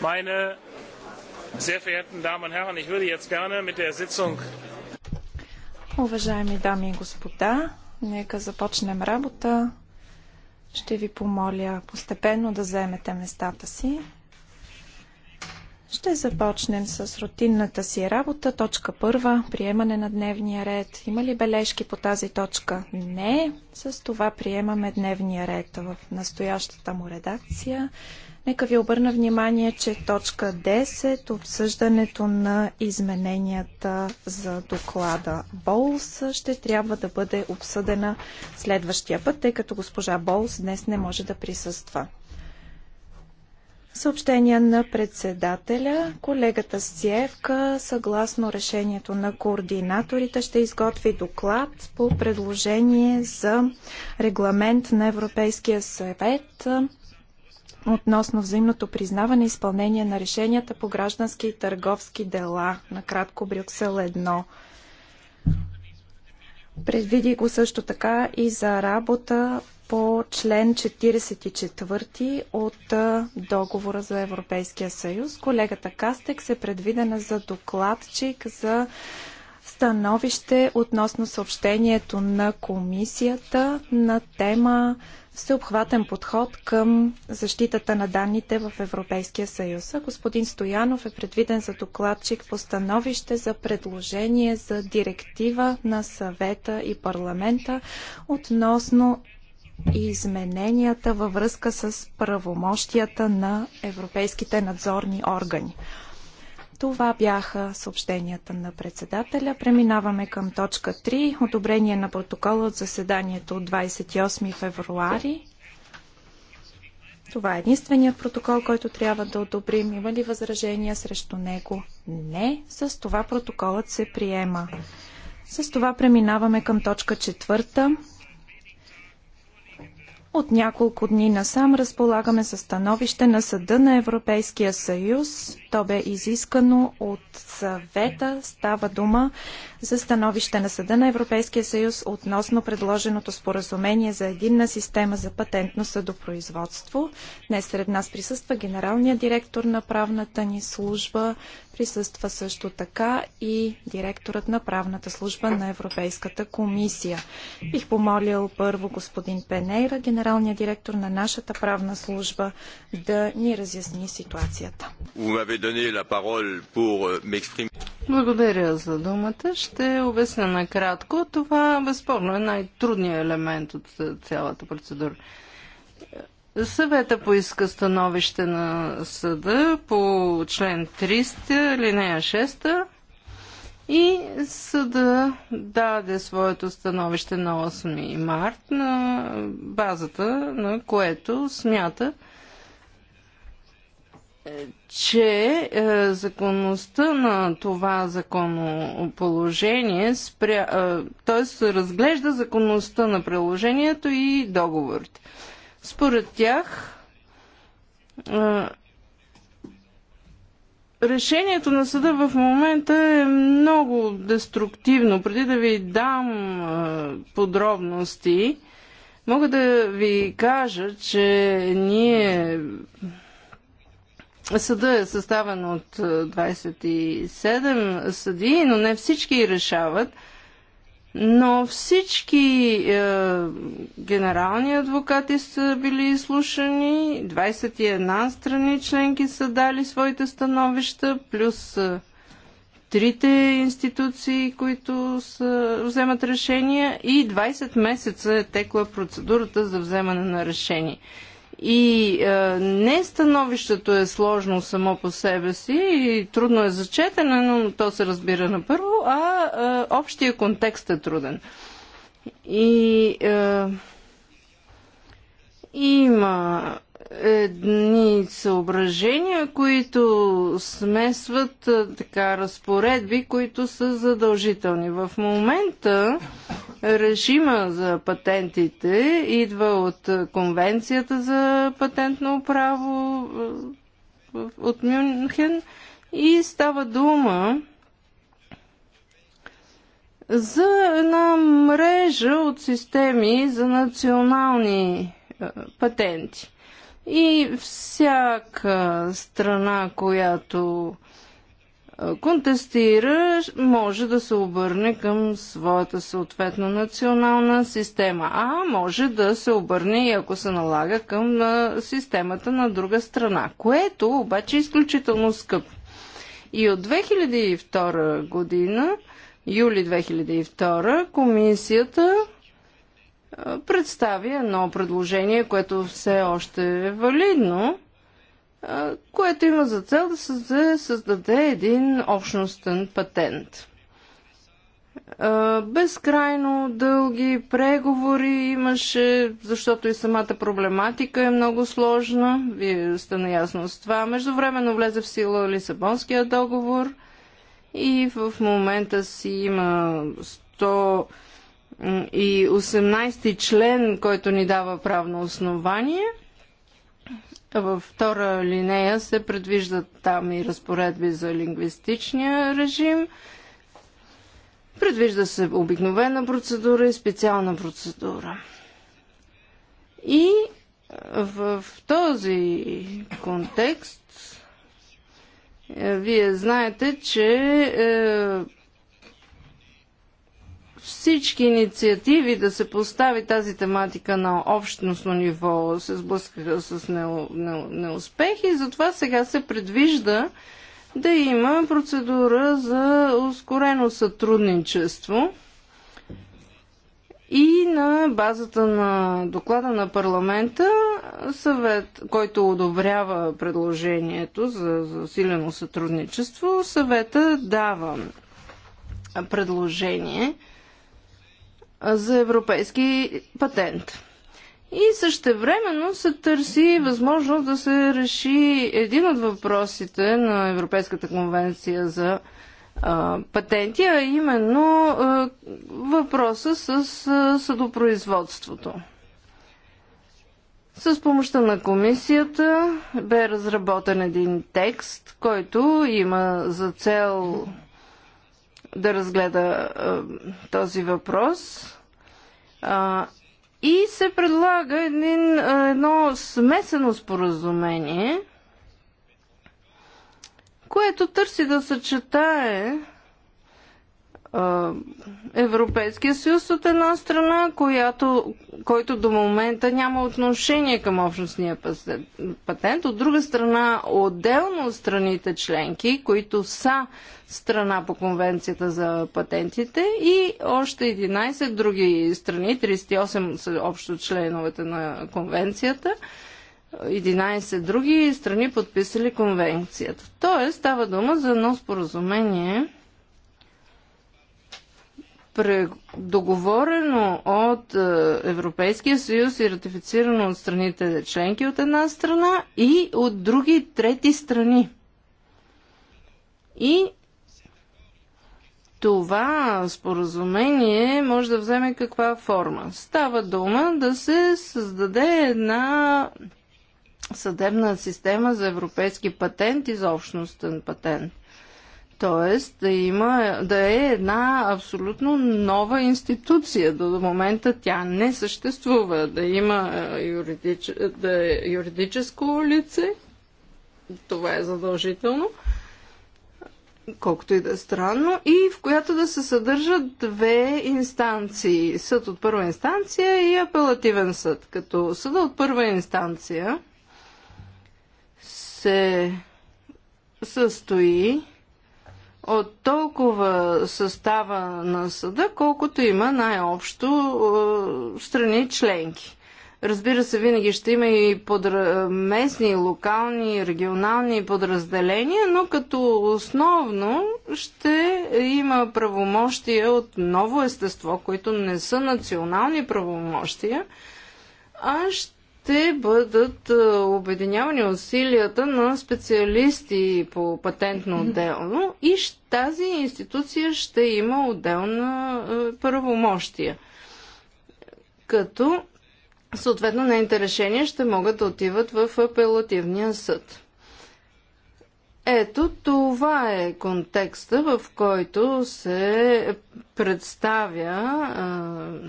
Meine sehr verehrten Damen und Herren, ich würde jetzt gerne mit der Sitzung. Уважаеми дами и господа, нека започнем работа. Ще ви помоля постепенно да заемете местата си. Ще започнем с рутинната си работа. Точка първа – приемане на дневния ред. Има ли бележки по тази точка? Не. С това приемаме дневния ред в настоящата му редакция. Нека ви обърна внимание, че точка 10 – обсъждането на измененията за доклада Болс ще трябва да бъде обсъдена следващия път, тъй като госпожа Болс днес не може да присъства. Съобщения на председателя. Колегата Сиевка, съгласно решението на координаторите, ще изготви доклад по предложение за регламент на Европейския съвет относно взаимното признаване и изпълнение на решенията по граждански и търговски дела. Накратко Брюксел 1. Предвиди го също така и за работа по член 44 от договора за Европейския съюз. Колегата Кастекс е предвидена за докладчик за становище относно съобщението на комисията на тема всеобхватен подход към защитата на данните в Европейския съюз. господин Стоянов е предвиден за докладчик по становище за предложение за директива на съвета и парламента относно и измененията във връзка с правомощията на европейските надзорни органи. Това бяха съобщенията на председателя. Преминаваме към точка 3. Одобрение на протокола от заседанието от 28 февруари. Това е единственият протокол, който трябва да одобрим. Има ли възражения срещу него? Не. С това протоколът се приема. С това преминаваме към точка четвърта. От няколко дни насам разполагаме със становище на Съда на Европейския съюз. То бе изискано от съвета. Става дума за становище на Съда на Европейския съюз относно предложеното споразумение за единна система за патентно съдопроизводство. Днес сред нас присъства генералният директор на правната ни служба, присъства също така и директорът на правната служба на Европейската комисия. Бих помолил първо господин Пенейра, генералния директор на нашата правна служба, да ни разясни ситуацията. Благодаря за думата. Ще обясня накратко. Това безспорно е най-трудният елемент от цялата процедура. Съвета поиска становище на съда по член 300, линия 6 и съда даде своето становище на 8 март на базата на което смята, е, че е, законността на това законоположение, спря, е, т.е. разглежда законността на приложението и договорите. Според тях, е, решението на съда в момента е много деструктивно. Преди да ви дам е, подробности, мога да ви кажа, че ние Съда е съставен от 27 е, съди, но не всички решават. Но всички е, генерални адвокати са били изслушани, 21 страни членки са дали своите становища, плюс е, трите институции, които са, вземат решения и 20 месеца е текла процедурата за вземане на решение. И е, не становището е сложно само по себе си и трудно е за четене, но то се разбира на първо, а е, общия контекст е труден. И е, има едни съображения, които смесват е, така разпоредби, които са задължителни. В момента Режима за патентите идва от Конвенцията за патентно право е, от Мюнхен и става дума за една мрежа от системи за национални е, патенти. И всяка страна, която контестира, може да се обърне към своята съответно национална система, а може да се обърне и ако се налага към системата на друга страна, което обаче е изключително скъпо. И от 2002 година, юли 2002, комисията представи едно предложение, което все още е валидно, което има за цел да се създаде един общностен патент. Безкрайно дълги преговори имаше, защото и самата проблематика е много сложна. Вие сте наясно с това. Междувременно влезе в сила Лисабонския договор и в момента си има 118 член, който ни дава правно основание – във втора линея се предвиждат там и разпоредби за лингвистичния режим. Предвижда се обикновена процедура и специална процедура. И е, в този контекст е, вие знаете, че е, всички инициативи да се постави тази тематика на общностно ниво се сблъскаха с неуспехи, затова сега се предвижда да има процедура за ускорено сътрудничество и на базата на доклада на парламента съвет, който одобрява предложението за засилено сътрудничество, съвета дава предложение – за европейски патент. И същевременно се търси възможност да се реши един от въпросите на Европейската конвенция за а, патенти, а именно а, въпроса с а, съдопроизводството. С помощта на комисията бе разработен един текст, който има за цел да разгледа този въпрос. И се предлага един, едно смесено споразумение, което търси да съчетае Европейския съюз от една страна, която, който до момента няма отношение към общностния патент, от друга страна отделно от страните членки, които са страна по конвенцията за патентите и още 11 други страни, 38 са общо членовете на конвенцията, 11 други страни подписали конвенцията. Тоест става дума за едно споразумение, Предоговорено от е, Европейския съюз и ратифицирано от страните членки от една страна и от други трети страни. И това споразумение може да вземе каква форма. Става дума да се създаде една съдебна система за европейски патент и за общностен патент. Тоест да, има, да е една абсолютно нова институция. До момента тя не съществува. Да има е, юридич, да е юридическо лице, това е задължително, колкото и да е странно, и в която да се съдържат две инстанции. Съд от първа инстанция и апелативен съд. Като съда от първа инстанция се състои от толкова състава на съда, колкото има най-общо е, страни членки. Разбира се, винаги ще има и подра... местни, локални, регионални подразделения, но като основно ще има правомощия от ново естество, които не са национални правомощия, а ще ще бъдат е, обединявани усилията на специалисти по патентно отделно и тази институция ще има отделна е, правомощия. Като съответно нейните решения ще могат да отиват в апелативния съд. Ето това е контекста, в който се представя е,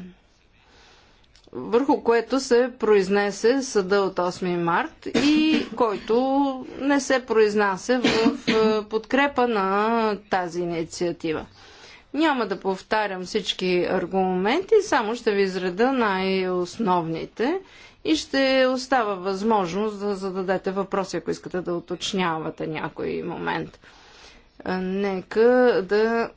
върху което се произнесе съда от 8 март и който не се произнася в е, подкрепа на тази инициатива. Няма да повтарям всички аргументи, само ще ви изреда най-основните и ще остава възможност да зададете въпроси, ако искате да уточнявате някой момент нека да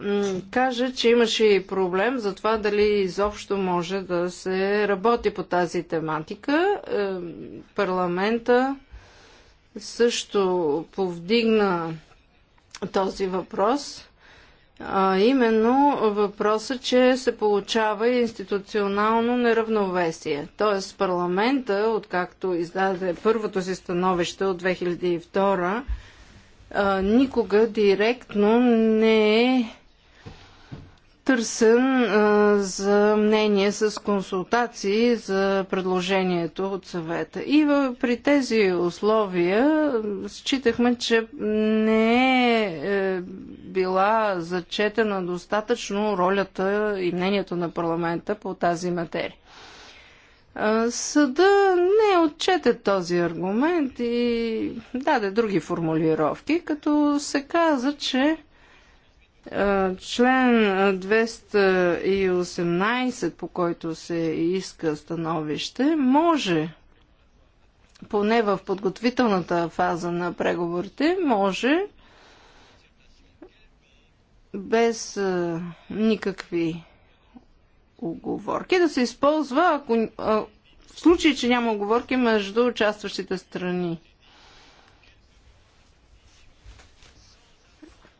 кажа, че имаше и проблем за това дали изобщо може да се работи по тази тематика. Е, парламента също повдигна този въпрос. А именно въпроса, че се получава институционално неравновесие. Тоест парламента, откакто издаде първото си становище от 2002 а, никога директно не е търсен а, за мнение с консултации за предложението от съвета. И в, при тези условия считахме, че не е, е била зачетена достатъчно ролята и мнението на парламента по тази материя. Съда не отчете този аргумент и даде други формулировки, като се каза, че член 218, по който се иска становище, може поне в подготвителната фаза на преговорите, може без никакви оговорки да се използва ако, а, в случай, че няма оговорки между участващите страни.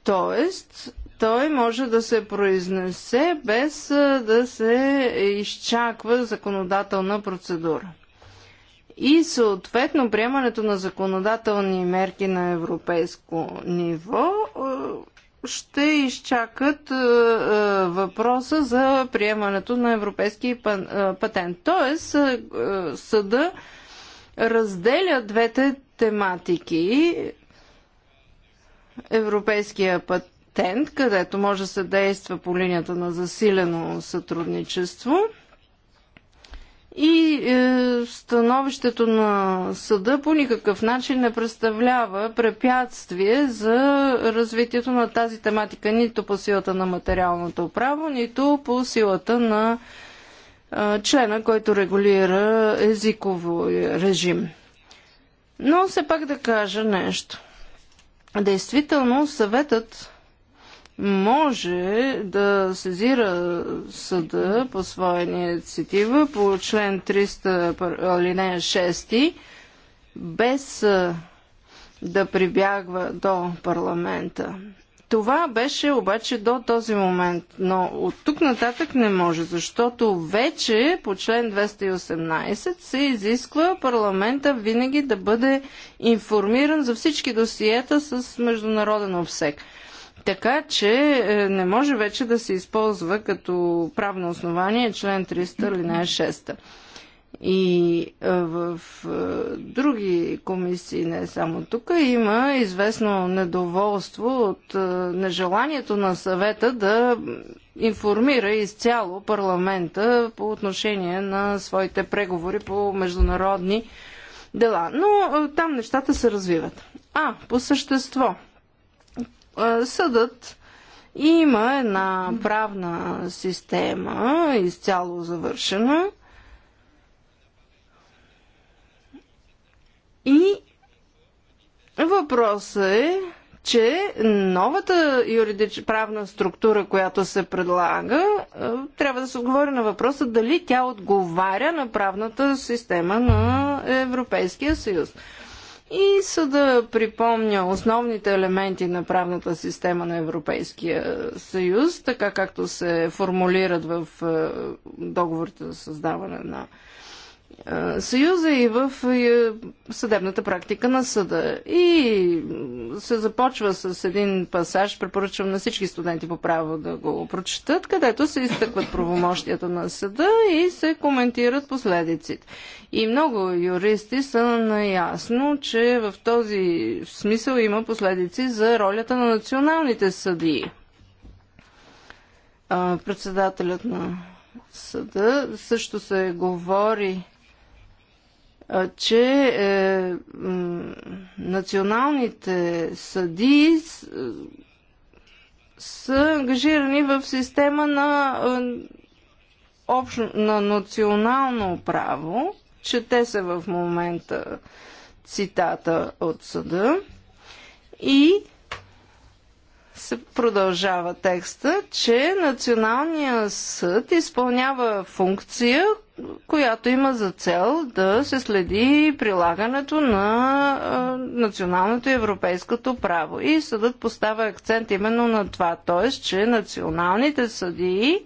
Тоест, той може да се произнесе без да се изчаква законодателна процедура. И съответно приемането на законодателни мерки на европейско ниво ще изчакат е, е, въпроса за приемането на европейски е, патент. Тоест, е, е, съда разделя двете тематики. Европейския патент, където може да се действа по линията на засилено сътрудничество – и е, становището на съда по никакъв начин не представлява препятствие за развитието на тази тематика нито по силата на материалното право, нито по силата на е, члена, който регулира езиково режим. Но все пак да кажа нещо. Действително съветът може да сезира съда по своя инициатива по член 300 алинея 6 без да прибягва до парламента. Това беше обаче до този момент, но от тук нататък не може, защото вече по член 218 се изисква парламента винаги да бъде информиран за всички досиета с международен обсек. Така че е, не може вече да се използва като правно основание член 300 линия 6. И е, в е, други комисии, не само тук, има известно недоволство от нежеланието на съвета да информира изцяло парламента по отношение на своите преговори по международни дела. Но там нещата се развиват. А, по същество – съдът има една правна система, изцяло завършена, и въпросът е, че новата юридич... правна структура, която се предлага, трябва да се отговори на въпроса дали тя отговаря на правната система на Европейския съюз и съда припомня основните елементи на правната система на Европейския съюз, така както се формулират в е, договорите за създаване на Съюза и в съдебната практика на съда. И се започва с един пасаж, препоръчвам на всички студенти по право да го прочетат, където се изтъкват правомощията на съда и се коментират последиците. И много юристи са наясно, че в този смисъл има последици за ролята на националните съдии. Председателят на съда също се говори че е, националните съдии с, е, са ангажирани в система на, е, общ, на национално право, че те са в момента цитата от съда и се продължава текста, че Националният съд изпълнява функция, която има за цел да се следи прилагането на националното и европейското право. И съдът поставя акцент именно на това, т.е. че националните съдии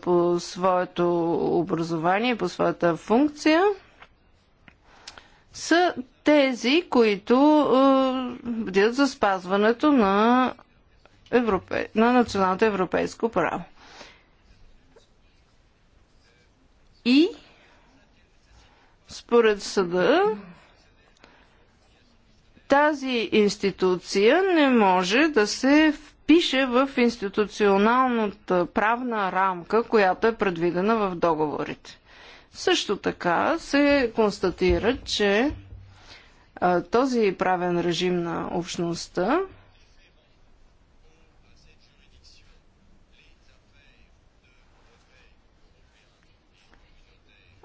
по своето образование, по своята функция са тези, които е, бдят за спазването на, европе... на националното европейско право. И според съда тази институция не може да се впише в институционалната правна рамка, която е предвидена в договорите. Също така се констатира, че този правен режим на общността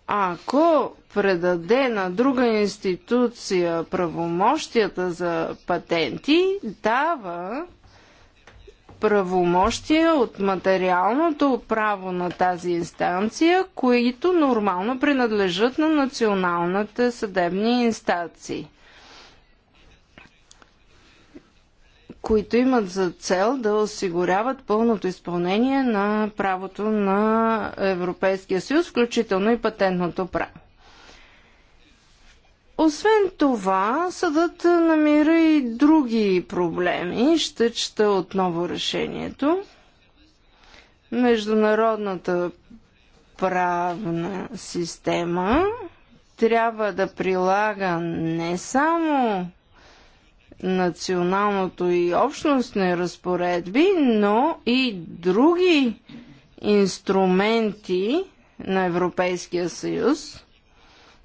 ако предаде на друга институция правомощията за патенти, дава правомощия от материалното право на тази инстанция, които нормално принадлежат на националните съдебни инстанции. които имат за цел да осигуряват пълното изпълнение на правото на Европейския съюз, включително и патентното право. Освен това, съдът намира и други проблеми. Ще чета отново решението. Международната правна система трябва да прилага не само националното и общностни разпоредби, но и други инструменти на Европейския съюз,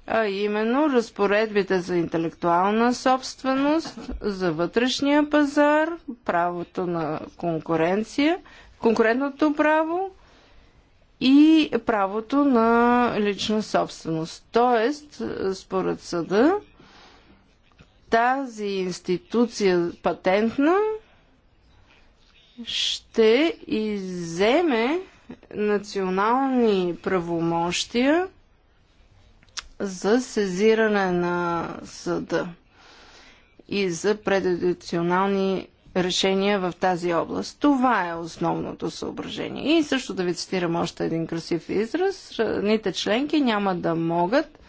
а именно разпоредбите за интелектуална собственост, за вътрешния пазар, правото на конкуренция, конкурентното право и правото на лична собственост. Тоест, според съда, тази институция патентна ще изземе национални правомощия за сезиране на съда и за предадиционални решения в тази област. Това е основното съображение. И също да ви цитирам още един красив израз. Страните членки няма да могат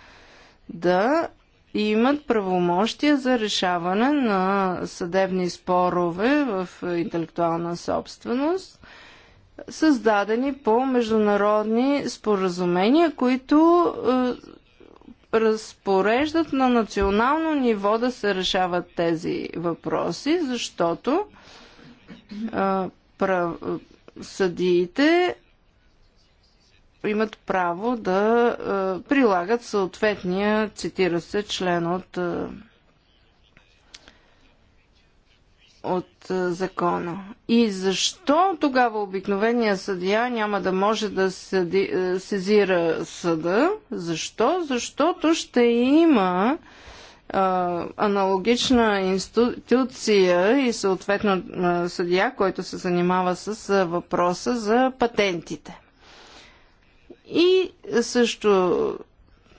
да и имат правомощия за решаване на съдебни спорове в интелектуална собственост, създадени по международни споразумения, които е, разпореждат на национално ниво да се решават тези въпроси, защото е, прав... съдиите имат право да прилагат съответния, цитира се, член от, от закона. И защо тогава обикновения съдия няма да може да седи, сезира съда? Защо? Защото ще има аналогична институция и съответно съдия, който се занимава с въпроса за патентите. И също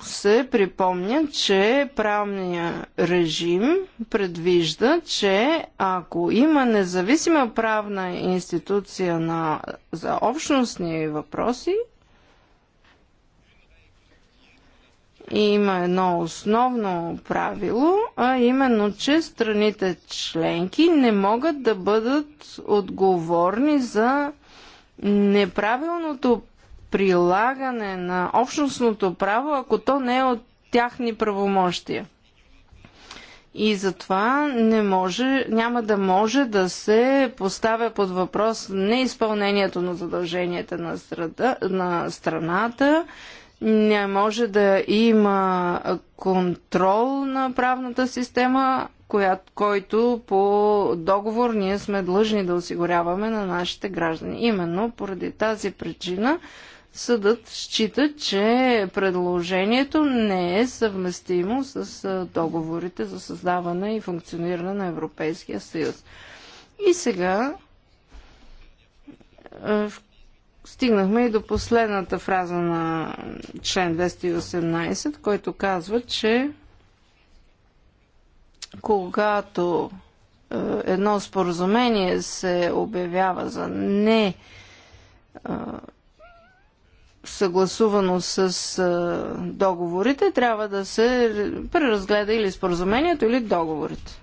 се припомня, че правния режим предвижда, че ако има независима правна институция на, за общностни въпроси, има едно основно правило, а именно, че страните членки не могат да бъдат отговорни за неправилното прилагане на общностното право, ако то не е от тяхни правомощия. И затова не може, няма да може да се поставя под въпрос неизпълнението на задълженията на, страда, на страната, не може да има контрол на правната система, коя, който по договор ние сме длъжни да осигуряваме на нашите граждани. Именно поради тази причина съдът счита, че предложението не е съвместимо с договорите за създаване и функциониране на Европейския съюз. И сега стигнахме и до последната фраза на член 218, който казва, че когато едно споразумение се обявява за не съгласувано с договорите, трябва да се преразгледа или споразумението, или договорите.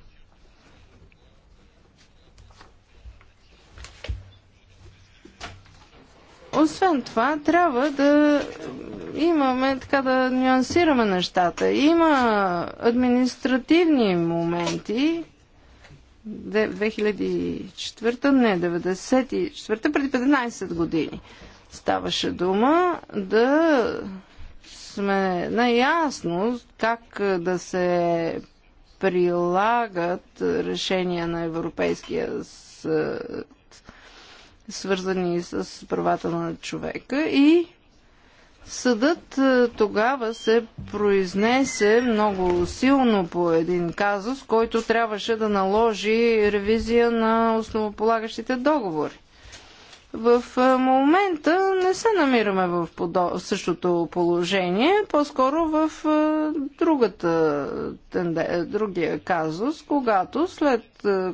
Освен това, трябва да имаме, така да нюансираме нещата. Има административни моменти. 2004, не, 94, преди 15 години ставаше дума да сме наясно как да се прилагат решения на Европейския съд, свързани с правата на човека и Съдът е, тогава се произнесе много силно по един казус, който трябваше да наложи ревизия на основополагащите договори. В момента не се намираме в същото положение, по-скоро в другата, другия казус, когато след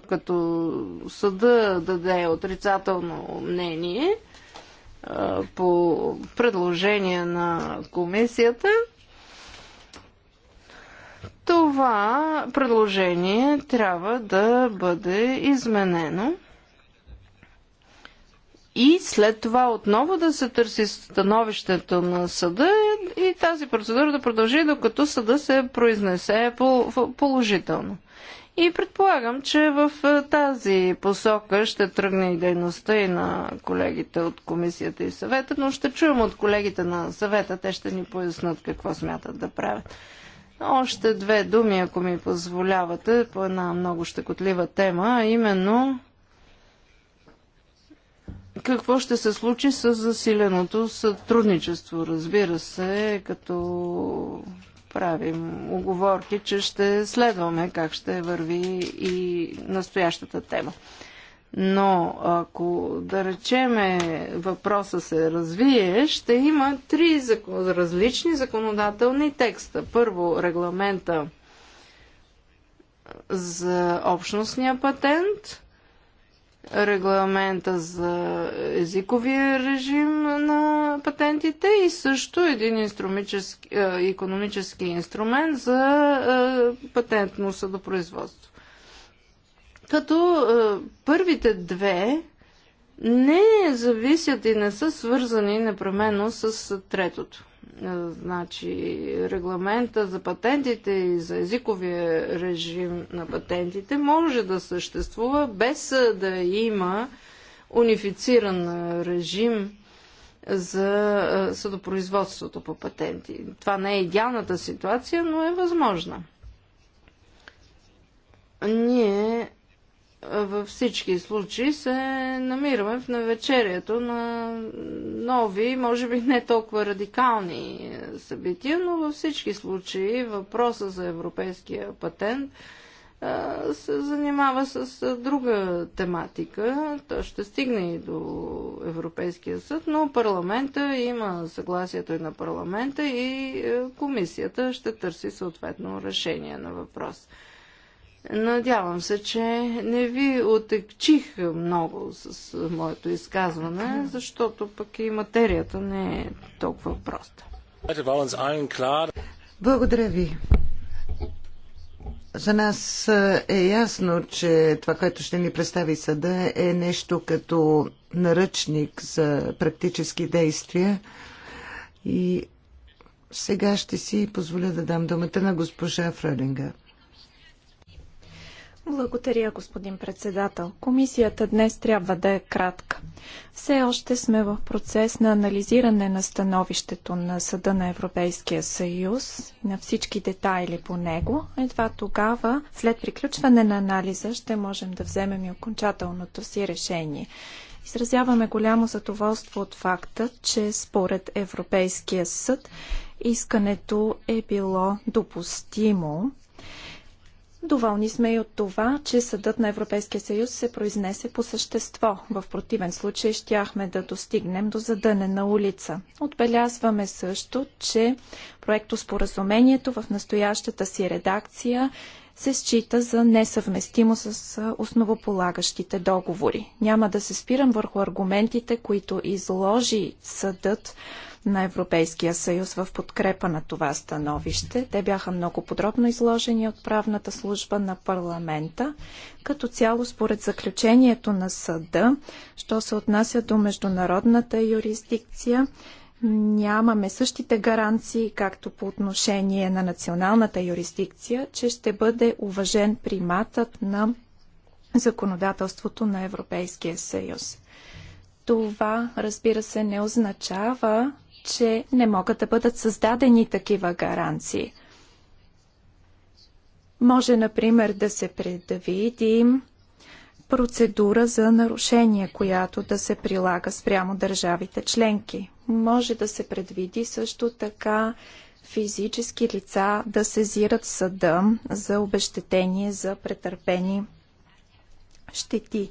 като съда даде отрицателно мнение по предложение на комисията, това предложение трябва да бъде изменено – и след това отново да се търси становището на съда и тази процедура да продължи, докато съда се произнесе положително. И предполагам, че в е, тази посока ще тръгне и дейността и на колегите от комисията и съвета, но ще чуем от колегите на съвета, те ще ни пояснат какво смятат да правят. Още две думи, ако ми позволявате, по една много щекотлива тема, а именно какво ще се случи с засиленото сътрудничество, разбира се, като правим оговорки, че ще следваме как ще върви и настоящата тема. Но ако, да речеме, въпроса се развие, ще има три закон... различни законодателни текста. Първо, регламента за общностния патент – регламента за езиковия режим на патентите и също един економически е, инструмент за е, патентно съдопроизводство. Като е, първите две не зависят и не са свързани непременно с третото. Е, значи, регламента за патентите и за езиковия режим на патентите може да съществува без е, да има унифициран е, режим за съдопроизводството по патенти. Това не е идеалната ситуация, но е възможна. Ние във всички случаи се намираме в навечерието на нови, може би не толкова радикални събития, но във всички случаи въпроса за европейския патент се занимава с друга тематика. Той ще стигне и до Европейския съд, но парламента има съгласието и на парламента и е, комисията ще търси съответно решение на въпроса. Надявам се, че не ви отекчих много с моето изказване, защото пък и материята не е толкова проста. Благодаря ви. За нас е ясно, че това, което ще ни представи съда, е нещо като наръчник за практически действия. И сега ще си позволя да дам думата на госпожа Фрелинга. Благодаря, господин председател. Комисията днес трябва да е кратка. Все още сме в процес на анализиране на становището на Съда на Европейския съюз и на всички детайли по него. Едва тогава, след приключване на анализа, ще можем да вземем и окончателното си решение. Изразяваме голямо задоволство от факта, че според Европейския съд искането е било допустимо Доволни сме и от това, че Съдът на Европейския съюз се произнесе по същество. В противен случай щяхме да достигнем до задънена улица. Отбелязваме също, че проектоспоразумението в настоящата си редакция се счита за несъвместимо с основополагащите договори. Няма да се спирам върху аргументите, които изложи съдът на Европейския съюз в подкрепа на това становище. Те бяха много подробно изложени от правната служба на парламента. Като цяло, според заключението на съда, що се отнася до международната юрисдикция, нямаме същите гаранции, както по отношение на националната юрисдикция, че ще бъде уважен приматът на законодателството на Европейския съюз. Това, разбира се, не означава, че не могат да бъдат създадени такива гаранции. Може, например, да се предвидим процедура за нарушение, която да се прилага спрямо държавите членки. Може да се предвиди също така физически лица да сезират съда за обещетение за претърпени щети.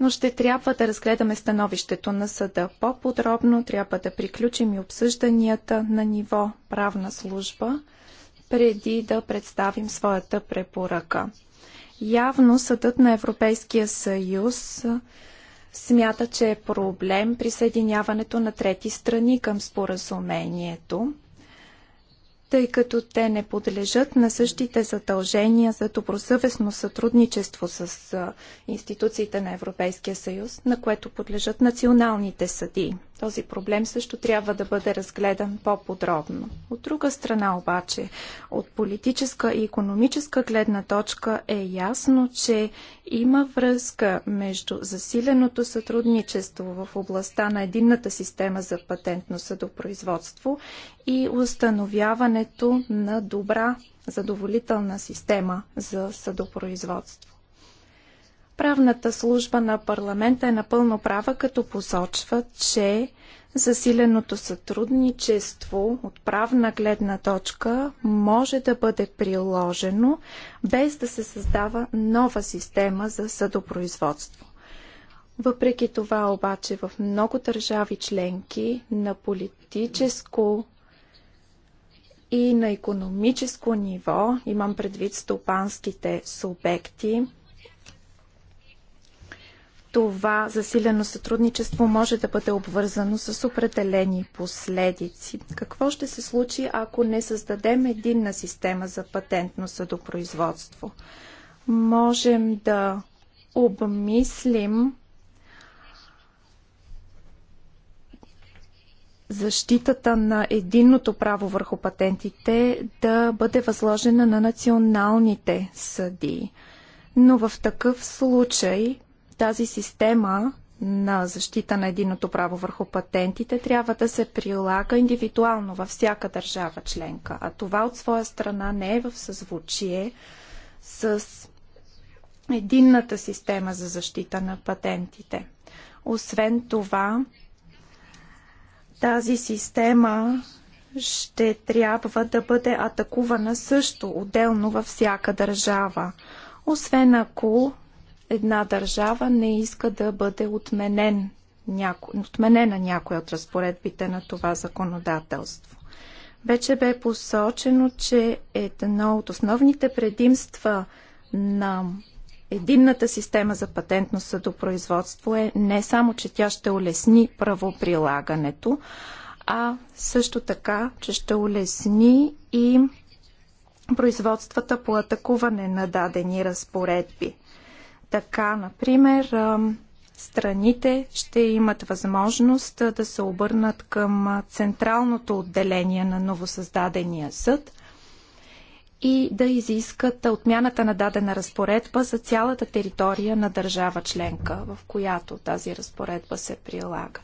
Но ще трябва да разгледаме становището на съда по-подробно, трябва да приключим и обсъжданията на ниво правна служба, преди да представим своята препоръка. Явно съдът на Европейския съюз смята, че е проблем присъединяването на трети страни към споразумението, тъй като те не подлежат на същите задължения за добросъвестно сътрудничество с институциите на Европейския съюз, на което подлежат националните съдии. Този проблем също трябва да бъде разгледан по-подробно. От друга страна обаче, от политическа и економическа гледна точка е ясно, че има връзка между засиленото сътрудничество в областта на единната система за патентно съдопроизводство и установяването на добра задоволителна система за съдопроизводство. Правната служба на парламента е напълно права, като посочва, че засиленото сътрудничество от правна гледна точка може да бъде приложено без да се създава нова система за съдопроизводство. Въпреки това обаче в много държави членки на политическо и на економическо ниво, имам предвид стопанските субекти, това засилено сътрудничество може да бъде обвързано с определени последици. Какво ще се случи, ако не създадем единна система за патентно съдопроизводство? Можем да обмислим защитата на единното право върху патентите да бъде възложена на националните съдии. Но в такъв случай тази система на защита на единото право върху патентите трябва да се прилага индивидуално във всяка държава членка, а това от своя страна не е в съзвучие с единната система за защита на патентите. Освен това, тази система ще трябва да бъде атакувана също отделно във всяка държава, освен ако една държава не иска да бъде отменен няко... отменена някоя от разпоредбите на това законодателство. Вече бе посочено, че едно от основните предимства на единната система за патентно съдопроизводство е не само, че тя ще улесни правоприлагането, а също така, че ще улесни и производствата по атакуване на дадени разпоредби. Така, например, страните ще имат възможност да се обърнат към централното отделение на новосъздадения съд и да изискат отмяната на дадена разпоредба за цялата територия на държава членка, в която тази разпоредба се прилага.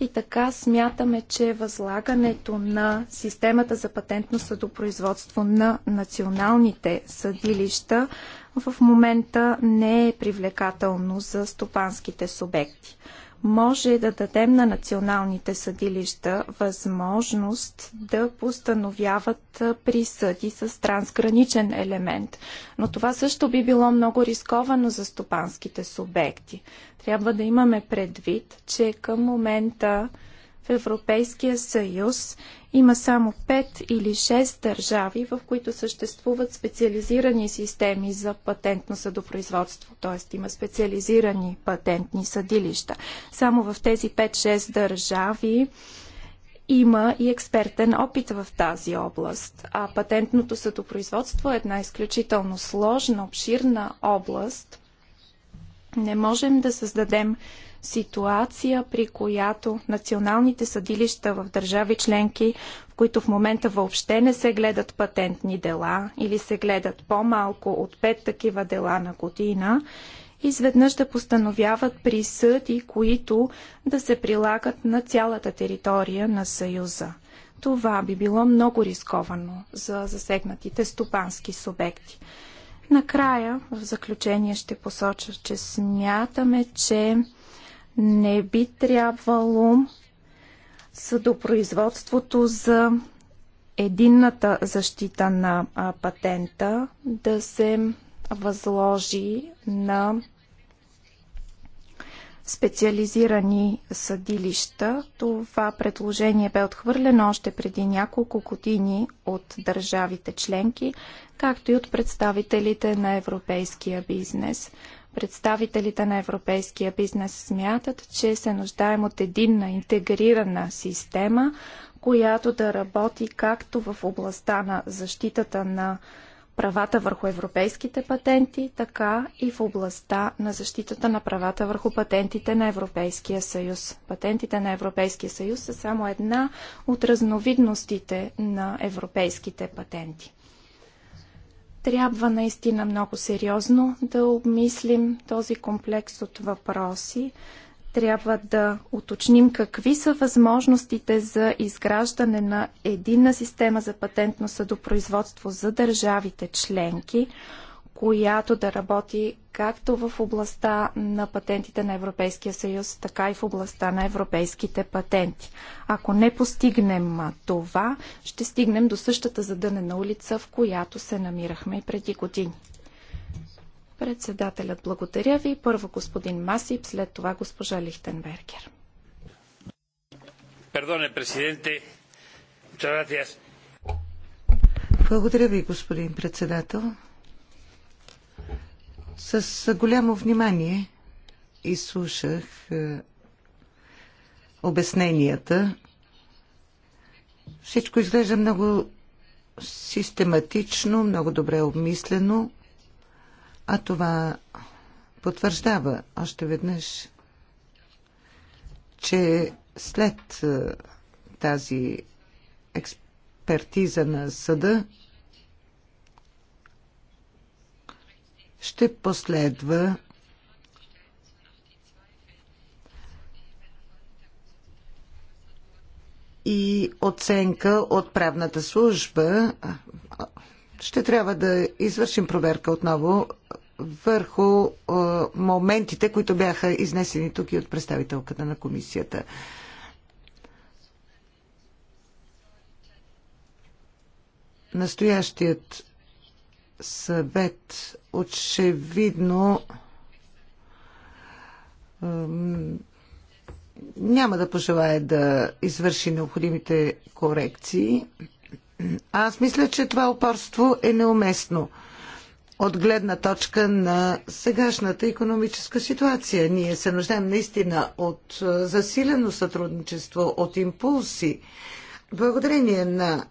И така смятаме, че възлагането на системата за патентно съдопроизводство на националните съдилища в момента не е привлекателно за стопанските субекти. Може да дадем на националните съдилища възможност да постановяват присъди с трансграничен елемент, но това също би било много рисковано за стопанските субекти. Трябва да имаме предвид, че към момента в Европейския съюз има само 5 или 6 държави, в които съществуват специализирани системи за патентно съдопроизводство, т.е. има специализирани патентни съдилища. Само в тези 5-6 държави има и експертен опит в тази област. А патентното съдопроизводство е една изключително сложна, обширна област. Не можем да създадем ситуация, при която националните съдилища в държави членки, в които в момента въобще не се гледат патентни дела или се гледат по-малко от пет такива дела на година, изведнъж да постановяват присъди, които да се прилагат на цялата територия на Съюза. Това би било много рисковано за засегнатите стопански субекти. Накрая, в заключение ще посоча, че смятаме, че не би трябвало съдопроизводството за единната защита на патента да се възложи на специализирани съдилища. Това предложение бе отхвърлено още преди няколко години от държавите членки, както и от представителите на европейския бизнес. Представителите на европейския бизнес смятат, че се нуждаем от единна интегрирана система, която да работи както в областта на защитата на правата върху европейските патенти, така и в областта на защитата на правата върху патентите на Европейския съюз. Патентите на Европейския съюз са само една от разновидностите на европейските патенти. Трябва наистина много сериозно да обмислим този комплекс от въпроси. Трябва да уточним какви са възможностите за изграждане на единна система за патентно съдопроизводство за държавите членки, която да работи както в областта на патентите на Европейския съюз, така и в областта на европейските патенти. Ако не постигнем това, ще стигнем до същата задънена улица, в която се намирахме и преди години. Председателят благодаря ви. Първо господин Масип, след това госпожа Лихтенбергер. Пердоне, президенте. Благодаря ви, господин председател. С голямо внимание изслушах е, обясненията. Всичко изглежда много систематично, много добре обмислено, а това потвърждава още веднъж, че след е, тази експертиза на съда, ще последва и оценка от правната служба. Ще трябва да извършим проверка отново върху моментите, които бяха изнесени тук и от представителката на комисията. Настоящият съвет очевидно няма да пожелая да извърши необходимите корекции. Аз мисля, че това опорство е неуместно от гледна точка на сегашната економическа ситуация. Ние се нуждаем наистина от засилено сътрудничество, от импулси. Благодарение на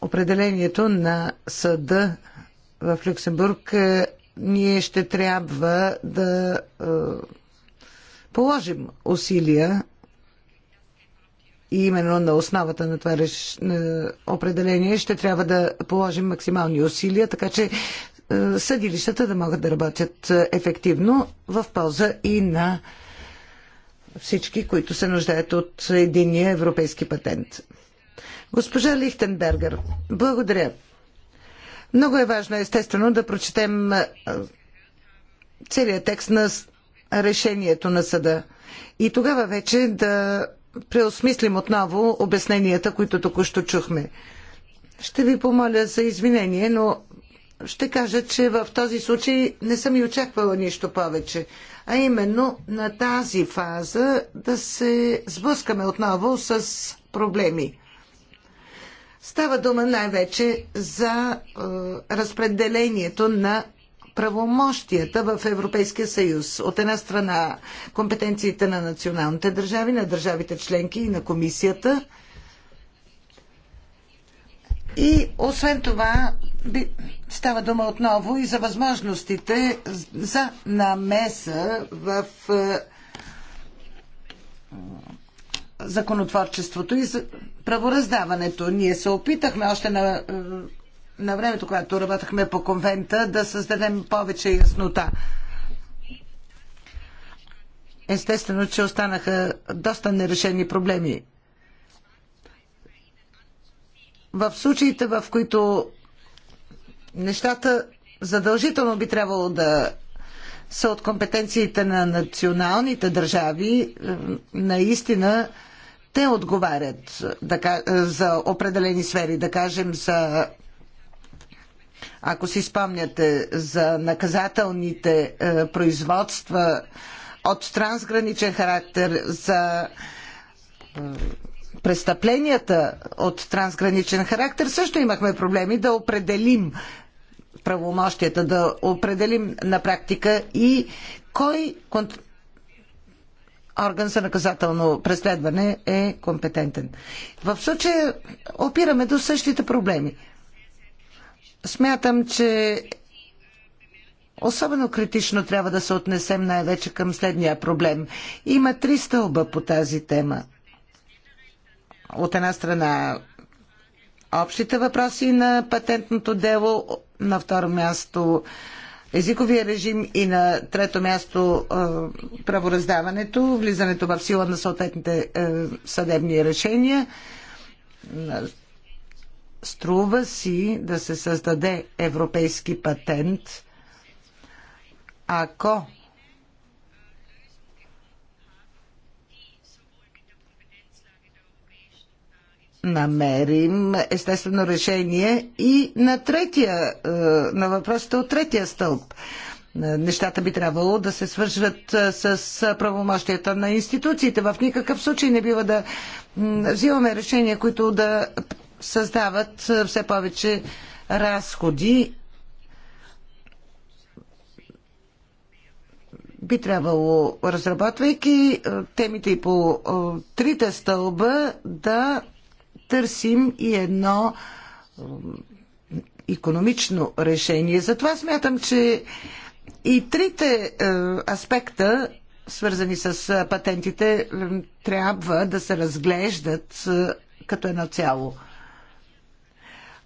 определението на съда в Люксембург, е, ние ще трябва да е, положим усилия и именно на основата на това реш... определение ще трябва да положим максимални усилия, така че е, съдилищата да могат да работят ефективно в полза и на всички, които се нуждаят от единия европейски патент. Госпожа Лихтенбергер, благодаря. Много е важно, естествено, да прочетем целият текст на решението на съда. И тогава вече да преосмислим отново обясненията, които току-що чухме. Ще ви помоля за извинение, но ще кажа, че в този случай не съм и очаквала нищо повече. А именно на тази фаза да се сблъскаме отново с проблеми. Става дума най-вече за е, разпределението на правомощията в Европейския съюз. От една страна компетенциите на националните държави, на държавите членки и на комисията. И освен това би, става дума отново и за възможностите за намеса в е, законотворчеството и за правораздаването. Ние се опитахме още на, е, на времето, когато работахме по конвента, да създадем повече яснота. Естествено, че останаха доста нерешени проблеми. В случаите, в които нещата задължително би трябвало да са от компетенциите на националните държави, е, наистина те отговарят да, за определени сфери, да кажем за ако си спомняте за наказателните е, производства от трансграничен характер, за е, престъпленията от трансграничен характер, също имахме проблеми да определим правомощията, да определим на практика и кой орган за наказателно преследване е компетентен. В случая опираме до същите проблеми. Смятам, че Особено критично трябва да се отнесем най-вече към следния проблем. Има три стълба по тази тема. От една страна общите въпроси на патентното дело, на второ място езиковия режим и на трето място правораздаването, влизането в сила на съответните е, съдебни решения. Струва си да се създаде европейски патент, ако намерим естествено решение и на, третия, е, на въпросите от третия стълб. Е, нещата би трябвало да се свържат е, с правомощията на институциите. В никакъв случай не бива да взимаме решения, които да създават все повече разходи би трябвало, разработвайки темите и по трите стълба, да търсим и едно економично решение. Затова смятам, че и трите е, аспекта, свързани с е, патентите, е, трябва да се разглеждат като едно цяло.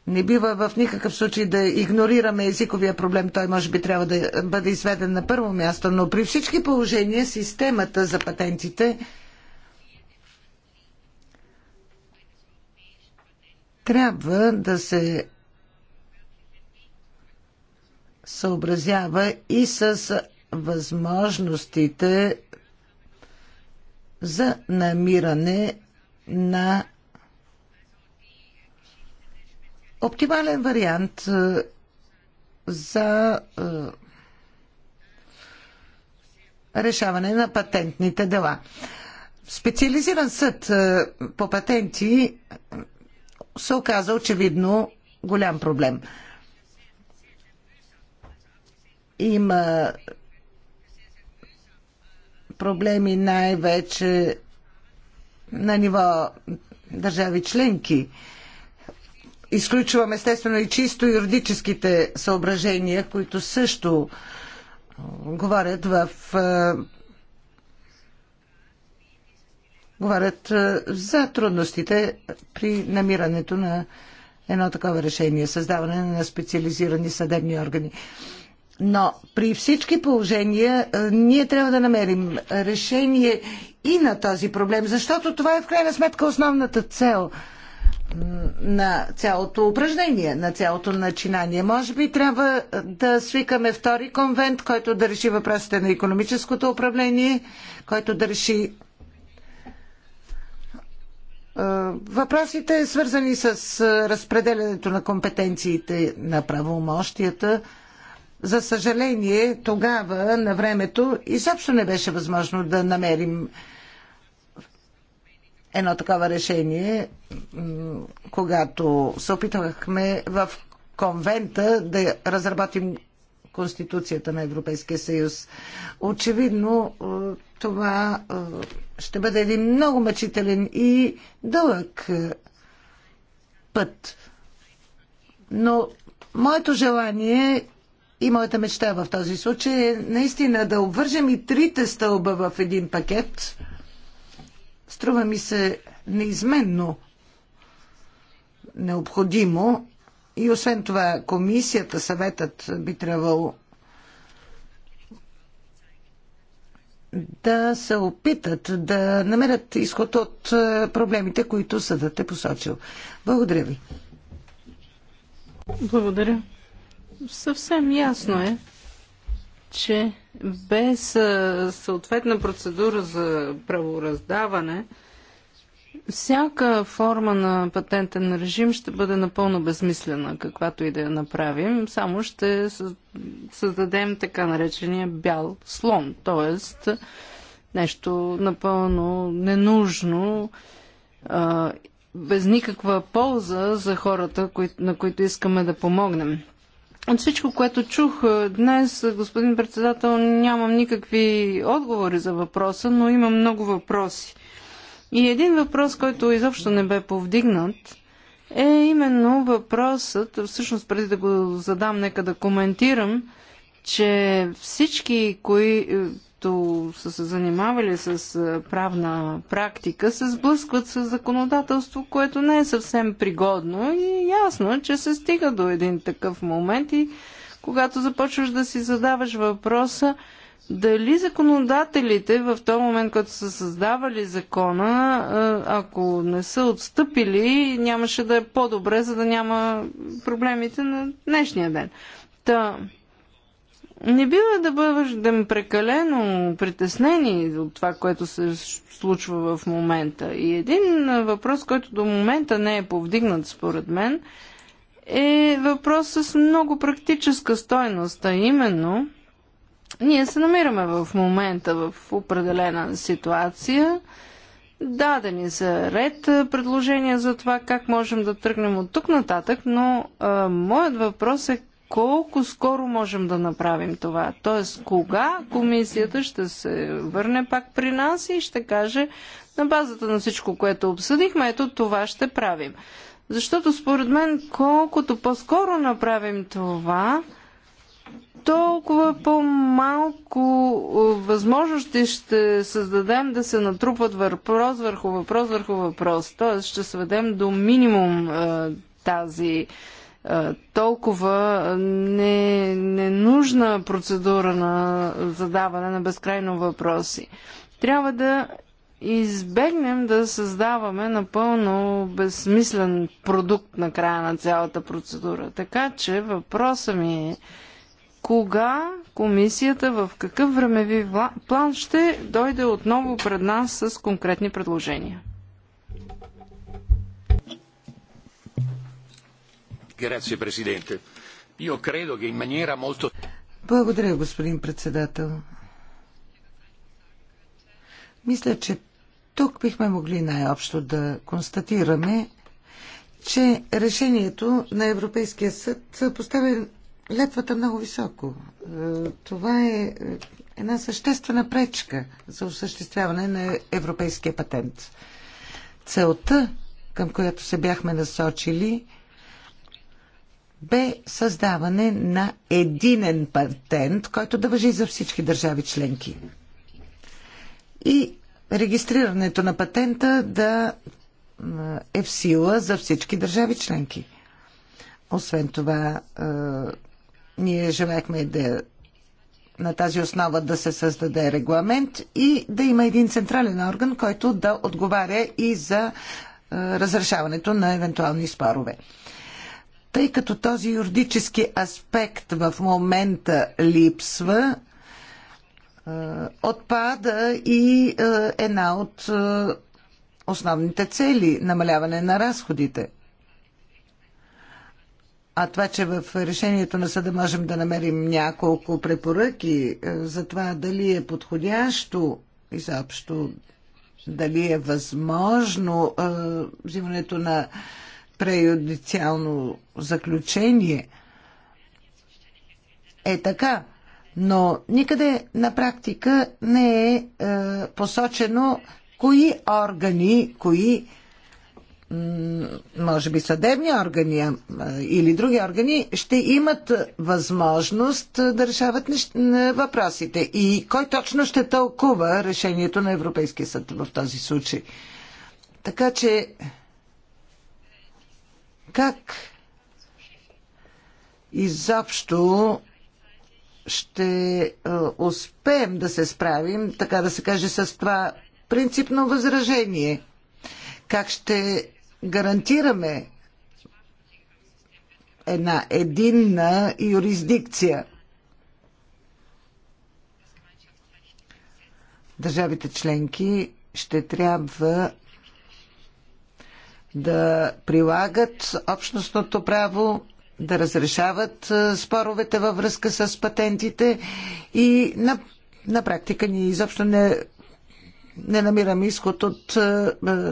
Не бива в никакъв случай да игнорираме езиковия проблем. Той може би трябва да бъде изведен на първо място, но при всички положения системата за патентите трябва да се съобразява и с възможностите за намиране на оптимален вариант е, за е, решаване на патентните дела. Специализиран съд е, по патенти се оказа очевидно голям проблем. Има проблеми най-вече на ниво държави членки. Изключвам естествено и чисто юридическите съображения, които също говорят в е, говорят е, за трудностите при намирането на едно такова решение, създаване на специализирани съдебни органи. Но при всички положения е, ние трябва да намерим решение и на този проблем, защото това е в крайна сметка основната цел на цялото упражнение, на цялото начинание. Може би трябва да свикаме втори конвент, който да реши въпросите на економическото управление, който да реши Въпросите, свързани с разпределянето на компетенциите на правомощията, за съжаление, тогава, на времето, изобщо не беше възможно да намерим едно такова решение, когато се опитвахме в конвента да разработим Конституцията на Европейския съюз. Очевидно е, това е, ще бъде един много мъчителен и дълъг е, път. Но моето желание и моята мечта в този случай е наистина да обвържем и трите стълба в един пакет. Струва ми се неизменно необходимо и освен това, комисията, съветът би трябвало да се опитат да намерят изход от е, проблемите, които съдът е посочил. Благодаря ви. Благодаря. Съвсем ясно е, че без е, съответна процедура за правораздаване, всяка форма на патентен режим ще бъде напълно безмислена, каквато и да я направим. Само ще създадем така наречения бял слон, т.е. нещо напълно ненужно, без никаква полза за хората, на които искаме да помогнем. От всичко, което чух днес, господин председател, нямам никакви отговори за въпроса, но имам много въпроси. И един въпрос, който изобщо не бе повдигнат, е именно въпросът, всъщност преди да го задам, нека да коментирам, че всички, които са се занимавали с правна практика, се сблъскват с законодателство, което не е съвсем пригодно и ясно е, че се стига до един такъв момент и когато започваш да си задаваш въпроса, дали законодателите в този момент, като са създавали закона, ако не са отстъпили, нямаше да е по-добре, за да няма проблемите на днешния ден. Та, не бива да бъдем прекалено притеснени от това, което се случва в момента. И един въпрос, който до момента не е повдигнат според мен, е въпрос с много практическа стойност, а именно – ние се намираме в момента в определена ситуация. Дадени са ред предложения за това как можем да тръгнем от тук нататък, но а, моят въпрос е колко скоро можем да направим това. Тоест, кога комисията ще се върне пак при нас и ще каже на базата на всичко, което обсъдихме, ето това ще правим. Защото според мен, колкото по-скоро направим това, толкова по-малко е, възможности ще създадем да се натрупват въпрос върху въпрос върху въпрос. Тоест ще сведем до минимум а, е, тази а, е, толкова не, ненужна процедура на задаване на безкрайно въпроси. Трябва да избегнем да създаваме напълно безсмислен продукт на края на цялата процедура. Така че въпросът ми е, кога комисията в какъв времеви план ще дойде отново пред нас с конкретни предложения? Благодаря, господин председател. Мисля, че тук бихме могли най-общо да констатираме, че решението на Европейския съд поставя летвата много високо. Е, това е, е една съществена пречка за осъществяване на европейския патент. Целта, към която се бяхме насочили, бе създаване на единен патент, който да въжи за всички държави членки. И регистрирането на патента да е в сила за всички държави членки. Освен това, е, ние желаяхме да на тази основа да се създаде регламент и да има един централен орган, който да отговаря и за е, разрешаването на евентуални спорове. Тъй като този юридически аспект в момента липсва, е, отпада и е, една от основните цели намаляване на разходите – а това, че в решението на съда можем да намерим няколко препоръки е, за това дали е подходящо изобщо, дали е възможно а, е, взимането на преюдициално заключение, е така. Но никъде на практика не е, е посочено кои органи, кои е, може би съдебни органи или други органи, ще имат възможност да решават въпросите. И кой точно ще тълкува решението на Европейския съд в този случай? Така че, как изобщо ще успеем да се справим, така да се каже, с това принципно възражение? Как ще гарантираме една единна юрисдикция. Държавите членки ще трябва да прилагат общностното право, да разрешават споровете във връзка с патентите и на, на практика ние изобщо не не намирам изход от е, е,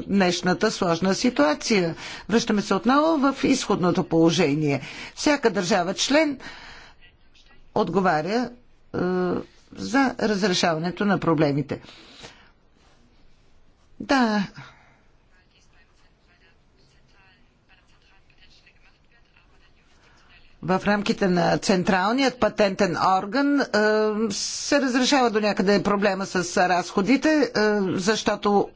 днешната сложна ситуация. Връщаме се отново в изходното положение. Всяка държава член отговаря е, за разрешаването на проблемите. Да, в рамките на Централният патентен орган е, се разрешава до някъде проблема с разходите, е, защото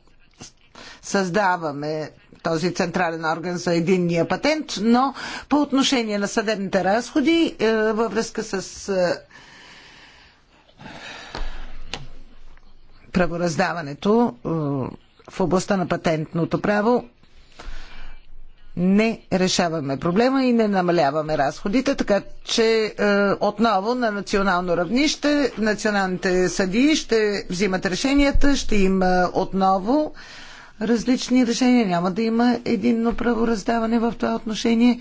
създаваме този централен орган за единния патент, но по отношение на съдебните разходи е, във връзка с правораздаването в областта на патентното право не решаваме проблема и не намаляваме разходите, така че е, отново на национално равнище националните съдии ще взимат решенията, ще има отново различни решения, няма да има единно правораздаване в това отношение.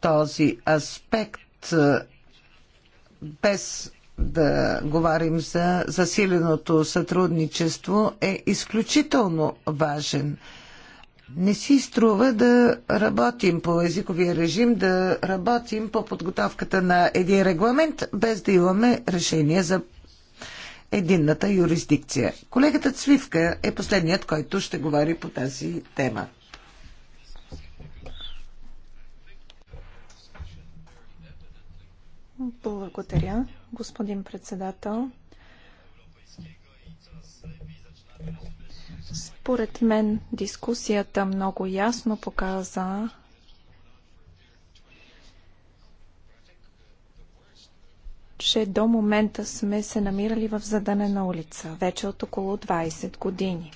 Този аспект е, без да говорим за засиленото сътрудничество е изключително важен. Не си струва да работим по езиковия режим, да работим по подготовката на един регламент, без да имаме решение за единната юрисдикция. Колегата Цвивка е последният, който ще говори по тази тема. Благодаря господин председател. Според мен дискусията много ясно показа, че до момента сме се намирали в задънена улица, вече от около 20 години.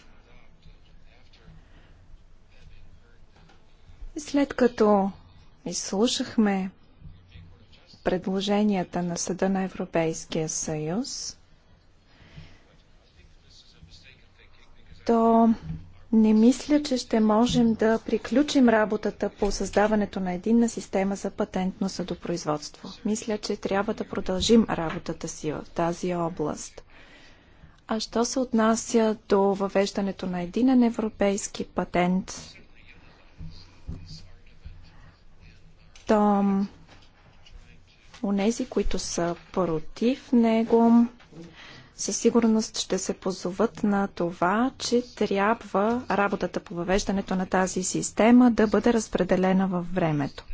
След като изслушахме предложенията на Съда на Европейския съюз, то не мисля, че ще можем да приключим работата по създаването на единна система за патентно съдопроизводство. Мисля, че трябва да продължим работата си в тази област. А що се отнася до въвеждането на единен европейски патент, то Онези, които са против него, със сигурност ще се позоват на това, че трябва работата по въвеждането на тази система да бъде разпределена във времето.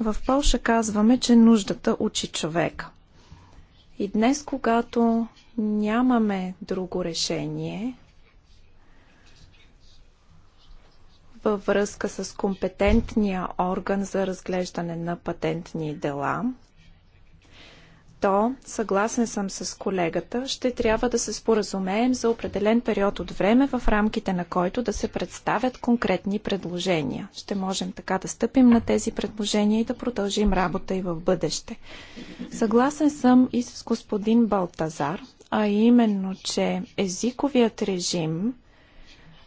В Польша казваме, че нуждата учи човека. И днес, когато нямаме друго решение, във връзка с компетентния орган за разглеждане на патентни дела, то, съгласен съм с колегата, ще трябва да се споразумеем за определен период от време, в рамките на който да се представят конкретни предложения. Ще можем така да стъпим на тези предложения и да продължим работа и в бъдеще. Съгласен съм и с господин Балтазар, а именно, че езиковият режим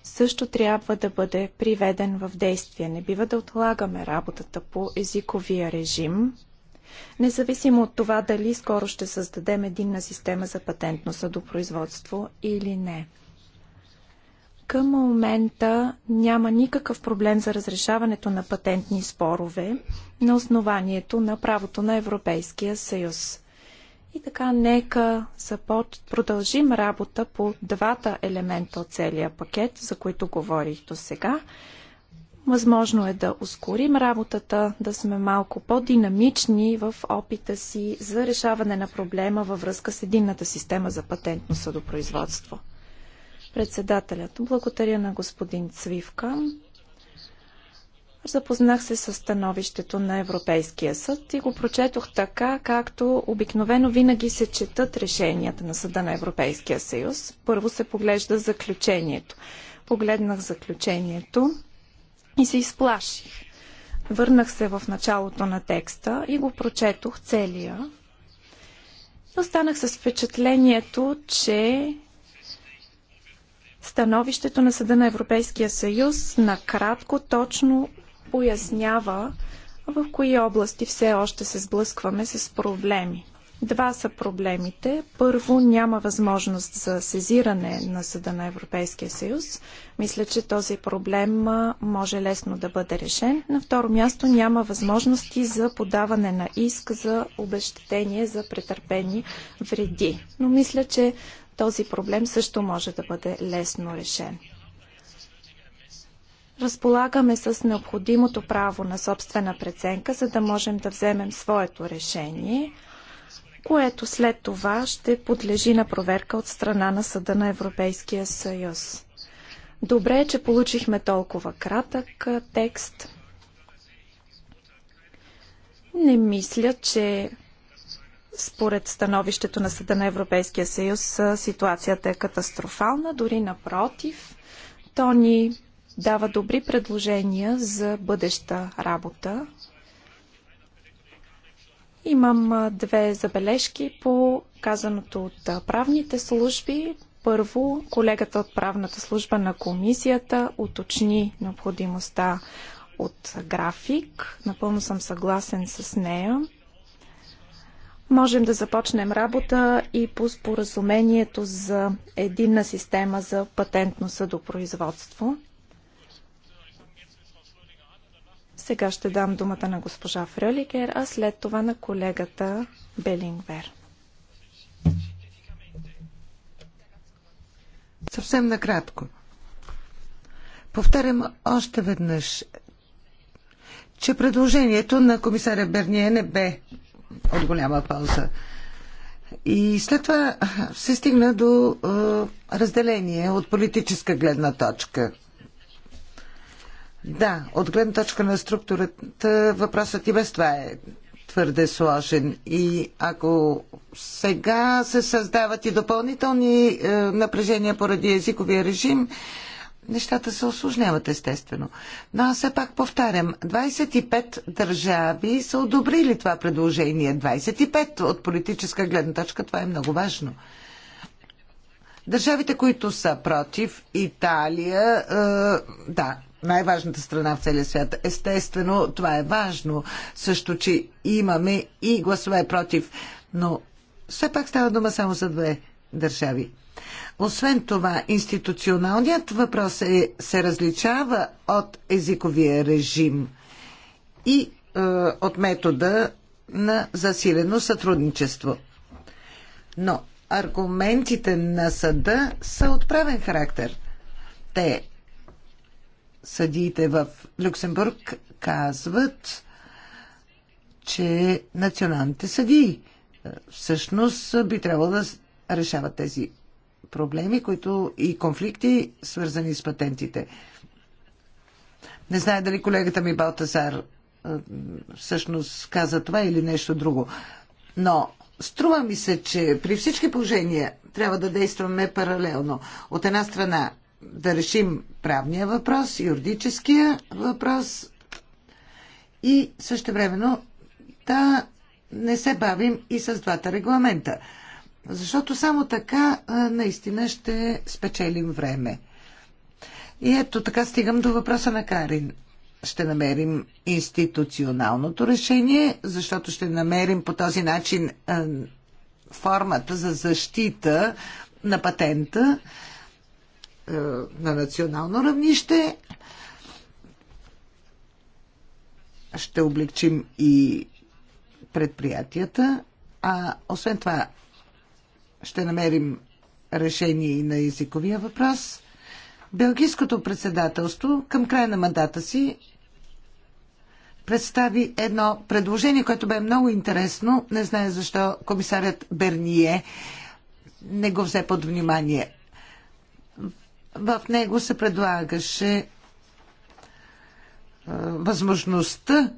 също трябва да бъде приведен в действие. Не бива да отлагаме работата по езиковия режим, независимо от това дали скоро ще създадем единна система за патентно съдопроизводство или не. Към момента няма никакъв проблем за разрешаването на патентни спорове на основанието на правото на Европейския съюз. И така, нека започ... продължим работа по двата елемента от целия пакет, за които говорих до сега. Възможно е да ускорим работата, да сме малко по-динамични в опита си за решаване на проблема във връзка с единната система за патентно съдопроизводство. Председателят, благодаря на господин Цвивка. Запознах се с становището на Европейския съд и го прочетох така, както обикновено винаги се четат решенията на Съда на Европейския съюз. Първо се поглежда заключението. Погледнах заключението и се изплаших. Върнах се в началото на текста и го прочетох целия. Останах с впечатлението, че становището на Съда на Европейския съюз накратко, точно пояснява в кои области все още се сблъскваме с проблеми. Два са проблемите. Първо, няма възможност за сезиране на Съда на Европейския съюз. Мисля, че този проблем може лесно да бъде решен. На второ място, няма възможности за подаване на иск за обещетение за претърпени вреди. Но мисля, че този проблем също може да бъде лесно решен разполагаме с необходимото право на собствена преценка, за да можем да вземем своето решение, което след това ще подлежи на проверка от страна на Съда на Европейския съюз. Добре е, че получихме толкова кратък текст. Не мисля, че според становището на Съда на Европейския съюз ситуацията е катастрофална, дори напротив. То ни дава добри предложения за бъдеща работа. Имам две забележки по казаното от правните служби. Първо, колегата от правната служба на комисията уточни необходимостта от график. Напълно съм съгласен с нея. Можем да започнем работа и по споразумението за единна система за патентно съдопроизводство. Сега ще дам думата на госпожа Фреликер, а след това на колегата Белингвер. Съвсем накратко. Повтарям още веднъж, че предложението на комисаря Берние не бе от голяма полза. И след това се стигна до е, разделение от политическа гледна точка. Да, от гледна точка на структурата въпросът и без това е твърде сложен. И ако сега се създават и допълнителни е, напрежения поради езиковия режим, нещата се осложняват естествено. Но аз все пак повтарям, 25 държави са одобрили това предложение. 25 от политическа гледна точка, това е много важно. Държавите, които са против Италия, е, да, най-важната страна в целия свят. Естествено, това е важно. Също, че имаме и гласове против. Но все пак става дума само за две държави. Освен това, институционалният въпрос е, се различава от езиковия режим и е, от метода на засилено сътрудничество. Но аргументите на съда са отправен характер. Те съдиите в Люксембург казват, че националните съдии е, всъщност би трябвало да решават тези проблеми които и конфликти, свързани с патентите. Не знае дали колегата ми Балтазар е, всъщност каза това или нещо друго. Но струва ми се, че при всички положения трябва да действаме паралелно. От една страна да решим правния въпрос, юридическия въпрос и също времено да не се бавим и с двата регламента. Защото само така наистина ще спечелим време. И ето така стигам до въпроса на Карин. Ще намерим институционалното решение, защото ще намерим по този начин формата за защита на патента е, на национално равнище. Ще облегчим и предприятията, а освен това ще намерим решение и на езиковия въпрос. Белгийското председателство към края на мандата си представи едно предложение, което бе много интересно. Не знае защо комисарят Берние не го взе под внимание. В него се предлагаше е, възможността е,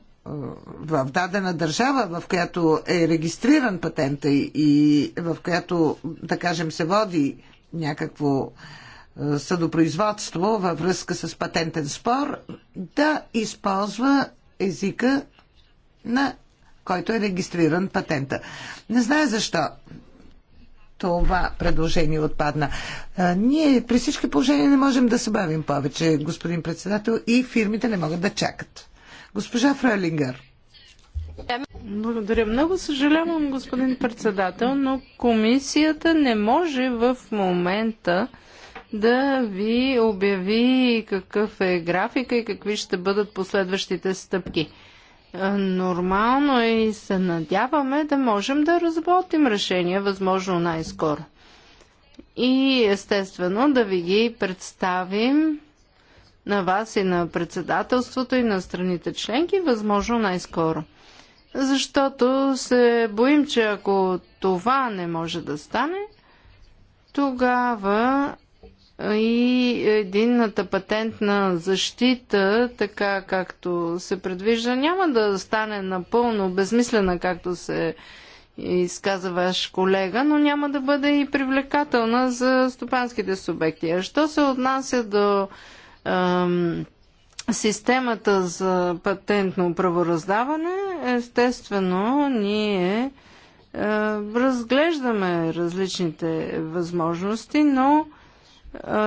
в дадена държава, в която е регистриран патента и в която, да кажем, се води някакво е, съдопроизводство във връзка с патентен спор, да използва езика на който е регистриран патента. Не знае защо това предложение отпадна. Ние при всички положения не можем да се бавим повече, господин председател, и фирмите не могат да чакат. Госпожа Фрелингър. Благодаря. Много съжалявам, господин председател, но комисията не може в момента да ви обяви какъв е графика и какви ще бъдат последващите стъпки. Е, нормално е и се надяваме да можем да разработим решения, възможно най-скоро. И естествено да ви ги представим на вас и на председателството и на страните членки, възможно най-скоро. Защото се боим, че ако това не може да стане, тогава и единната патентна защита, така както се предвижда, няма да стане напълно безмислена, както се изказа ваш колега, но няма да бъде и привлекателна за стопанските субекти. А що се отнася до ем, системата за патентно правораздаване, естествено, ние е, разглеждаме различните възможности, но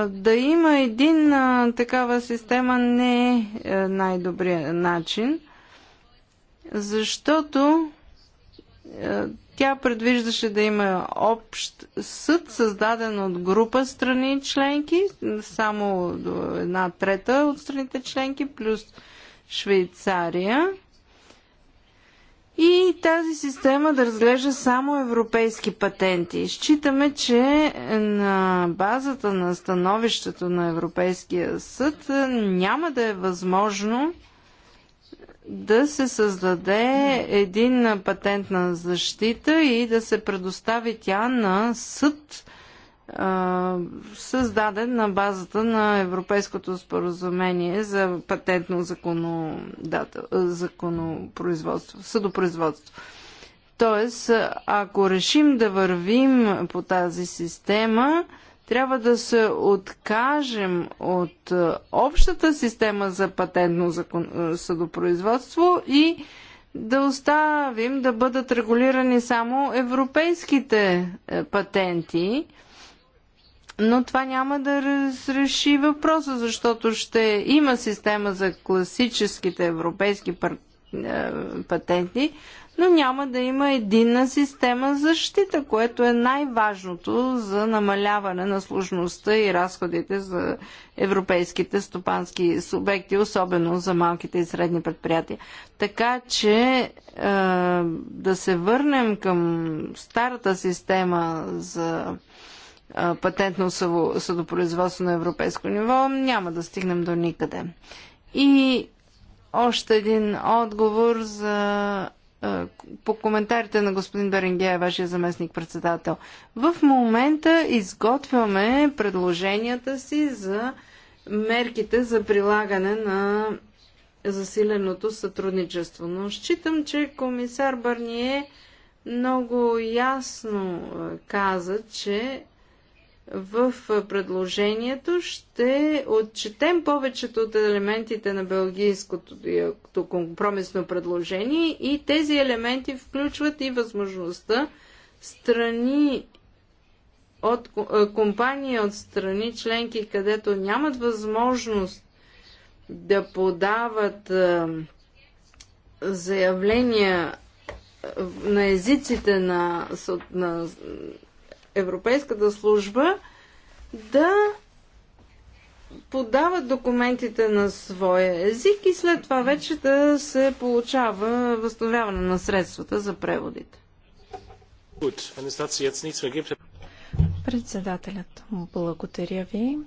да има един такава система не е, е най-добрият начин, защото е, тя предвиждаше да има общ съд, създаден от група страни членки, само до една трета от страните членки, плюс Швейцария – и тази система да разглежда само европейски патенти. Считаме, че на базата на становището на Европейския съд няма да е възможно да се създаде един патент на защита и да се предостави тя на съд, създаден на базата на Европейското споразумение за патентно законопроизводство, съдопроизводство. Тоест, ако решим да вървим по тази система, трябва да се откажем от общата система за патентно закон... съдопроизводство и да оставим да бъдат регулирани само европейските е, патенти но това няма да разреши въпроса, защото ще има система за класическите европейски пар... Е, патенти, но няма да има единна система за защита, което е най-важното за намаляване на сложността и разходите за европейските стопански субекти, особено за малките и средни предприятия. Така че е, да се върнем към старата система за патентно съдопроизводство на европейско ниво, няма да стигнем до никъде. И още един отговор за по коментарите на господин Беренгея, вашия заместник-председател. В момента изготвяме предложенията си за мерките за прилагане на засиленото сътрудничество. Но считам, че комисар Барние много ясно каза, че в предложението ще отчетем повечето от елементите на белгийското компромисно предложение и тези елементи включват и възможността страни от е, компании от страни членки, където нямат възможност да подават е, заявления е, на езиците на, на Европейската служба да подават документите на своя език и след това вече да се получава възстановяване на средствата за преводите. Председателят, благодаря ви.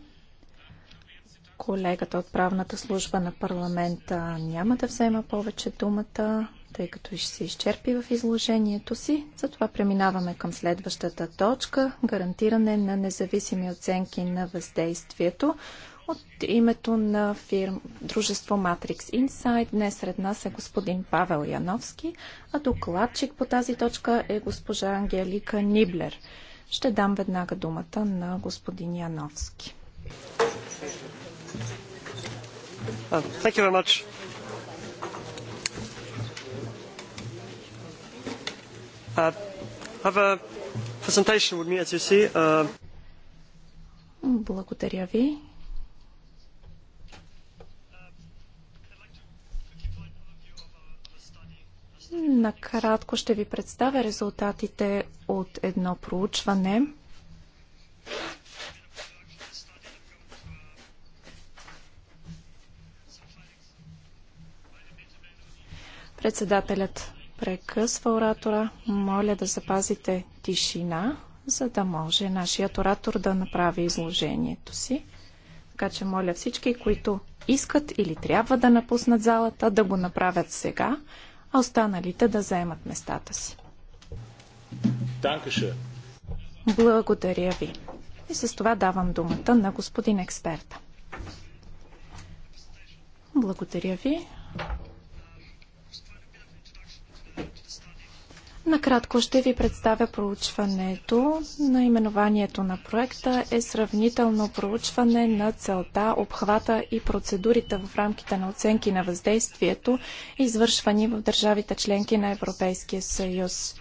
Колегата от правната служба на парламента няма да взема повече думата тъй като ще се изчерпи в изложението си. Затова преминаваме към следващата точка – гарантиране на независими оценки на въздействието от името на фирм Дружество Matrix Insight. Днес сред нас е господин Павел Яновски, а докладчик по тази точка е госпожа Ангелика Ниблер. Ще дам веднага думата на господин Яновски. Thank you very much. Uh, Благодаря ви. Накратко ще ви представя резултатите от едно проучване. Председателят прекъсва оратора. Моля да запазите тишина, за да може нашият оратор да направи изложението си. Така че моля всички, които искат или трябва да напуснат залата, да го направят сега, а останалите да заемат местата си. Данкаше. Благодаря ви. И с това давам думата на господин експерта. Благодаря ви. Накратко ще ви представя проучването. Наименованието на проекта е сравнително проучване на целта, обхвата и процедурите в рамките на оценки на въздействието, извършвани в държавите членки на Европейския съюз.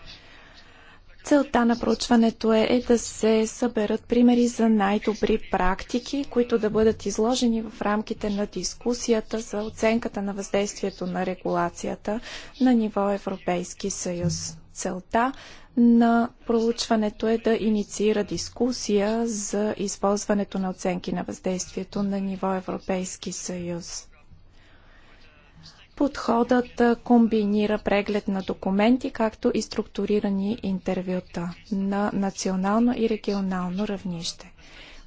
Целта на проучването е, е да се съберат примери за най-добри практики, които да бъдат изложени в рамките на дискусията за оценката на въздействието на регулацията на ниво Европейски съюз. Целта на проучването е да инициира дискусия за използването на оценки на въздействието на ниво Европейски съюз. Подходът комбинира преглед на документи, както и структурирани интервюта на национално и регионално равнище.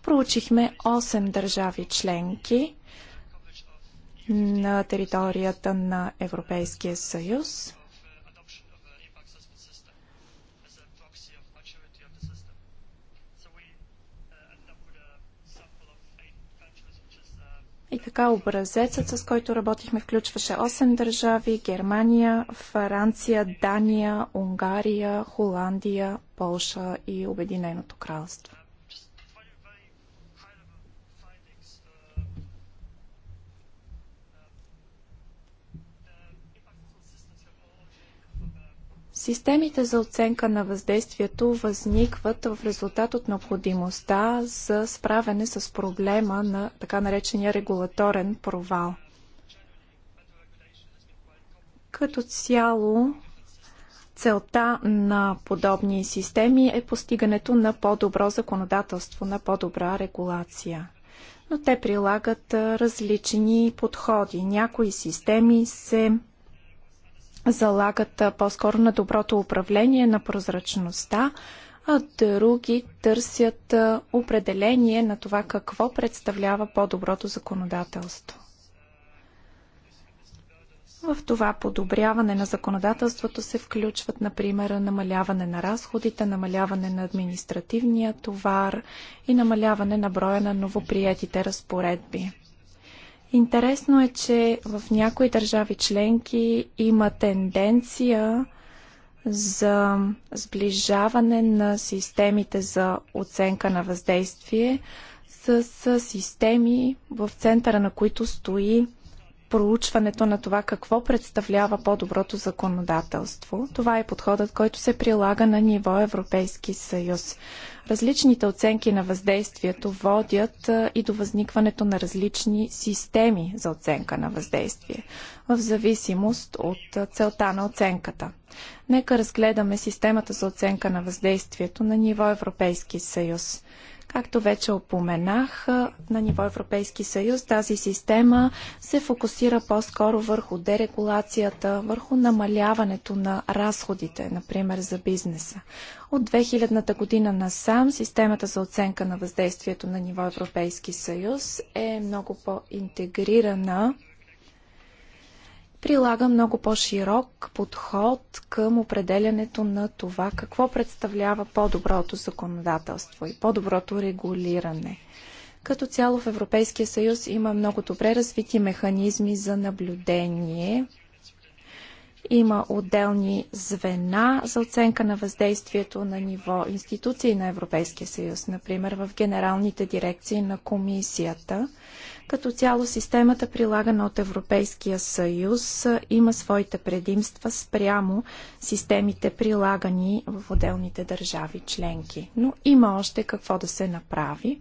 Проучихме 8 държави членки на територията на Европейския съюз. И така образецът, с който работихме, включваше 8 държави Германия, Франция, Дания, Унгария, Холандия, Полша и Обединеното кралство. Системите за оценка на въздействието възникват в резултат от необходимостта за справяне с проблема на така наречения регулаторен провал. Като цяло, целта на подобни системи е постигането на по-добро законодателство, на по-добра регулация но те прилагат различни подходи. Някои системи се залагат по-скоро на доброто управление, на прозрачността, а други търсят определение на това какво представлява по-доброто законодателство. В това подобряване на законодателството се включват, например, намаляване на разходите, намаляване на административния товар и намаляване на броя на новоприетите разпоредби. Интересно е, че в някои държави членки има тенденция за сближаване на системите за оценка на въздействие с системи, в центъра на които стои проучването на това какво представлява по-доброто законодателство. Това е подходът, който се прилага на ниво Европейски съюз. Различните оценки на въздействието водят и до възникването на различни системи за оценка на въздействие, в зависимост от целта на оценката. Нека разгледаме системата за оценка на въздействието на ниво Европейски съюз. Както вече опоменах, на ниво Европейски съюз тази система се фокусира по-скоро върху дерегулацията, върху намаляването на разходите, например за бизнеса. От 2000-та година насам системата за оценка на въздействието на ниво Европейски съюз е много по-интегрирана прилага много по-широк подход към определянето на това какво представлява по-доброто законодателство и по-доброто регулиране. Като цяло в Европейския съюз има много добре развити механизми за наблюдение. Има отделни звена за оценка на въздействието на ниво институции на Европейския съюз, например в генералните дирекции на комисията. Като цяло системата, прилагана от Европейския съюз, има своите предимства спрямо системите, прилагани в отделните държави членки. Но има още какво да се направи.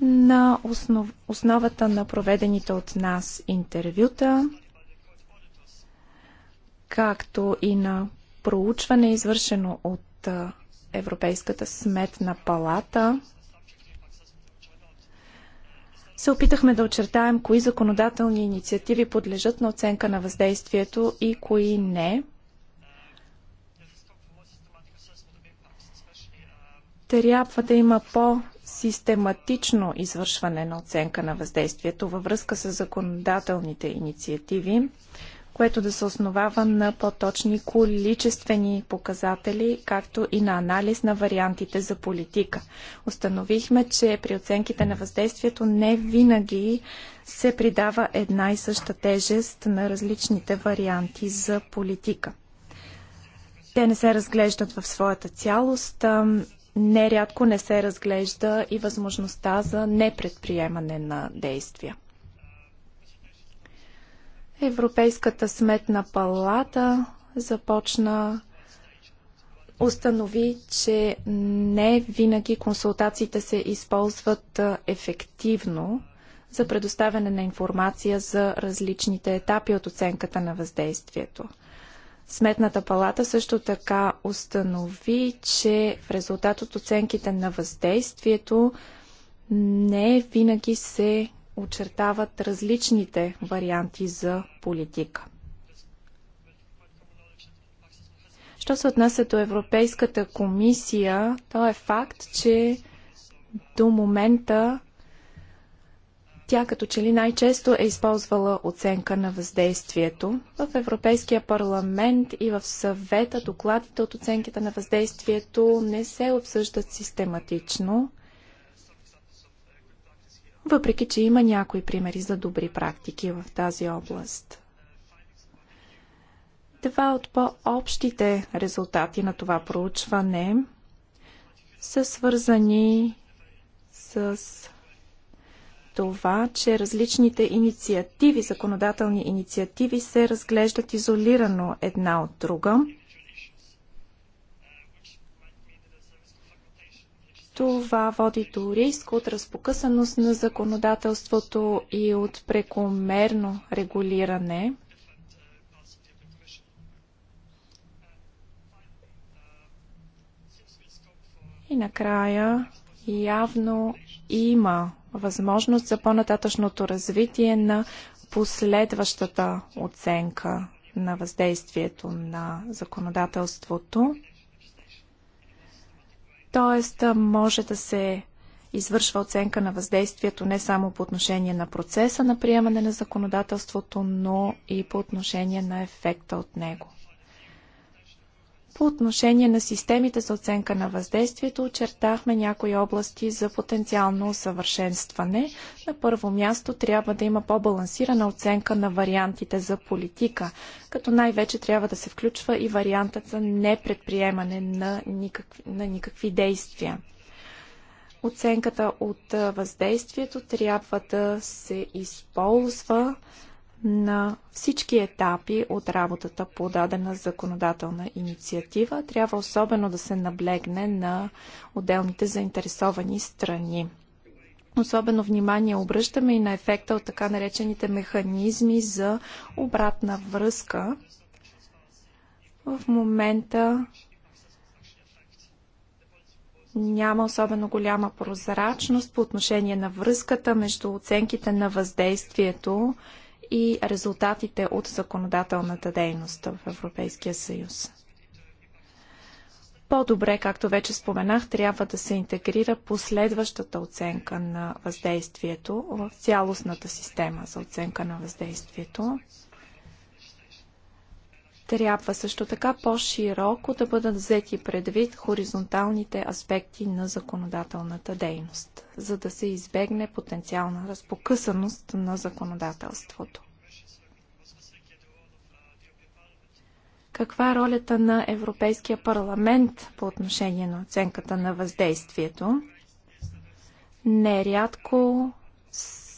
На основ... основата на проведените от нас интервюта, както и на проучване, извършено от Европейската сметна палата, се опитахме да очертаем кои законодателни инициативи подлежат на оценка на въздействието и кои не. Трябва да има по-систематично извършване на оценка на въздействието във връзка с законодателните инициативи което да се основава на по-точни количествени показатели, както и на анализ на вариантите за политика. Установихме, че при оценките на въздействието не винаги се придава една и съща тежест на различните варианти за политика. Те не се разглеждат в своята цялост. Нерядко не се разглежда и възможността за непредприемане на действия. Европейската сметна палата започна установи, че не винаги консултациите се използват ефективно за предоставяне на информация за различните етапи от оценката на въздействието. Сметната палата също така установи, че в резултат от оценките на въздействието не винаги се очертават различните варианти за политика. Що се отнася до Европейската комисия, то е факт, че до момента тя като че ли най-често е използвала оценка на въздействието. В Европейския парламент и в съвета докладите от оценките на въздействието не се обсъждат систематично – въпреки че има някои примери за добри практики в тази област. Два от по-общите резултати на това проучване са свързани с това, че различните инициативи, законодателни инициативи се разглеждат изолирано една от друга – Това води до риск от разпокъсаност на законодателството и от прекомерно регулиране. И накрая явно има възможност за по-нататъчното развитие на последващата оценка на въздействието на законодателството. Тоест, може да се извършва оценка на въздействието не само по отношение на процеса на приемане на законодателството, но и по отношение на ефекта от него. По отношение на системите за оценка на въздействието, очертахме някои области за потенциално усъвършенстване. На първо място трябва да има по-балансирана оценка на вариантите за политика, като най-вече трябва да се включва и вариантът за непредприемане на никакви, на никакви действия. Оценката от въздействието трябва да се използва на всички етапи от работата по дадена законодателна инициатива. Трябва особено да се наблегне на отделните заинтересовани страни. Особено внимание обръщаме и на ефекта от така наречените механизми за обратна връзка. В момента няма особено голяма прозрачност по отношение на връзката между оценките на въздействието и резултатите от законодателната дейност в Европейския съюз. По-добре, както вече споменах, трябва да се интегрира последващата оценка на въздействието в цялостната система за оценка на въздействието. Трябва също така по-широко да бъдат взети предвид хоризонталните аспекти на законодателната дейност, за да се избегне потенциална разпокъсаност на законодателството. Каква е ролята на Европейския парламент по отношение на оценката на въздействието? Нерядко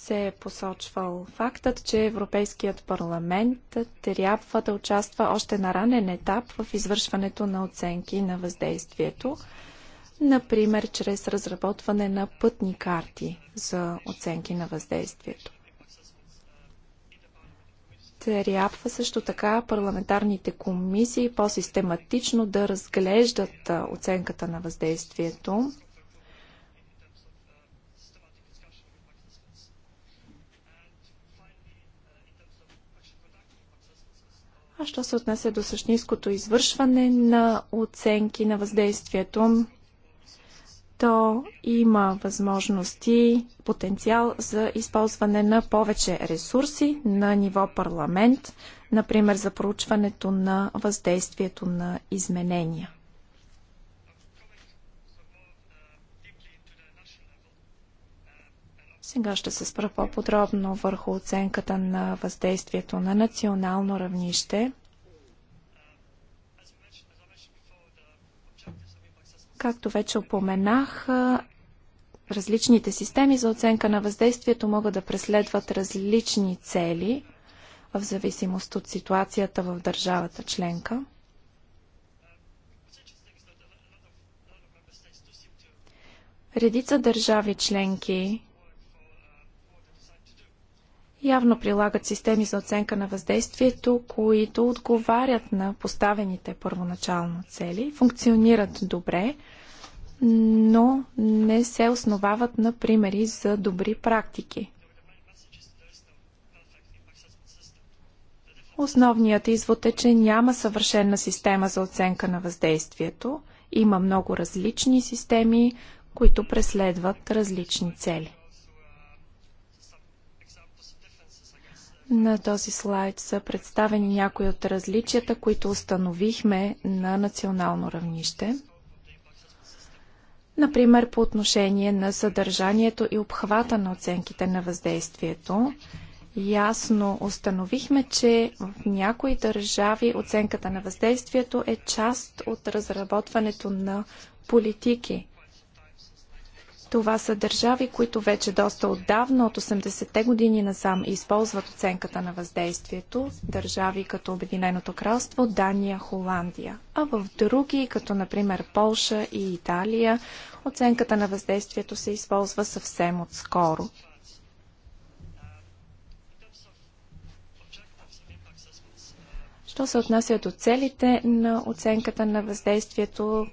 се е посочвал фактът, че Европейският парламент трябва да участва още на ранен етап в извършването на оценки на въздействието, например чрез разработване на пътни карти за оценки на въздействието. Трябва също така парламентарните комисии по-систематично да разглеждат оценката на въздействието А що се отнесе до същинското извършване на оценки на въздействието, то има възможности, потенциал за използване на повече ресурси на ниво парламент, например за проучването на въздействието на изменения. Сега ще се спра по-подробно върху оценката на въздействието на национално равнище. Както вече упоменах, различните системи за оценка на въздействието могат да преследват различни цели в зависимост от ситуацията в държавата членка. Редица държави членки явно прилагат системи за оценка на въздействието, които отговарят на поставените първоначално цели, функционират добре, но не се основават на примери за добри практики. Основният извод е, че няма съвършена система за оценка на въздействието. Има много различни системи, които преследват различни цели. На този слайд са представени някои от различията, които установихме на национално равнище. Например, по отношение на съдържанието и обхвата на оценките на въздействието, ясно установихме, че в някои държави оценката на въздействието е част от разработването на политики – това са държави, които вече доста отдавна, от 80-те години насам, използват оценката на въздействието. Държави като Обединеното кралство, Дания, Холандия. А в други, като например Полша и Италия, оценката на въздействието се използва съвсем отскоро. Що се отнася до целите на оценката на въздействието,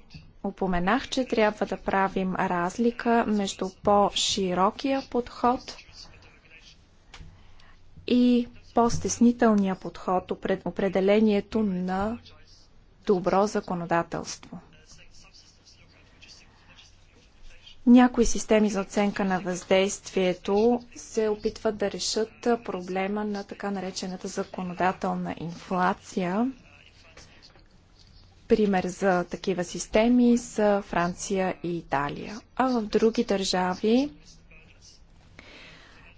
Упоменах, че трябва да правим разлика между по-широкия подход и по-стеснителния подход, определението на добро законодателство. Някои системи за оценка на въздействието се опитват да решат проблема на така наречената законодателна инфлация – Пример за такива системи са Франция и Италия. А в други държави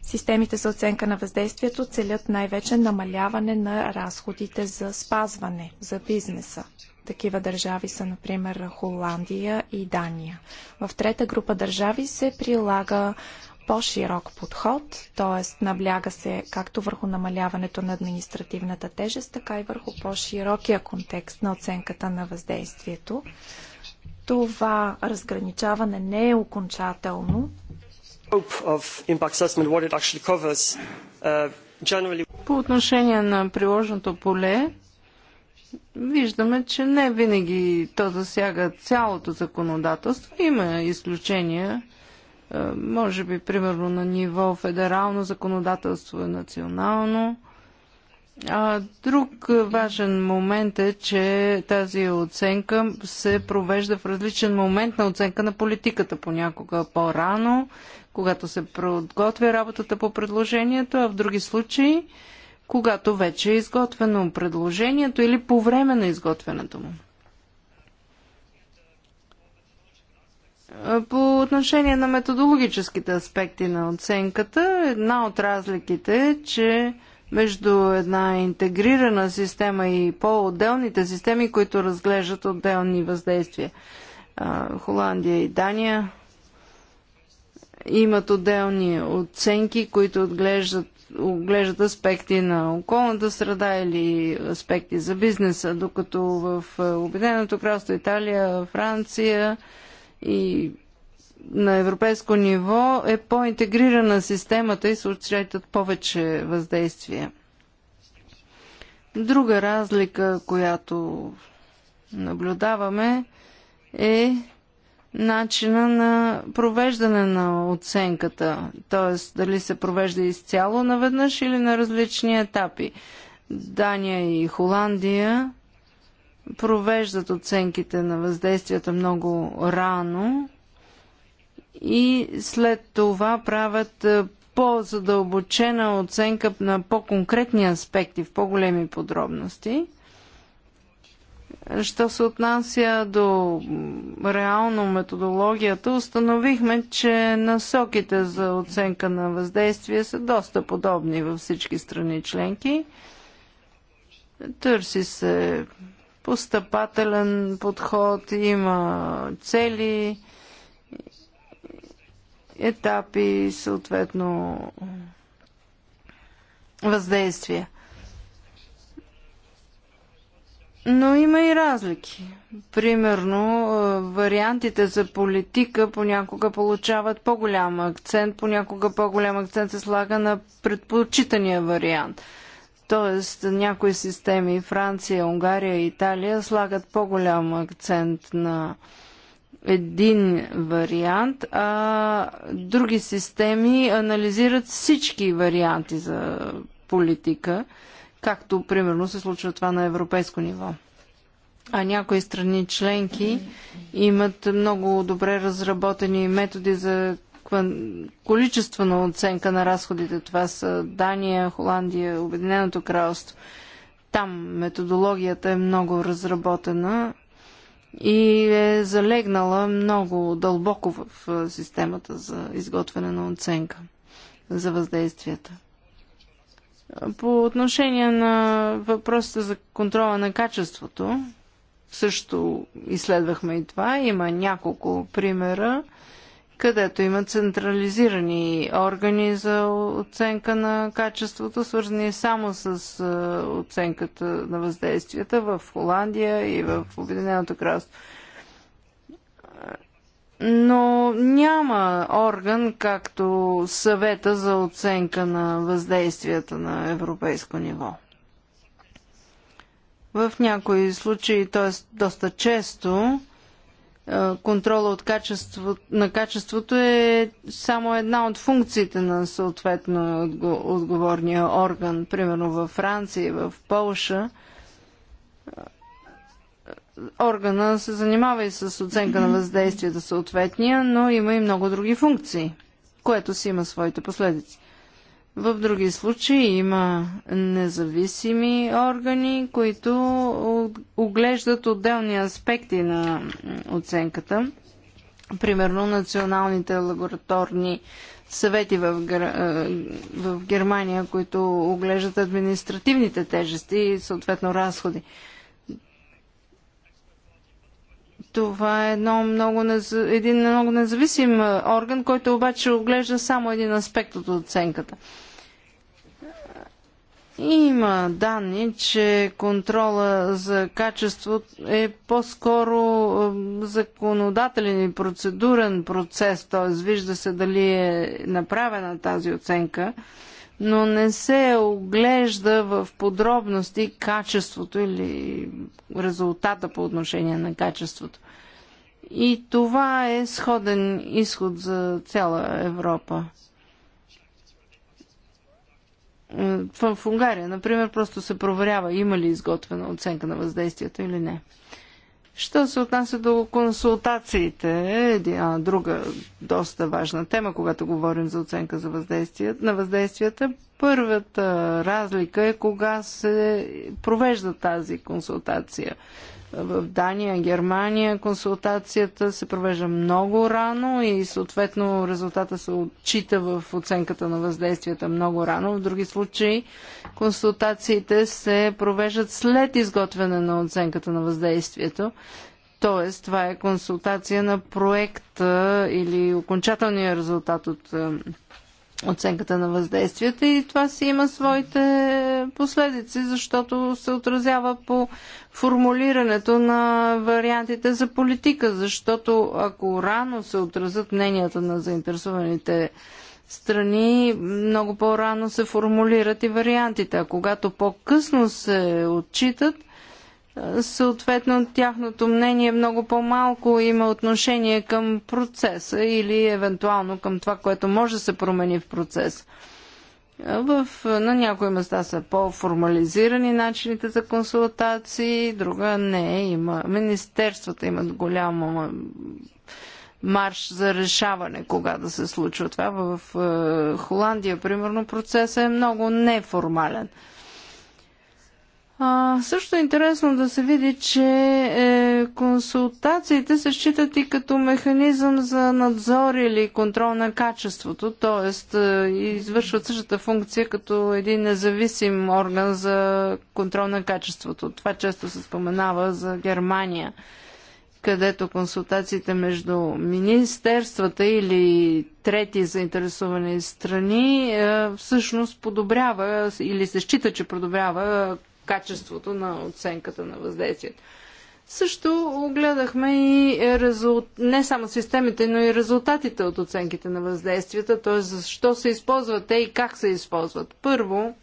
Системите за оценка на въздействието целят най-вече намаляване на разходите за спазване за бизнеса. Такива държави са, например, Холандия и Дания. В трета група държави се прилага по-широк подход, т.е. набляга се както върху намаляването на административната тежест, така и върху по-широкия контекст на оценката на въздействието. Това разграничаване не е окончателно. Uh, По отношение на приложното поле, виждаме, че не винаги то засяга цялото законодателство. Има изключения е, може би, примерно на ниво федерално законодателство е национално. А, друг важен момент е, че тази оценка се провежда в различен момент на оценка на политиката. Понякога по-рано, когато се подготвя работата по предложението, а в други случаи, когато вече е изготвено предложението или по време на изготвянето му. Е, по отношение на методологическите аспекти на оценката, една от разликите е, че между една интегрирана система и по-отделните системи, които разглеждат отделни въздействия. Е, Холандия и Дания имат отделни оценки, които отглеждат, отглеждат аспекти на околната среда или аспекти за бизнеса, докато в е, Обединеното кралство Италия, Франция, и на европейско ниво е по-интегрирана системата и се отчитат повече въздействия. Друга разлика, която наблюдаваме е начина на провеждане на оценката, т.е. дали се провежда изцяло наведнъж или на различни етапи. Дания и Холандия провеждат оценките на въздействията много рано и след това правят по-задълбочена оценка на по-конкретни аспекти в по-големи подробности. Що се отнася до реално методологията, установихме, че насоките за оценка на въздействие са доста подобни във всички страни членки. Търси се постъпателен подход, има цели, етапи, съответно въздействия. Но има и разлики. Примерно, вариантите за политика понякога получават по-голям акцент, понякога по-голям акцент се слага на предпочитания вариант – Тоест, някои системи, Франция, Унгария и Италия, слагат по-голям акцент на един вариант, а други системи анализират всички варианти за политика, както примерно се случва това на европейско ниво. А някои страни членки имат много добре разработени методи за някаква количествена оценка на разходите. Това са Дания, Холандия, Обединеното кралство. Там методологията е много разработена и е залегнала много дълбоко в системата за изготвяне на оценка за въздействията. По отношение на въпроса за контрола на качеството, също изследвахме и това. Има няколко примера където има централизирани органи за оценка на качеството, свързани само с оценката на въздействията в Холандия и в Обединеното кралство. Но няма орган, както съвета за оценка на въздействията на европейско ниво. В някои случаи, т.е. доста често, е, контрола от качество, на качеството е само една от функциите на съответно отговорния орган. Примерно във Франция и в Полша е, органа се занимава и с оценка на въздействията съответния, но има и много други функции, което си има своите последици. В други случаи има независими органи, които оглеждат отделни аспекти на оценката. Примерно националните лабораторни съвети в, в Германия, които оглеждат административните тежести и съответно разходи. Това е едно много, един много независим орган, който обаче оглежда само един аспект от оценката. Има данни, че контрола за качество е по-скоро е, законодателен и процедурен процес, т.е. вижда се дали е направена тази оценка, но не се оглежда в подробности качеството или резултата по отношение на качеството. И това е сходен изход за цяла Европа. Е, в Унгария, например, просто се проверява има ли изготвена оценка на въздействието или не. Що се отнася до консултациите, една друга доста важна тема, когато говорим за оценка за въздействие, на въздействията, първата разлика е кога се провежда тази консултация в Дания, Германия консултацията се провежда много рано и съответно резултата се отчита в оценката на въздействията много рано. В други случаи консултациите се провеждат след изготвяне на оценката на въздействието. Тоест, това е консултация на проекта или окончателния резултат от е, оценката на въздействията и това си има своите последици, защото се отразява по формулирането на вариантите за политика, защото ако рано се отразят мненията на заинтересованите страни, много по-рано се формулират и вариантите, а когато по-късно се отчитат, съответно тяхното мнение е много по-малко има отношение към процеса или евентуално към това, което може да се промени в процеса. В, на някои места са по-формализирани начините за консултации, друга не има. Министерствата имат голяма марш за решаване кога да се случва това. В е, Холандия, примерно, процесът е много неформален. А, също е интересно да се види, че е, консултациите се считат и като механизъм за надзор или контрол на качеството, т.е. извършват същата функция като един независим орган за контрол на качеството. Това често се споменава за Германия, където консултациите между министерствата или трети заинтересовани страни е, всъщност подобрява или се счита, че подобрява качеството на оценката на въздействието. Също огледахме и резулт... не само системите, но и резултатите от оценките на въздействията, т.е. защо се използват те и как се използват. Първо,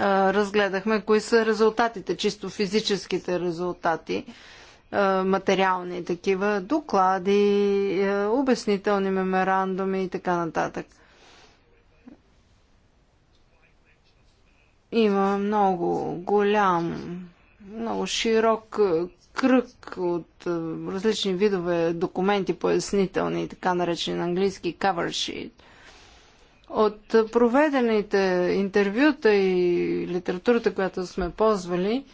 разгледахме кои са резултатите, чисто физическите резултати, материални такива, доклади, обяснителни меморандуми и така нататък – Има много голям, много широк е, кръг от е, различни видове документи, пояснителни, така наречени на английски cover sheet. От проведените интервюта и литературата, която сме ползвали,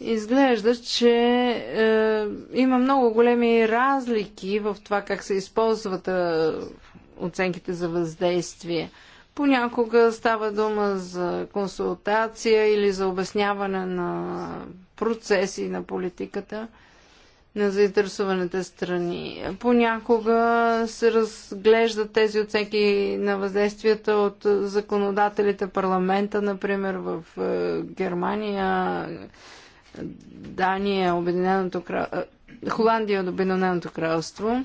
изглежда, че е, има много големи разлики в това как се използват е, оценките за въздействие. Е, Понякога става дума за консултация или за обясняване на процеси на политиката на заинтересованите страни. Понякога се разглеждат тези оценки на въздействията от законодателите парламента, например в е, Германия, Дания, Обединеното кралство, е, Холандия от Обединеното кралство.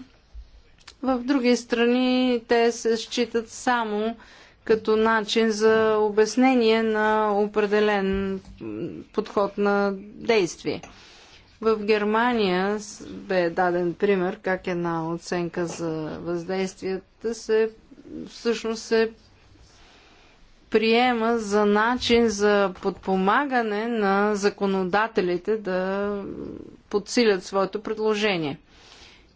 В други страни те се считат само като начин за обяснение на определен подход на действие. В Германия бе даден пример как една оценка за въздействията се всъщност се приема за начин за подпомагане на законодателите да подсилят своето предложение.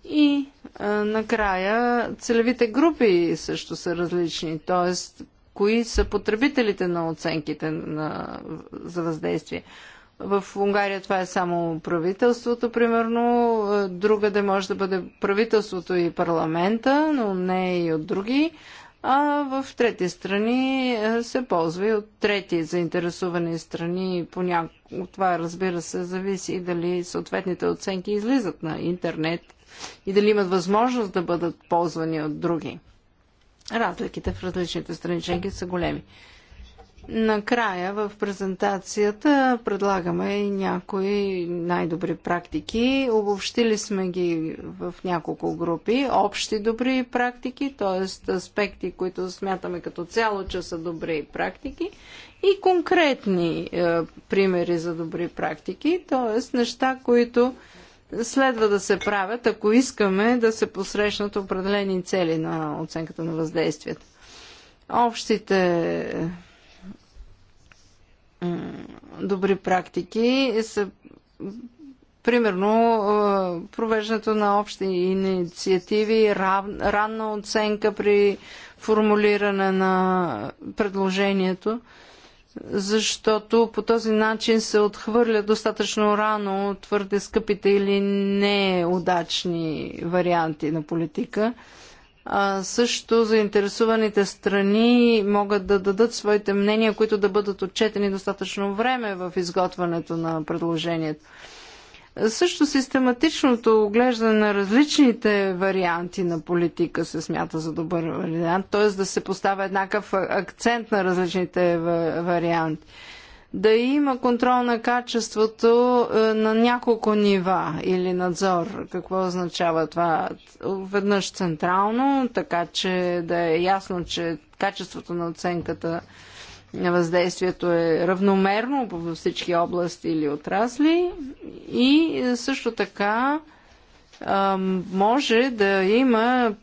И а, накрая целевите групи също са различни, т.е. кои са потребителите на оценките на, за въздействие. В Унгария това е само правителството, примерно. Другаде може да бъде правителството и парламента, но не и от други. А в трети страни се ползва и от трети заинтересувани страни. Поня... това, разбира се, зависи и дали съответните оценки излизат на интернет и дали имат възможност да бъдат ползвани от други. Разликите в различните страни членки са големи. Накрая в презентацията предлагаме и някои най-добри практики. Обобщили сме ги в няколко групи. Общи добри практики, т.е. аспекти, които смятаме като цяло, че са добри практики. И конкретни е, примери за добри практики, т.е. неща, които следва да се правят, ако искаме да се посрещнат определени цели на оценката на въздействието. Общите добри практики са примерно провеждането на общи инициативи, ранна оценка при формулиране на предложението защото по този начин се отхвърля достатъчно рано твърде скъпите или неудачни варианти на политика. А, също заинтересуваните страни могат да дадат своите мнения, които да бъдат отчетени достатъчно време в изготвянето на предложението. Също систематичното оглеждане на различните варианти на политика се смята за добър вариант, т.е. да се поставя еднакъв акцент на различните варианти. Да има контрол на качеството е, на няколко нива или надзор. Какво означава това? Веднъж централно, така че да е ясно, че качеството на оценката въздействието е равномерно във всички области или отрасли и също така може да има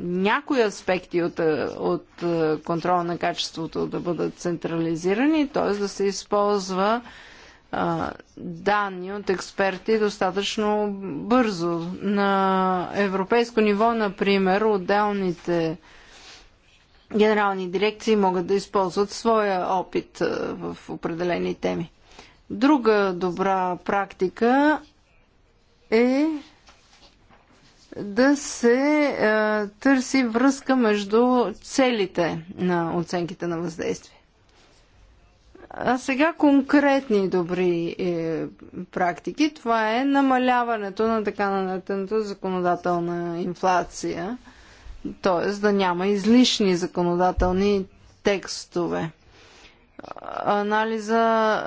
някои аспекти от, от контрола на качеството да бъдат централизирани, т.е. да се използва данни от експерти достатъчно бързо. На европейско ниво, например, отделните генерални дирекции могат да използват своя опит в определени теми. Друга добра практика е да се е, търси връзка между целите на оценките на въздействие. А сега конкретни добри е, практики. Това е намаляването на така на законодателна инфлация т.е. да няма излишни законодателни текстове. Анализа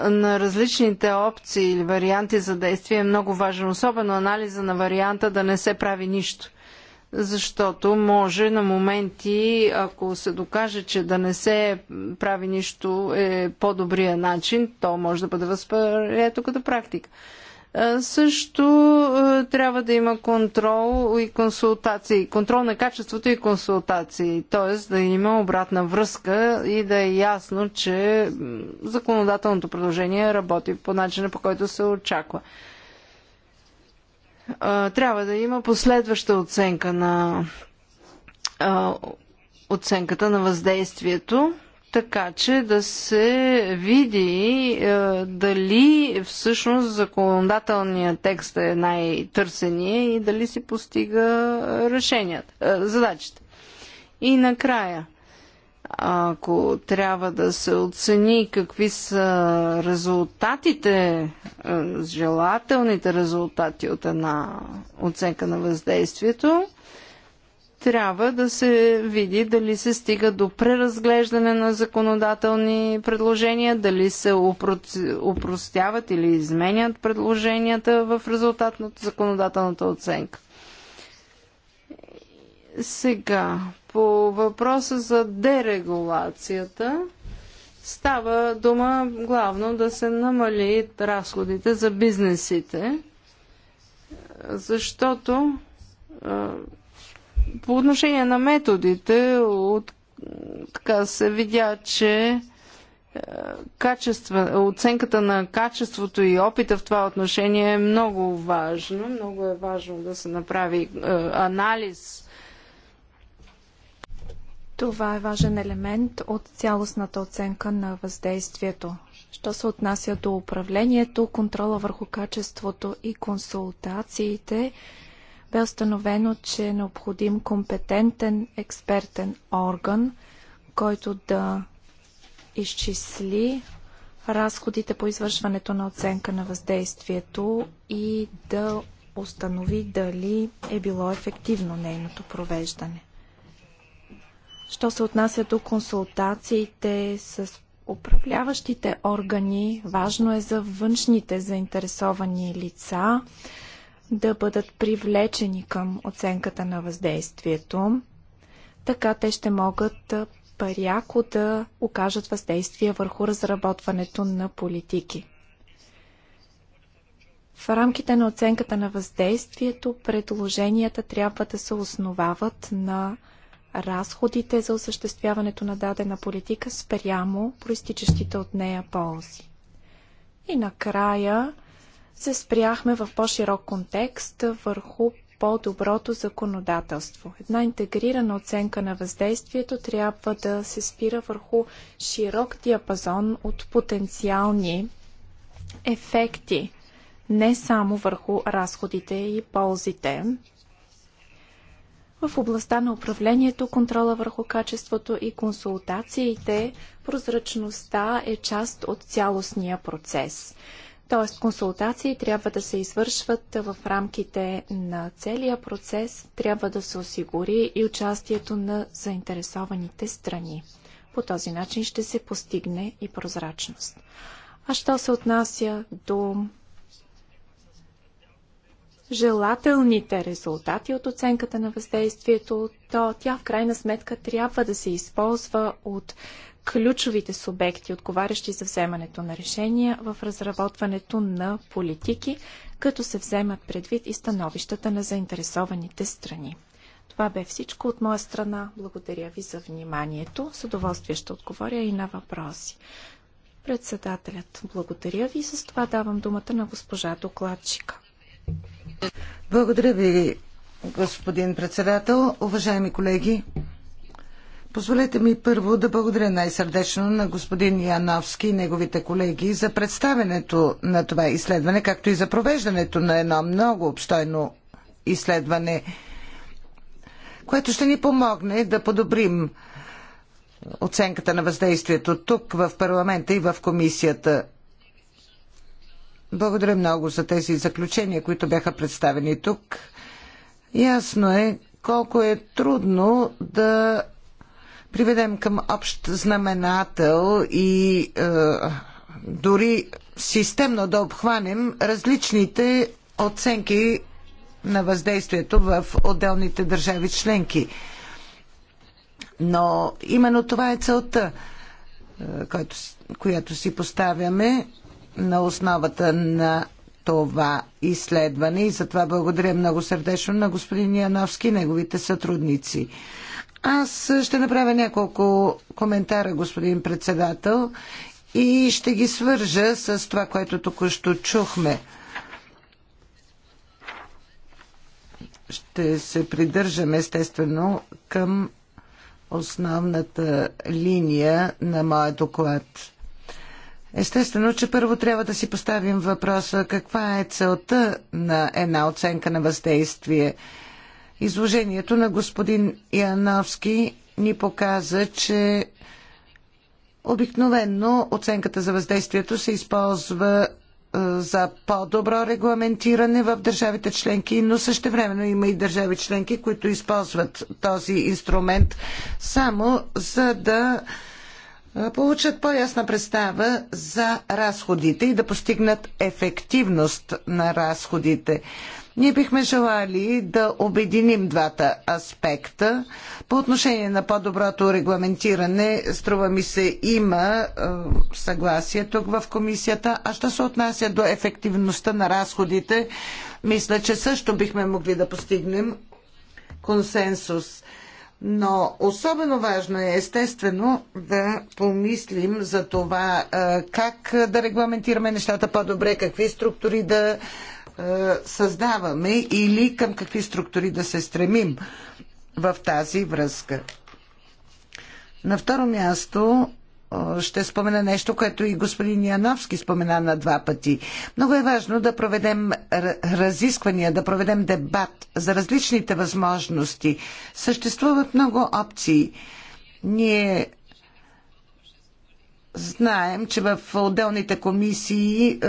на различните опции или варианти за действие е много важен, особено анализа на варианта да не се прави нищо – защото може на моменти, ако се докаже, че да не се прави нищо е по-добрия начин, то може да бъде възприето като практика. Е, също е, трябва да има контрол и консултации, контрол на качеството и консултации, т.е. да има обратна връзка и да е ясно, че законодателното предложение работи по начина по който се очаква. Е, трябва да има последваща оценка на оценката на въздействието така че да се види е, дали всъщност законодателният текст е най-търсения и дали си постига решенията, е, задачите. И накрая, ако трябва да се оцени какви са резултатите, е, желателните резултати от една оценка на въздействието, трябва да се види дали се стига до преразглеждане на законодателни предложения, дали се упростяват или изменят предложенията в резултат на законодателната оценка. Сега, по въпроса за дерегулацията, става дума главно да се намали разходите за бизнесите, защото по отношение на методите, от, така се видя, че е, качество, оценката на качеството и опита в това отношение е много важно. Много е важно да се направи е, анализ. Това е важен елемент от цялостната оценка на въздействието. Що се отнася до управлението, контрола върху качеството и консултациите, бе установено, че е необходим компетентен експертен орган, който да изчисли разходите по извършването на оценка на въздействието и да установи дали е било ефективно нейното провеждане. Що се отнася до консултациите с управляващите органи, важно е за външните заинтересовани лица да бъдат привлечени към оценката на въздействието. Така те ще могат пряко да окажат въздействие върху разработването на политики. В рамките на оценката на въздействието предложенията трябва да се основават на разходите за осъществяването на дадена политика спрямо проистичащите от нея ползи. И накрая се спряхме в по-широк контекст върху по-доброто законодателство. Една интегрирана оценка на въздействието трябва да се спира върху широк диапазон от потенциални ефекти, не само върху разходите и ползите. В областта на управлението, контрола върху качеството и консултациите, прозрачността е част от цялостния процес. Т.е. консултации трябва да се извършват в рамките на целия процес, трябва да се осигури и участието на заинтересованите страни. По този начин ще се постигне и прозрачност. А що се отнася до желателните резултати от оценката на въздействието, то тя в крайна сметка трябва да се използва от ключовите субекти, отговарящи за вземането на решения в разработването на политики, като се вземат предвид и становищата на заинтересованите страни. Това бе всичко от моя страна. Благодаря ви за вниманието. С удоволствие ще отговоря и на въпроси. Председателят, благодаря ви. С това давам думата на госпожа докладчика. Благодаря ви, господин председател. Уважаеми колеги, Позволете ми първо да благодаря най-сърдечно на господин Яновски и неговите колеги за представенето на това изследване, както и за провеждането на едно много обстойно изследване, което ще ни помогне да подобрим оценката на въздействието тук в парламента и в комисията. Благодаря много за тези заключения, които бяха представени тук. Ясно е колко е трудно да приведем към общ знаменател и е, дори системно да обхванем различните оценки на въздействието в отделните държави членки. Но именно това е целта, е, която, която си поставяме на основата на това изследване и затова благодаря много сърдечно на господин Яновски и неговите сътрудници. Аз ще направя няколко коментара, господин председател, и ще ги свържа с това, което току-що чухме. Ще се придържам естествено към основната линия на моя доклад. Естествено, че първо трябва да си поставим въпроса каква е целта на една оценка на въздействие – Изложението на господин Яновски ни показа, че обикновенно оценката за въздействието се използва е, за по-добро регламентиране в държавите членки, но времено има и държави членки, които използват този инструмент само за да е, получат по-ясна представа за разходите и да постигнат ефективност на разходите. Ние бихме желали да обединим двата аспекта. По отношение на по-доброто регламентиране, струва ми се, има е, съгласие тук в комисията. А що се отнася до ефективността на разходите, мисля, че също бихме могли да постигнем консенсус. Но особено важно е, естествено, да помислим за това е, как да регламентираме нещата по-добре, какви структури да е, създаваме или към какви структури да се стремим в тази връзка. На второ място е, ще спомена нещо, което и господин Яновски спомена на два пъти. Много е важно да проведем разисквания, да проведем дебат за различните възможности. Съществуват много опции. Ние знаем, че в отделните комисии е,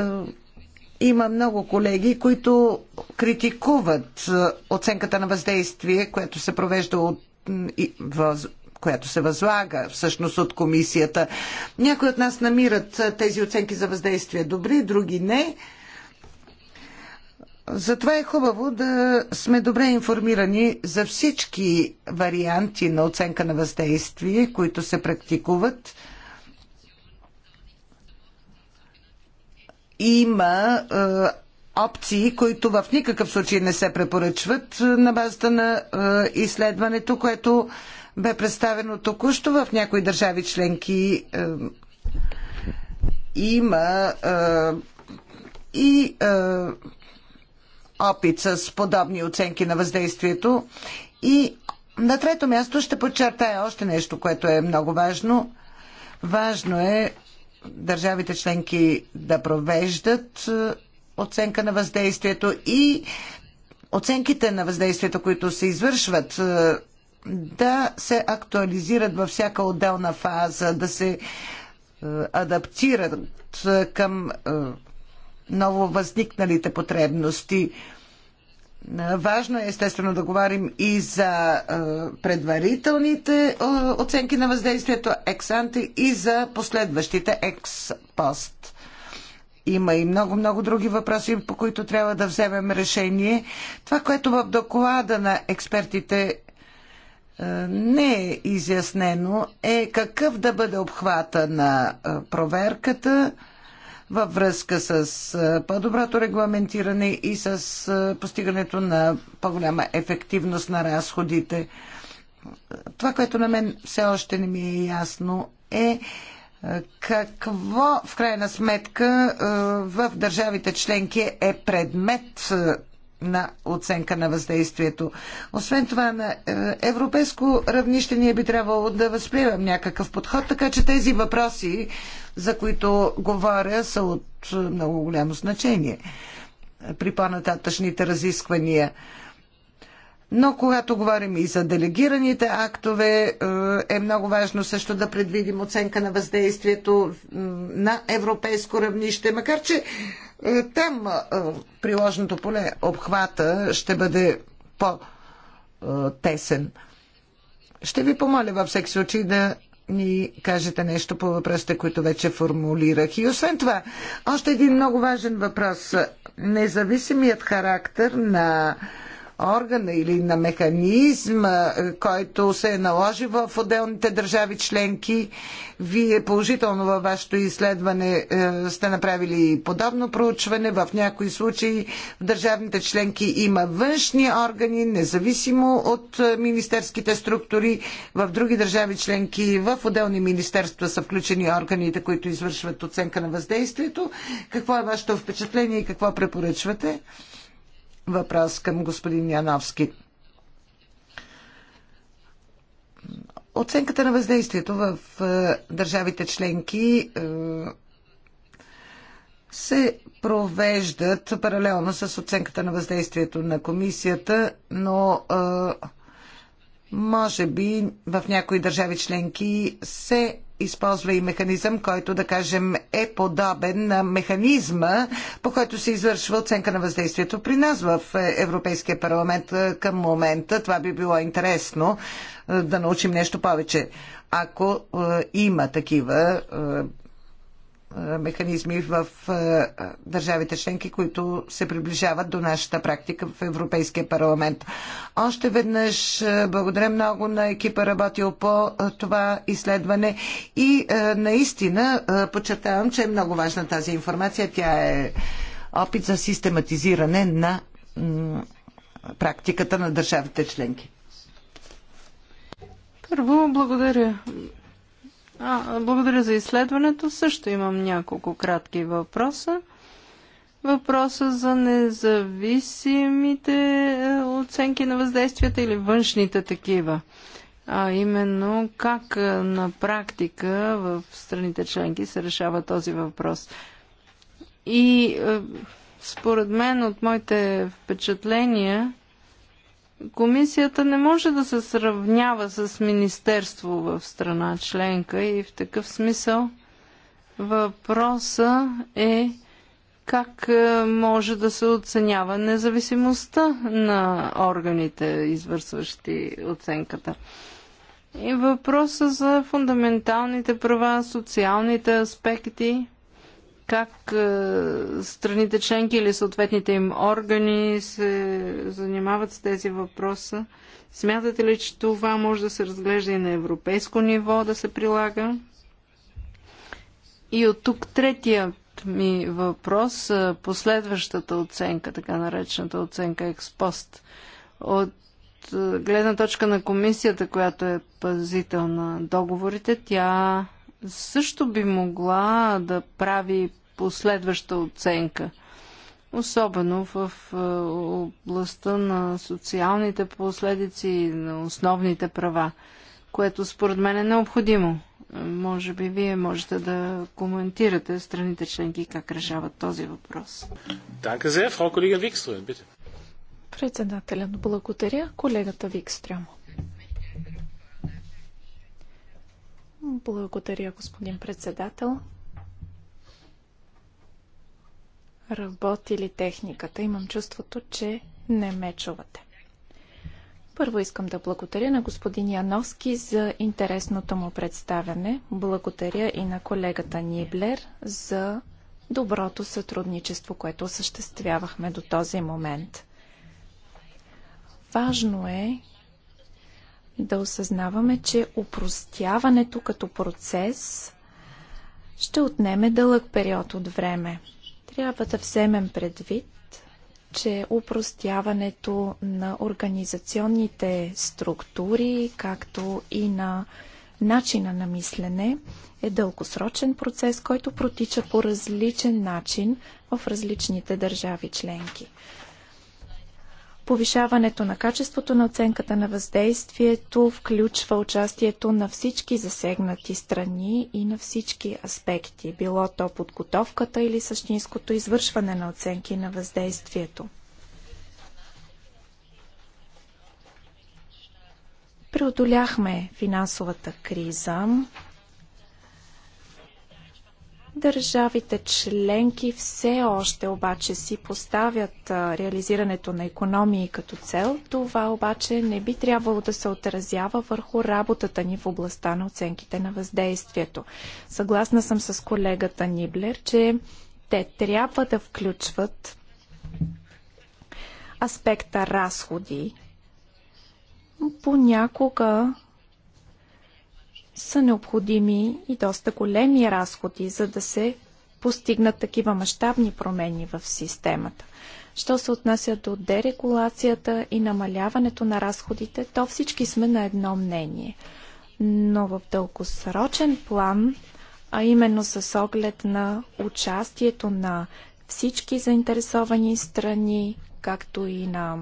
има много колеги, които критикуват е, оценката на въздействие, която се провежда от която се възлага всъщност от комисията. Някои от нас намират е, тези оценки за въздействие добри, други не. Затова е хубаво да сме добре информирани за всички варианти на оценка на въздействие, които се практикуват. има е, опции, които в никакъв случай не се препоръчват е, на базата на е, изследването, което бе представено току-що в някои държави членки има и опит с подобни оценки на въздействието. И на трето място ще подчертая още нещо, което е много важно. Важно е държавите членки да провеждат е, оценка на въздействието и оценките на въздействието, които се извършват, е, да се актуализират във всяка отделна фаза, да се е, адаптират към ново възникналите потребности. Е, важно е естествено да говорим и за е, предварителните е, оценки на въздействието ексанте и за последващите експост. Има и много-много други въпроси, по които трябва да вземем решение. Това, което в доклада на експертите не е изяснено, е какъв да бъде обхвата на проверката – във връзка с по-доброто регламентиране и с постигането на по-голяма ефективност на разходите. Това, което на мен все още не ми е ясно е какво в крайна сметка в държавите членки е предмет на оценка на въздействието. Освен това, на е, европейско равнище ние би трябвало да възприемем някакъв подход, така че тези въпроси, за които говоря, са от е, много голямо значение при по-нататъчните разисквания. Но когато говорим и за делегираните актове, е, е много важно също да предвидим оценка на въздействието на европейско равнище, макар че е, там приложното поле, обхвата ще бъде по-тесен. Ще ви помоля във всеки случай да ни кажете нещо по въпросите, които вече формулирах. И освен това, още един много важен въпрос. Независимият характер на органа или на механизма, е, който се е наложи в отделните държави членки. Вие положително във вашето изследване е, сте направили подобно проучване. В някои случаи в държавните членки има външни органи, независимо от е, министерските структури. В други държави членки в отделни министерства са включени органите, които извършват оценка на въздействието. Какво е вашето впечатление и какво препоръчвате? въпрос към господин Яновски. Оценката на въздействието в е, държавите членки е, се провеждат паралелно с оценката на въздействието на комисията, но е, може би в някои държави членки се използва и механизъм, който да кажем е подобен на механизма, по който се извършва оценка на въздействието при нас в Европейския парламент към момента. Това би било интересно е, да научим нещо повече. Ако е, има такива е, механизми в държавите членки, които се приближават до нашата практика в Европейския парламент. Още веднъж благодаря много на екипа работил по това изследване и наистина подчертавам, че е много важна тази информация. Тя е опит за систематизиране на практиката на държавите членки. Първо, благодаря а, благодаря за изследването. Също имам няколко кратки въпроса. Въпроса за независимите е, оценки на въздействията или външните такива. А именно как е, на практика в страните членки се решава този въпрос. И е, според мен от моите впечатления Комисията не може да се сравнява с министерство в страна членка и в такъв смисъл въпроса е как е, може да се оценява независимостта на органите, извършващи оценката. И въпроса за фундаменталните права, социалните аспекти – как е, страните членки или съответните им органи се занимават с тези въпроса? Смятате ли, че това може да се разглежда и на европейско ниво да се прилага? И от тук третият ми въпрос, е, последващата оценка, така наречената оценка експост. От е, гледна точка на комисията, която е пазител на договорите, тя също би могла да прави последваща оценка. Особено в е, областта на социалните последици и на основните права, което според мен е необходимо. Е, може би вие можете да коментирате страните членки как решават този въпрос. Председателят благодаря колегата Викстрям. Благодаря, господин председател. работи ли техниката. Имам чувството, че не ме чувате. Първо искам да благодаря на господин Яновски за интересното му представяне. Благодаря и на колегата Ниблер за доброто сътрудничество, което осъществявахме до този момент. Важно е да осъзнаваме, че упростяването като процес ще отнеме дълъг период от време. Трябва да вземем предвид, че упростяването на организационните структури, както и на начина на мислене е дългосрочен процес, който протича по различен начин в различните държави членки. Повишаването на качеството на оценката на въздействието включва участието на всички засегнати страни и на всички аспекти, било то подготовката или същинското извършване на оценки на въздействието. Преодоляхме финансовата криза, Държавите членки все още обаче си поставят реализирането на економии като цел. Това обаче не би трябвало да се отразява върху работата ни в областта на оценките на въздействието. Съгласна съм с колегата Ниблер, че те трябва да включват аспекта разходи. Понякога са необходими и доста големи разходи, за да се постигнат такива мащабни промени в системата. Що се отнася до дерегулацията и намаляването на разходите, то всички сме на едно мнение. Но в дългосрочен план, а именно с оглед на участието на всички заинтересовани страни, както и на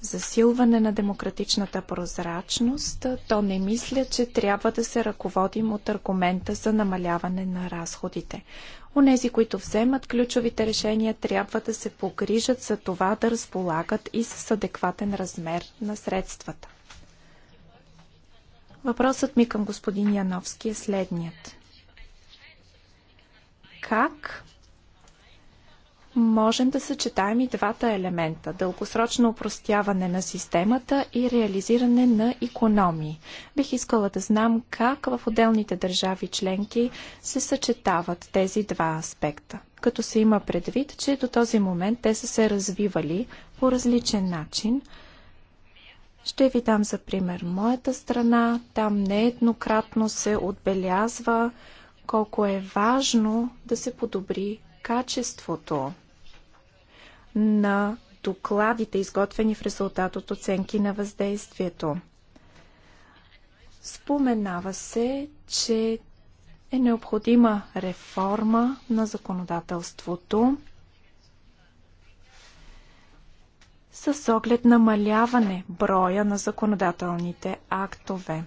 засилване на демократичната прозрачност, то не мисля, че трябва да се ръководим от аргумента за намаляване на разходите. Онези, които вземат ключовите решения, трябва да се погрижат за това да разполагат и с адекватен размер на средствата. Въпросът ми към господин Яновски е следният. Как можем да съчетаем и двата елемента – дългосрочно упростяване на системата и реализиране на економии. Бих искала да знам как в отделните държави членки се съчетават тези два аспекта, като се има предвид, че до този момент те са се развивали по различен начин. Ще ви дам за пример моята страна. Там нееднократно се отбелязва колко е важно да се подобри качеството на докладите, изготвени в резултат от оценки на въздействието. Споменава се, че е необходима реформа на законодателството с оглед намаляване броя на законодателните актове.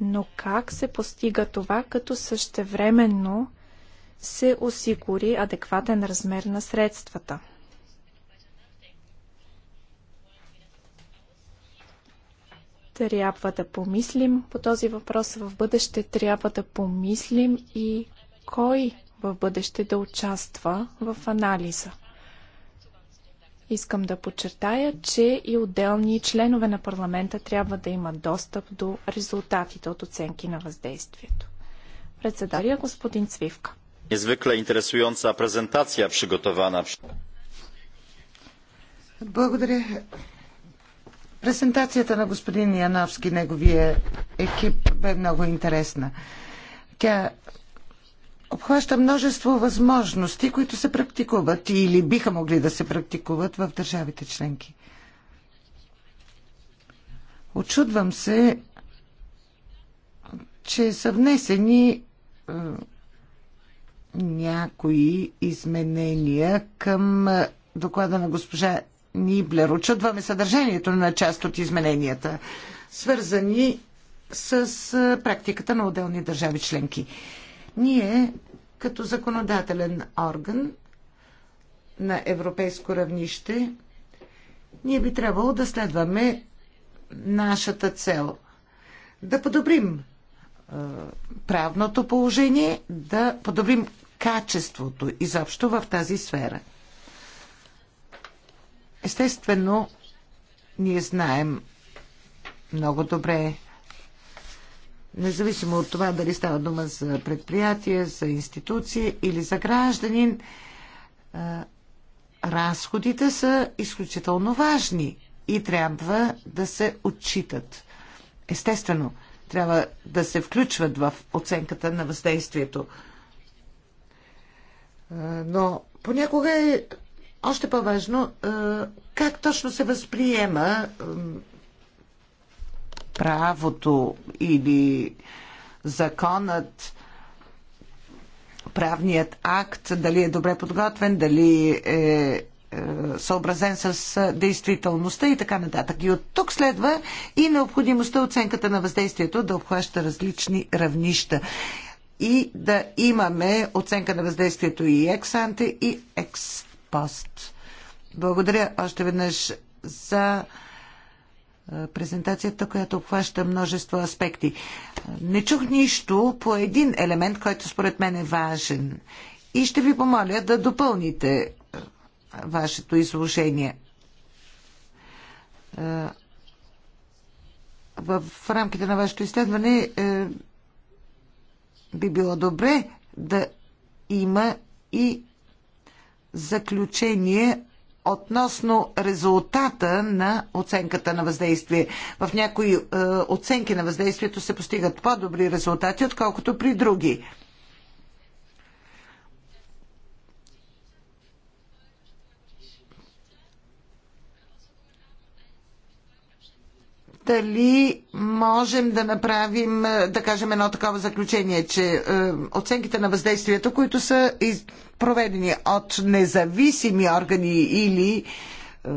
Но как се постига това, като същевременно се осигури адекватен размер на средствата? Трябва да помислим по този въпрос в бъдеще. Трябва да помислим и кой в бъдеще да участва в анализа. Искам да подчертая, че и отделни членове на парламента трябва да имат достъп до резултатите от оценки на въздействието. Председателя господин Цвивка. Извикле интересуюнца презентация, przygotowana. Благодаря. Презентацията на господин Яновски, неговия екип, бе много интересна. Тя обхваща множество възможности, които се практикуват или биха могли да се практикуват в държавите членки. Очудвам се, че са внесени е, някои изменения към е, доклада на госпожа Ниблер. Очудваме съдържанието на част от измененията, свързани с е, практиката на отделни държави членки. Ние, като законодателен орган на европейско равнище, ние би трябвало да следваме нашата цел да подобрим е, правното положение, да подобрим качеството изобщо в тази сфера. Естествено, ние знаем много добре независимо от това дали става дума за предприятие, за институция или за гражданин, разходите са изключително важни и трябва да се отчитат. Естествено, трябва да се включват в оценката на въздействието. Но понякога е още по-важно как точно се възприема правото или законът, правният акт, дали е добре подготвен, дали е, е съобразен с е, действителността и така нататък. И от тук следва и необходимостта оценката на въздействието да обхваща различни равнища и да имаме оценка на въздействието и ексанте и експост. Благодаря още веднъж за презентацията, която обхваща множество аспекти. Не чух нищо по един елемент, който според мен е важен. И ще ви помоля да допълните вашето изложение. В рамките на вашето изследване би било добре да има и заключение относно резултата на оценката на въздействие. В някои е, оценки на въздействието се постигат по-добри резултати, отколкото при други. дали можем да направим, е, да кажем, едно такова заключение, че е, оценките на въздействието, които са проведени от независими органи или е,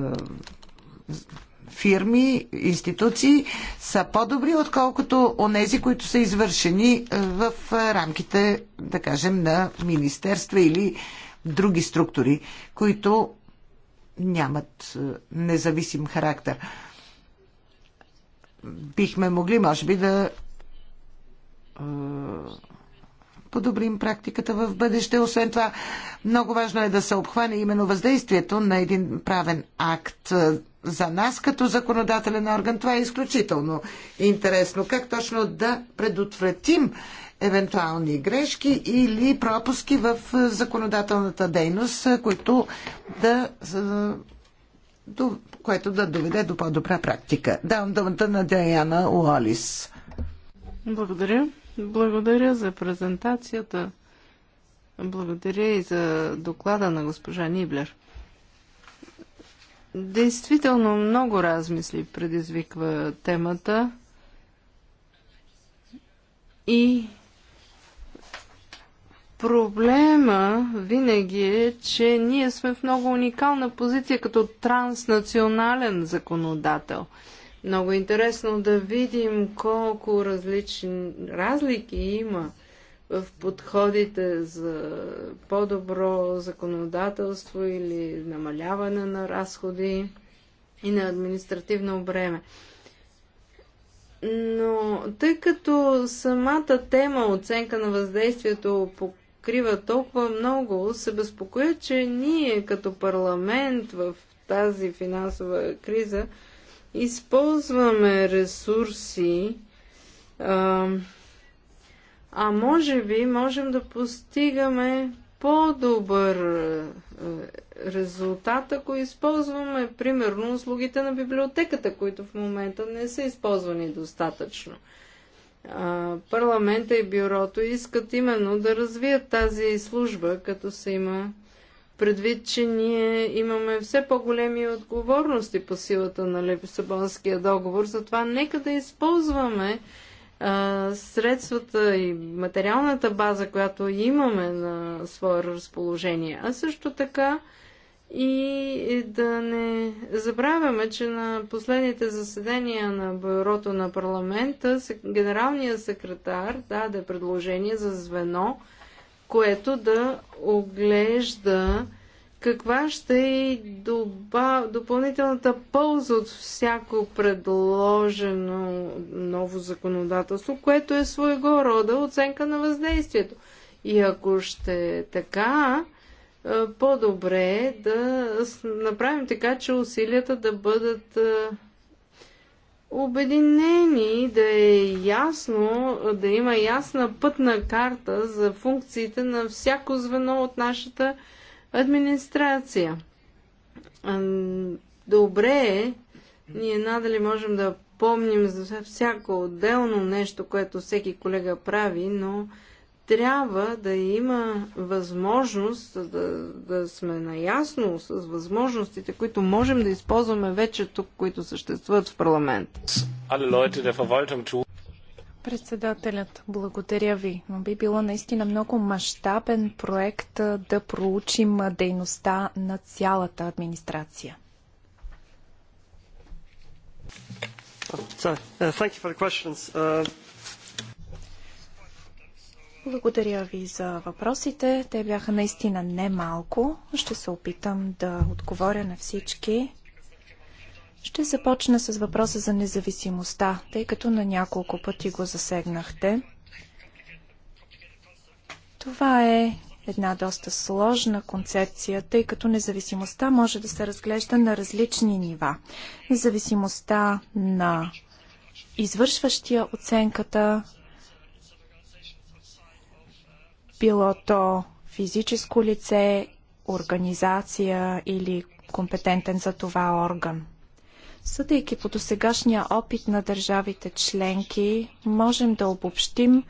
фирми, институции, са по-добри, отколкото онези, които са извършени в рамките, да кажем, на министерства или други структури, които нямат независим характер бихме могли, може би, да е, подобрим практиката в бъдеще. Освен това, много важно е да се обхване именно въздействието на един правен акт е, за нас като законодателен орган. Това е изключително интересно. Как точно да предотвратим евентуални грешки или пропуски в е, законодателната дейност, които да което да доведе до по-добра практика. Давам думата на Диана Уолис. Благодаря. Благодаря за презентацията. Благодаря и за доклада на госпожа Ниблер. Действително много размисли предизвиква темата и Проблема винаги е, че ние сме в много уникална позиция като транснационален законодател. Много интересно да видим колко различни разлики има в подходите за по-добро законодателство или намаляване на разходи и на административно бреме. Но тъй като самата тема оценка на въздействието по крива толкова много, се безпокоя, че ние като парламент в тази финансова криза използваме ресурси, а, а може би можем да постигаме по-добър резултат, ако използваме, примерно, услугите на библиотеката, които в момента не са използвани достатъчно парламента и бюрото искат именно да развият тази служба, като се има предвид, че ние имаме все по-големи отговорности по силата на Леписабонския договор. Затова нека да използваме а, средствата и материалната база, която имаме на свое разположение. А също така и да не забравяме, че на последните заседания на Бюрото на парламента генералният секретар даде предложение за звено, което да оглежда каква ще е допълнителната полза от всяко предложено ново законодателство, което е своего рода оценка на въздействието. И ако ще е така, е, по-добре е да направим така, че усилията да бъдат е, обединени, да е ясно, да има ясна пътна карта за функциите на всяко звено от нашата администрация. Е, добре е, ние надали можем да помним за всяко отделно нещо, което всеки колега прави, но трябва да има възможност да, да сме наясно с възможностите, които можем да използваме вече тук, които съществуват в парламент. Председателят, благодаря ви. Но би било наистина много мащабен проект да проучим дейността на цялата администрация. Oh, благодаря ви за въпросите. Те бяха наистина немалко. Ще се опитам да отговоря на всички. Ще започна с въпроса за независимостта, тъй като на няколко пъти го засегнахте. Това е една доста сложна концепция, тъй като независимостта може да се разглежда на различни нива. Независимостта на извършващия оценката, било то физическо лице, организация или компетентен за това орган. Съдейки по досегашния опит на държавите членки, можем да обобщим,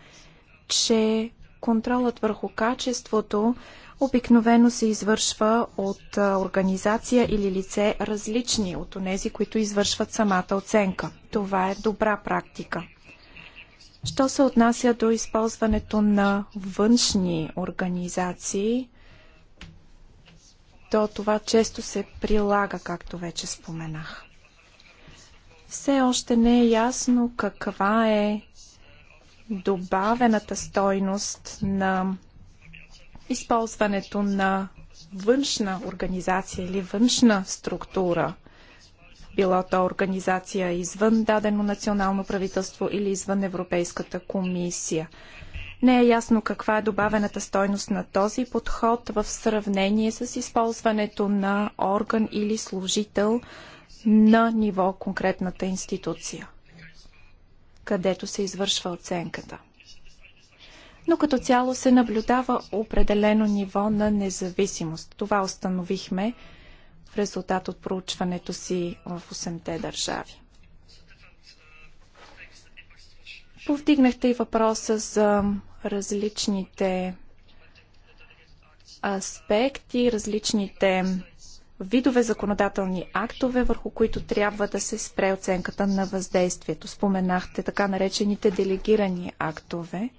че контролът върху качеството обикновено се извършва от организация или лице различни от онези, които извършват самата оценка. Това е добра практика. Що се отнася до използването на външни организации, то това често се прилага, както вече споменах. Все още не е ясно каква е добавената стойност на използването на външна организация или външна структура – било то организация извън дадено национално правителство или извън Европейската комисия. Не е ясно каква е добавената стойност на този подход в сравнение с използването на орган или служител на ниво конкретната институция, където се извършва оценката. Но като цяло се наблюдава определено ниво на независимост. Това установихме в резултат от проучването си в 8-те държави. Повдигнахте и въпроса за различните аспекти, различните видове законодателни актове, върху които трябва да се спре оценката на въздействието. Споменахте така наречените делегирани актове.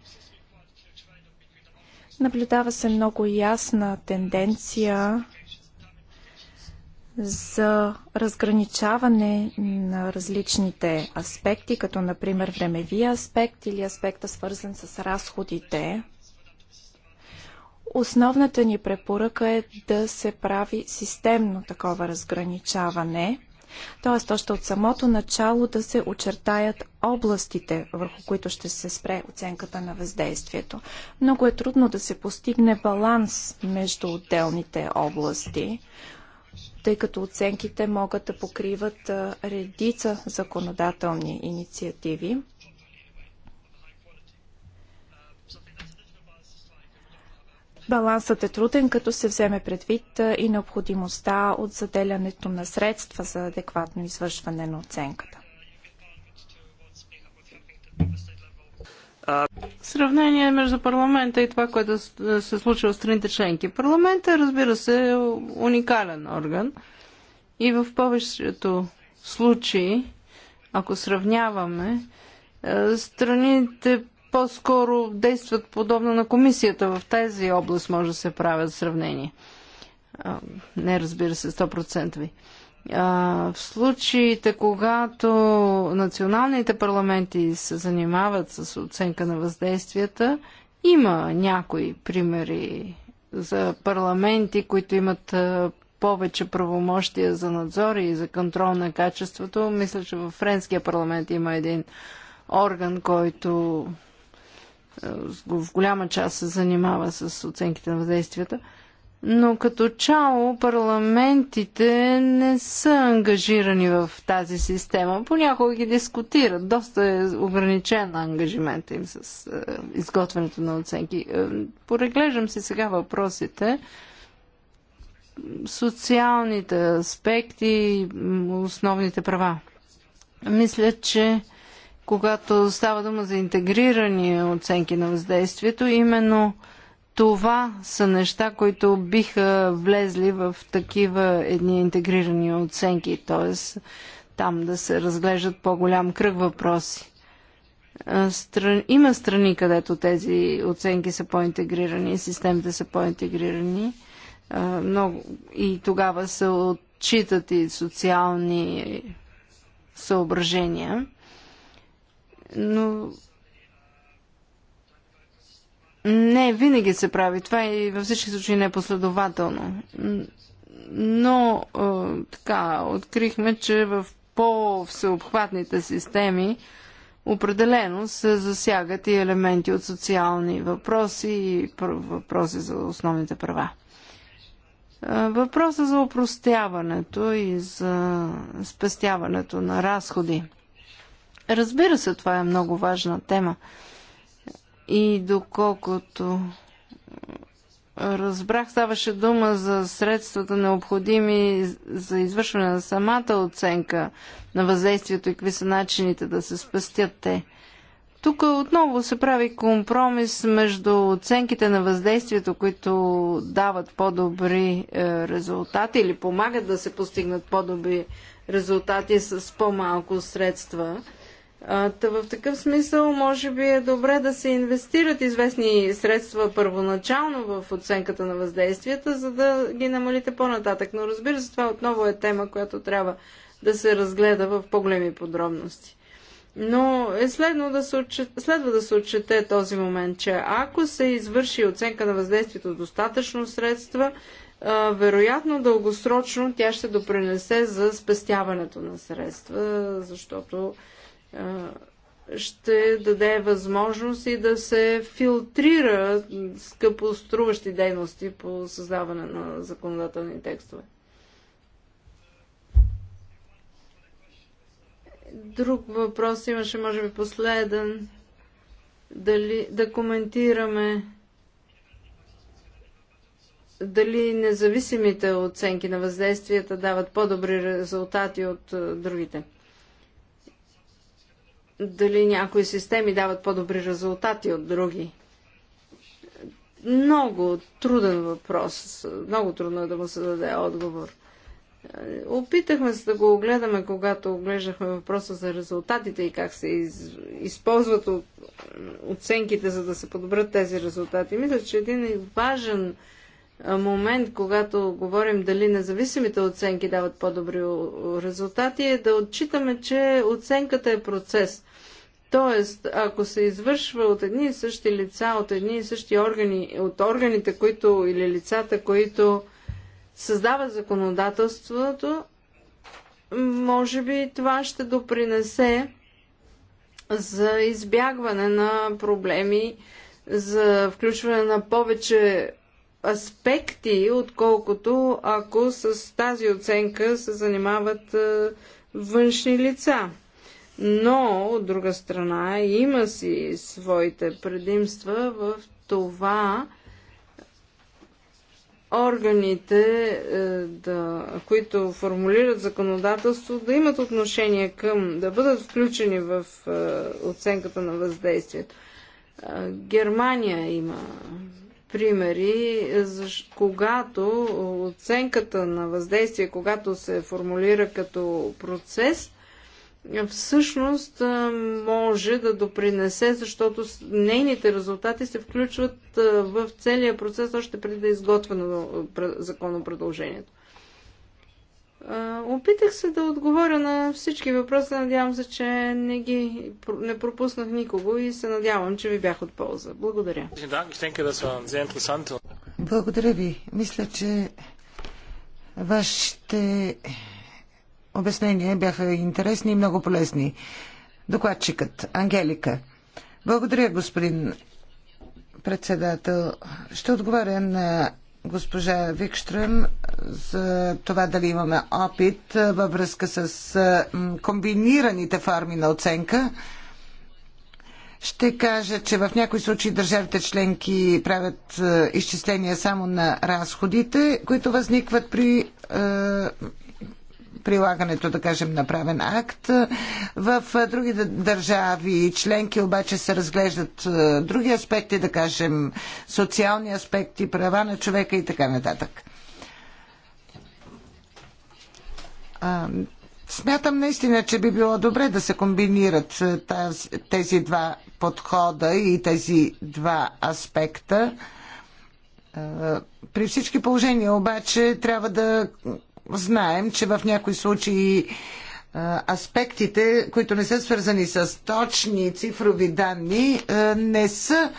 Наблюдава се много ясна тенденция за разграничаване на различните аспекти, като например времевия аспект или аспекта свързан с разходите. Основната ни препоръка е да се прави системно такова разграничаване, т.е. още от самото начало да се очертаят областите, върху които ще се спре оценката на въздействието. Много е трудно да се постигне баланс между отделните области, тъй като оценките могат да покриват редица законодателни инициативи. Балансът е труден, като се вземе предвид и необходимостта от заделянето на средства за адекватно извършване на оценката сравнение между парламента и това, което се случва в страните членки. Парламентът, разбира се, е уникален орган и в повечето случаи, ако сравняваме, е, страните по-скоро действат подобно на комисията. В тази област може да се правят сравнения. Е, не, разбира се, 100% в случаите, когато националните парламенти се занимават с оценка на въздействията, има някои примери за парламенти, които имат повече правомощия за надзор и за контрол на качеството. Мисля, че във Френския парламент има един орган, който в голяма част се занимава с оценките на въздействията но като чало парламентите не са ангажирани в тази система. Понякога ги дискутират. Доста е ограничен ангажимента им с е, изготвянето на оценки. Е, пореглеждам си сега въпросите. Социалните аспекти, основните права. Мисля, че когато става дума за интегрирани оценки на въздействието, именно това са неща, които биха влезли в такива едни интегрирани оценки, т.е. там да се разглеждат по-голям кръг въпроси. Има страни, където тези оценки са по-интегрирани, системите са по-интегрирани. Много... И тогава се отчитат и социални съображения. Но не, винаги се прави това е и във всички случаи не е последователно. Но така, открихме, че в по-всеобхватните системи определено се засягат и елементи от социални въпроси и въпроси за основните права. Е, въпроса за опростяването и за спестяването на разходи. Разбира се, това е много важна тема. И доколкото разбрах, ставаше дума за средствата необходими за извършване на самата оценка на въздействието и какви са начините да се спастят те. Тук отново се прави компромис между оценките на въздействието, които дават по-добри е, резултати или помагат да се постигнат по-добри резултати с по-малко средства Та в такъв смисъл, може би е добре да се инвестират известни средства първоначално в оценката на въздействията, за да ги намалите по-нататък. Но разбира се, това отново е тема, която трябва да се разгледа в по-големи подробности. Но е следно да се отчет... следва да се отчете този момент, че ако се извърши оценка на въздействието достатъчно средства, вероятно дългосрочно тя ще допринесе за спестяването на средства, защото ще даде възможност и да се филтрира скъпо струващи дейности по създаване на законодателни текстове. Друг въпрос имаше, може би последен, дали, да коментираме дали независимите оценки на въздействията дават по-добри резултати от другите дали някои системи дават по-добри резултати от други. Много труден въпрос. Много трудно е да му се даде отговор. Е, опитахме се да го огледаме, когато оглеждахме въпроса за резултатите и как се из... използват от... оценките, за да се подобрят тези резултати. Мисля, че един важен е, момент, когато говорим дали независимите оценки дават по-добри резултати, е да отчитаме, че оценката е процес. Тоест, ако се извършва от едни и същи лица, от едни и същи органи, от органите, които или лицата, които създават законодателството, може би това ще допринесе за избягване на проблеми, за включване на повече аспекти, отколкото ако с тази оценка се занимават е, външни лица но от друга страна има си своите предимства в това органите, е, да, които формулират законодателство, да имат отношение към, да бъдат включени в е, оценката на въздействието. Е, Германия има примери, когато оценката на въздействие, когато се формулира като процес, всъщност може да допринесе, защото нейните резултати се включват в целия процес още преди да е изготвено законопредложението. Опитах се да отговоря на всички въпроси. Надявам се, че не, ги, не пропуснах никого и се надявам, че ви бях от полза. Благодаря. Благодаря ви. Мисля, че вашите обяснения бяха интересни и много полезни. Докладчикът Ангелика. Благодаря, господин председател. Ще отговаря на госпожа Викштрем за това дали имаме опит във връзка с комбинираните форми на оценка. Ще кажа, че в някои случаи държавите членки правят изчисления само на разходите, които възникват при прилагането, да кажем, направен акт. В другите държави и членки обаче се разглеждат други аспекти, да кажем, социални аспекти, права на човека и така нататък. Смятам наистина, че би било добре да се комбинират тези два подхода и тези два аспекта. При всички положения обаче трябва да знаем, че в някои случаи аспектите, които не са свързани с точни цифрови данни, не са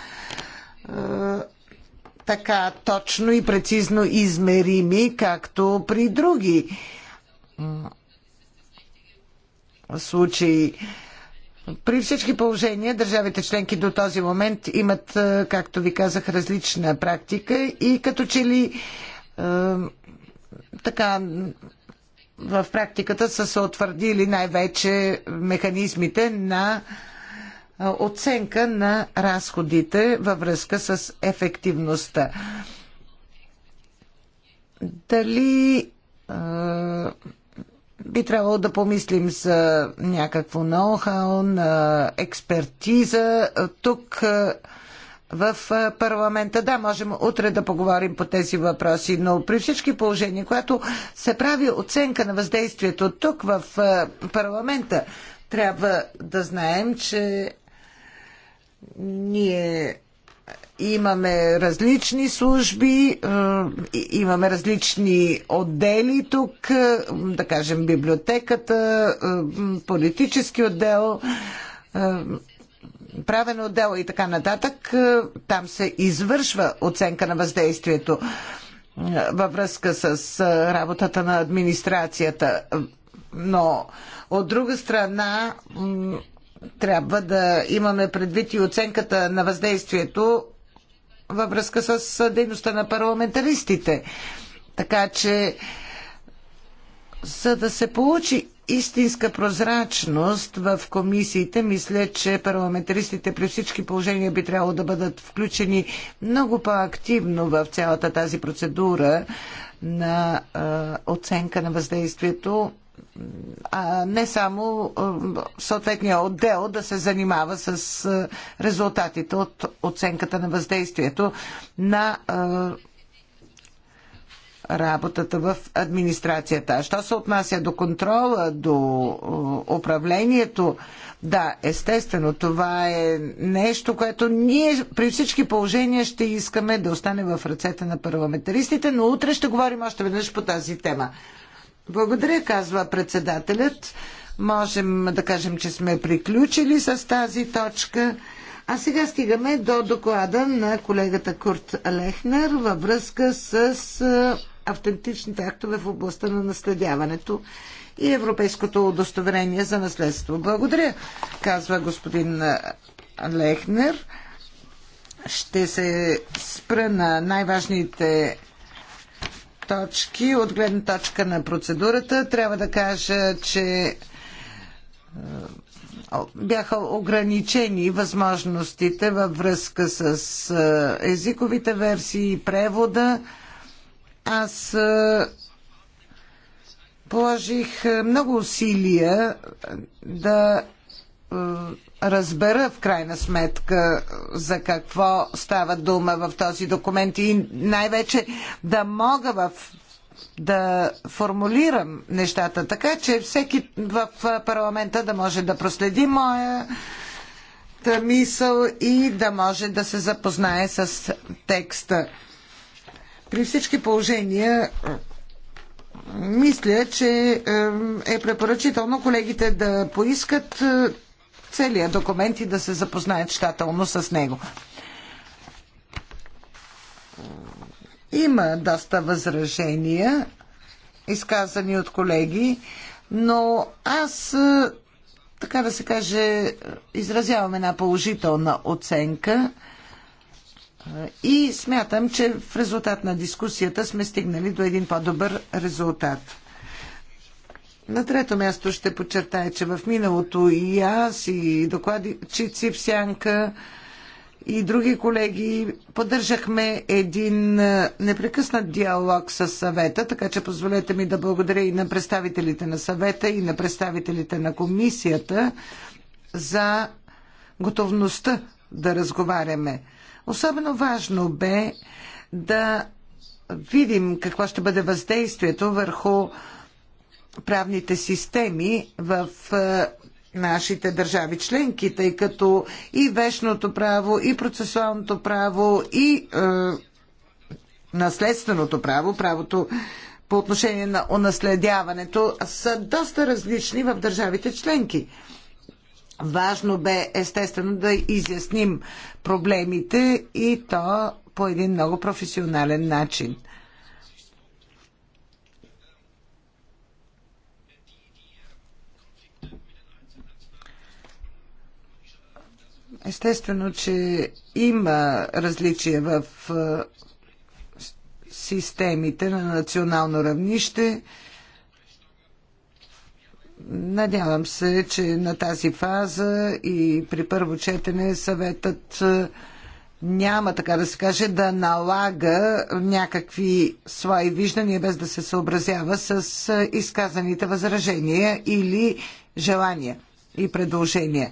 така точно и прецизно измерими, както при други случаи. При всички положения държавите членки до този момент имат, както ви казах, различна практика и като че ли така в практиката са се утвърдили най-вече механизмите на оценка на разходите във връзка с ефективността. Дали би трябвало да помислим за някакво ноу-хау, на експертиза. Тук в парламента. Да, можем утре да поговорим по тези въпроси, но при всички положения, когато се прави оценка на въздействието тук в парламента, трябва да знаем, че ние имаме различни служби, имаме различни отдели тук, да кажем библиотеката, политически отдел, правен отдел и така нататък, е, там се извършва оценка на въздействието е, във връзка с е, работата на администрацията. Но от друга страна трябва да имаме предвид и оценката на въздействието във връзка с дейността на парламентаристите. Така че, за да се получи истинска прозрачност в комисиите, мисля, че парламентаристите при всички положения би трябвало да бъдат включени много по-активно в цялата тази процедура на а, оценка на въздействието, а не само а, съответния отдел да се занимава с а, резултатите от оценката на въздействието на а, работата в администрацията. А що се отнася до контрола, до управлението, да, естествено, това е нещо, което ние при всички положения ще искаме да остане в ръцете на парламентаристите, но утре ще говорим още веднъж по тази тема. Благодаря, казва председателят. Можем да кажем, че сме приключили с тази точка. А сега стигаме до доклада на колегата Курт Лехнер във връзка с автентичните актове в областта на наследяването и европейското удостоверение за наследство. Благодаря, казва господин Лехнер. Ще се спра на най-важните точки от гледна точка на процедурата. Трябва да кажа, че бяха ограничени възможностите във връзка с езиковите версии и превода. Аз положих много усилия да разбера в крайна сметка за какво става дума в този документ и най-вече да мога в да формулирам нещата така, че всеки в парламента да може да проследи моя мисъл и да може да се запознае с текста. При всички положения мисля, че е, е препоръчително колегите да поискат е, целият документ и да се запознаят щателно с него. Има доста възражения, изказани от колеги, но аз, е, така да се каже, изразявам една положителна оценка – и смятам, че в резултат на дискусията сме стигнали до един по-добър резултат. На трето място ще подчертая, че в миналото и аз, и докладчици в Сянка, и други колеги поддържахме един непрекъснат диалог с съвета, така че позволете ми да благодаря и на представителите на съвета, и на представителите на комисията за готовността да разговаряме. Особено важно бе да видим какво ще бъде въздействието върху правните системи в е, нашите държави членки, тъй като и вечното право, и процесуалното право, и е, наследственото право, правото по отношение на унаследяването, са доста различни в държавите членки. Важно бе естествено да изясним проблемите и то по един много професионален начин. Естествено, че има различия в е, системите на национално равнище. Надявам се, че на тази фаза и при първо четене съветът е, няма, така да се каже, да налага някакви свои виждания, без да се съобразява с е, изказаните възражения или желания и предложения.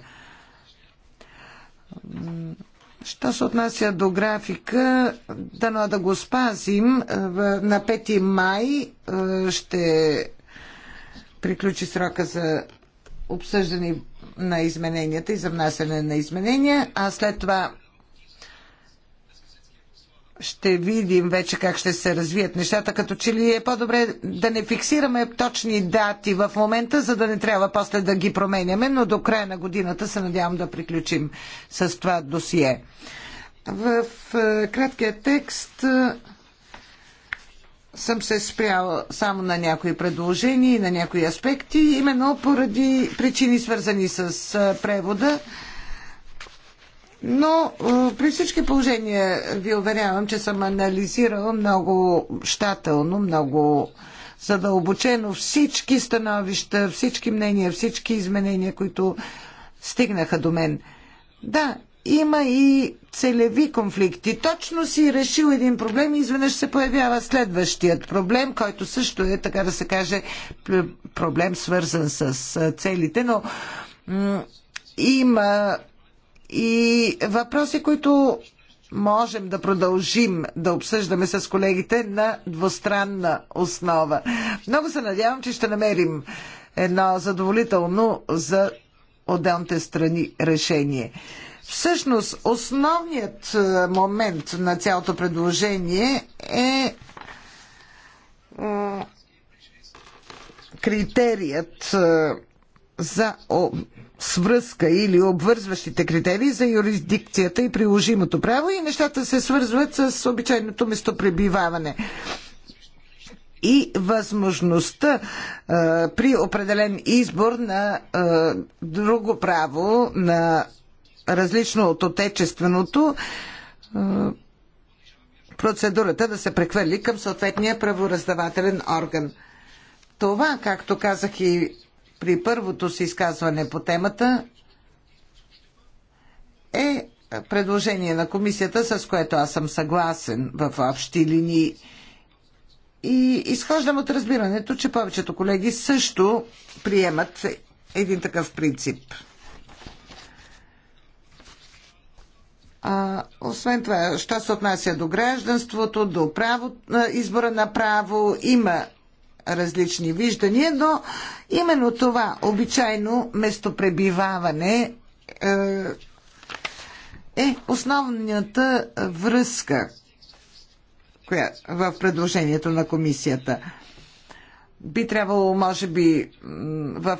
Що се отнася до графика, дано да го спазим. Е, на 5 май ще приключи срока за обсъждане на измененията и за внасяне на изменения, а след това ще видим вече как ще се развият нещата, като че ли е по-добре да не фиксираме точни дати в момента, за да не трябва после да ги променяме, но до края на годината се надявам да приключим с това досие. В е, краткия текст съм се спряла само на някои предложения и на някои аспекти, именно поради причини свързани с превода. Но при всички положения ви уверявам, че съм анализирала много щателно, много задълбочено всички становища, всички мнения, всички изменения, които стигнаха до мен. Да, има и целеви конфликти. Точно си решил един проблем и изведнъж се появява следващият проблем, който също е, така да се каже, проблем свързан с целите, но има и въпроси, които можем да продължим да обсъждаме с колегите на двустранна основа. Много се надявам, че ще намерим едно задоволително за отделните страни решение. Всъщност, основният е, момент на цялото предложение е, е критерият е, за свръзка или обвързващите критерии за юрисдикцията и приложимото право и нещата се свързват с обичайното местопребиваване. И възможността а, при определен избор на а, друго право, на различно от отечественото, е, процедурата да се прехвърли към съответния правораздавателен орган. Това, както казах и при първото си изказване по темата, е предложение на комисията, с което аз съм съгласен в общи линии. И изхождам от разбирането, че повечето колеги също приемат един такъв принцип. А, освен това, що се отнася до гражданството, до право, избора на право, има различни виждания, но именно това обичайно местопребиваване е, е основната връзка в предложението на комисията би трябвало, може би, в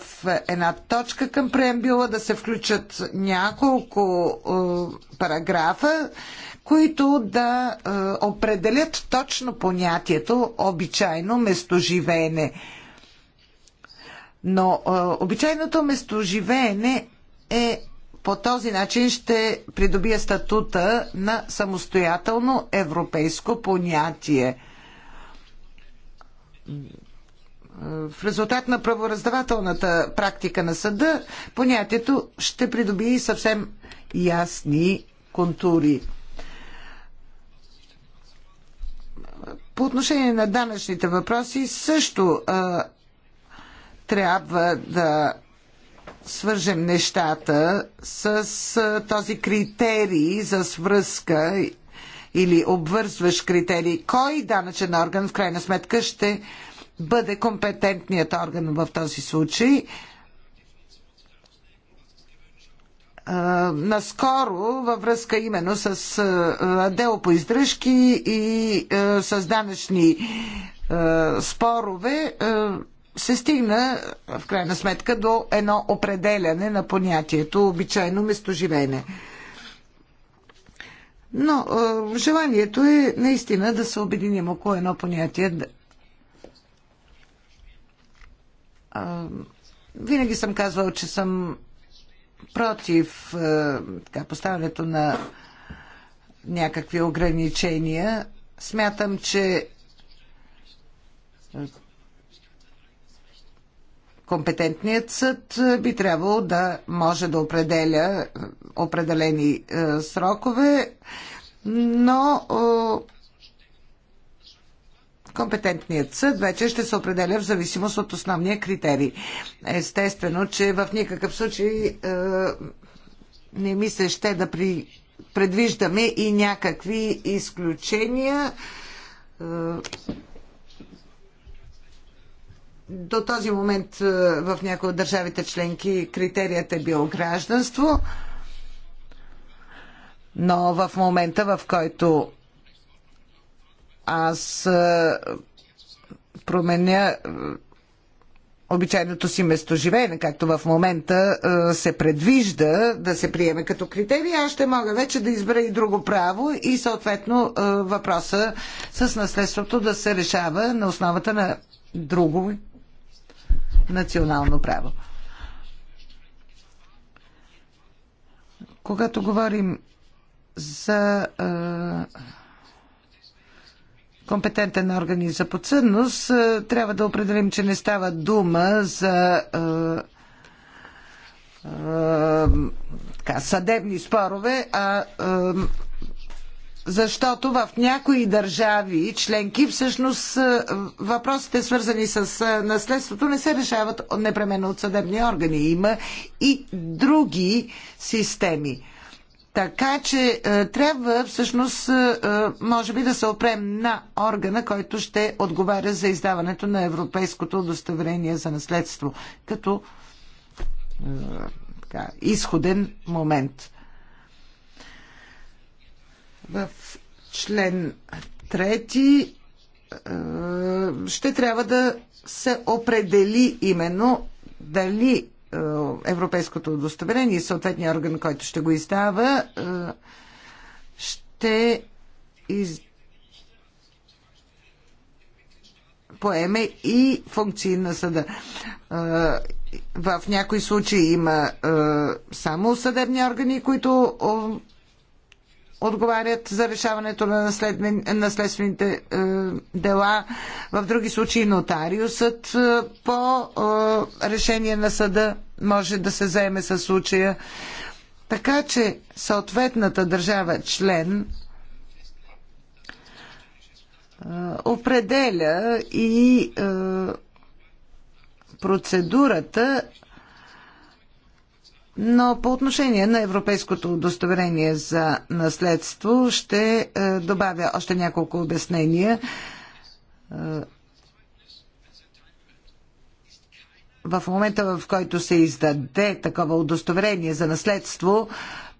една точка към преембила да се включат няколко е, параграфа, които да е, определят точно понятието обичайно местоживеене. Но е, обичайното местоживеене е по този начин ще придобие статута на самостоятелно европейско понятие в резултат на правораздавателната практика на съда, понятието ще придобие съвсем ясни контури. По отношение на данъчните въпроси също а, трябва да свържем нещата с а, този критерий за свръзка или обвързващ критерий. Кой данъчен орган в крайна сметка ще бъде компетентният орган в този случай. наскоро във връзка именно с дело по издръжки и с данъчни спорове се стигна в крайна сметка до едно определяне на понятието обичайно местоживене. Но желанието е наистина да се обединим около едно понятие Винаги съм казвал, че съм против така, поставянето на някакви ограничения. Смятам, че компетентният съд би трябвало да може да определя определени срокове, но компетентният съд вече ще се определя в зависимост от основния критерий. Естествено, че в никакъв случай е, не ми се ще да при, предвиждаме и някакви изключения. Е, до този момент е, в някои от държавите членки критерият е бил гражданство, но в момента, в който аз променя обичайното си местоживеене, както в момента се предвижда да се приеме като критерий, аз ще мога вече да избера и друго право и съответно въпроса с наследството да се решава на основата на друго национално право. Когато говорим за компетентен орган и за подсъдност, е, трябва да определим, че не става дума за е, е, така, съдебни спорове, а, а, защото в някои държави членки всъщност въпросите свързани с наследството не се решават непременно от съдебни органи. Има и други системи. Така че е, трябва всъщност, е, е, може би да се опрем на органа, който ще отговаря за издаването на европейското удостоверение за наследство, като така, изходен момент. В член трети ще трябва да се определи именно дали европейското удостоверение и съответния орган, който ще го издава, е, ще из... поеме и функции на съда. Е, в някои случаи има е, само съдебни органи, които отговарят за решаването на наследствените е, дела. В други случаи нотариусът е, по е, решение на съда може да се заеме с случая. Така че съответната държава член определя и процедурата, но по отношение на европейското удостоверение за наследство ще добавя още няколко обяснения в момента в който се издаде такова удостоверение за наследство,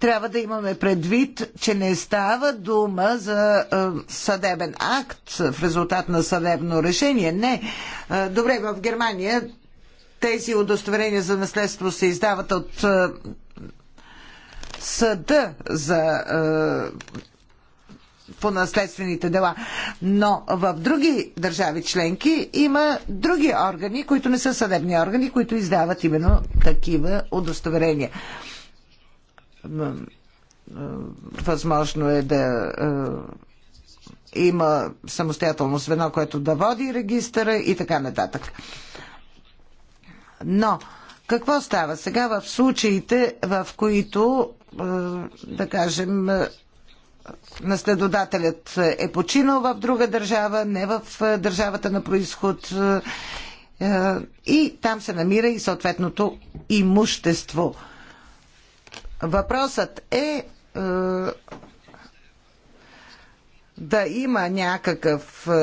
трябва да имаме предвид, че не става дума за е, съдебен акт в резултат на съдебно решение. Не. Е, добре, в Германия тези удостоверения за наследство се издават от е, съда за по наследствените дела. Но в други държави членки има други органи, които не са съдебни органи, които издават именно такива удостоверения. Възможно е да има самостоятелно звено, което да води регистъра и така нататък. Но какво става сега в случаите, в които, да кажем, наследодателят е починал в друга държава, не в е, държавата на происход е, е, и там се намира и съответното имущество. Въпросът е да има някакъв е,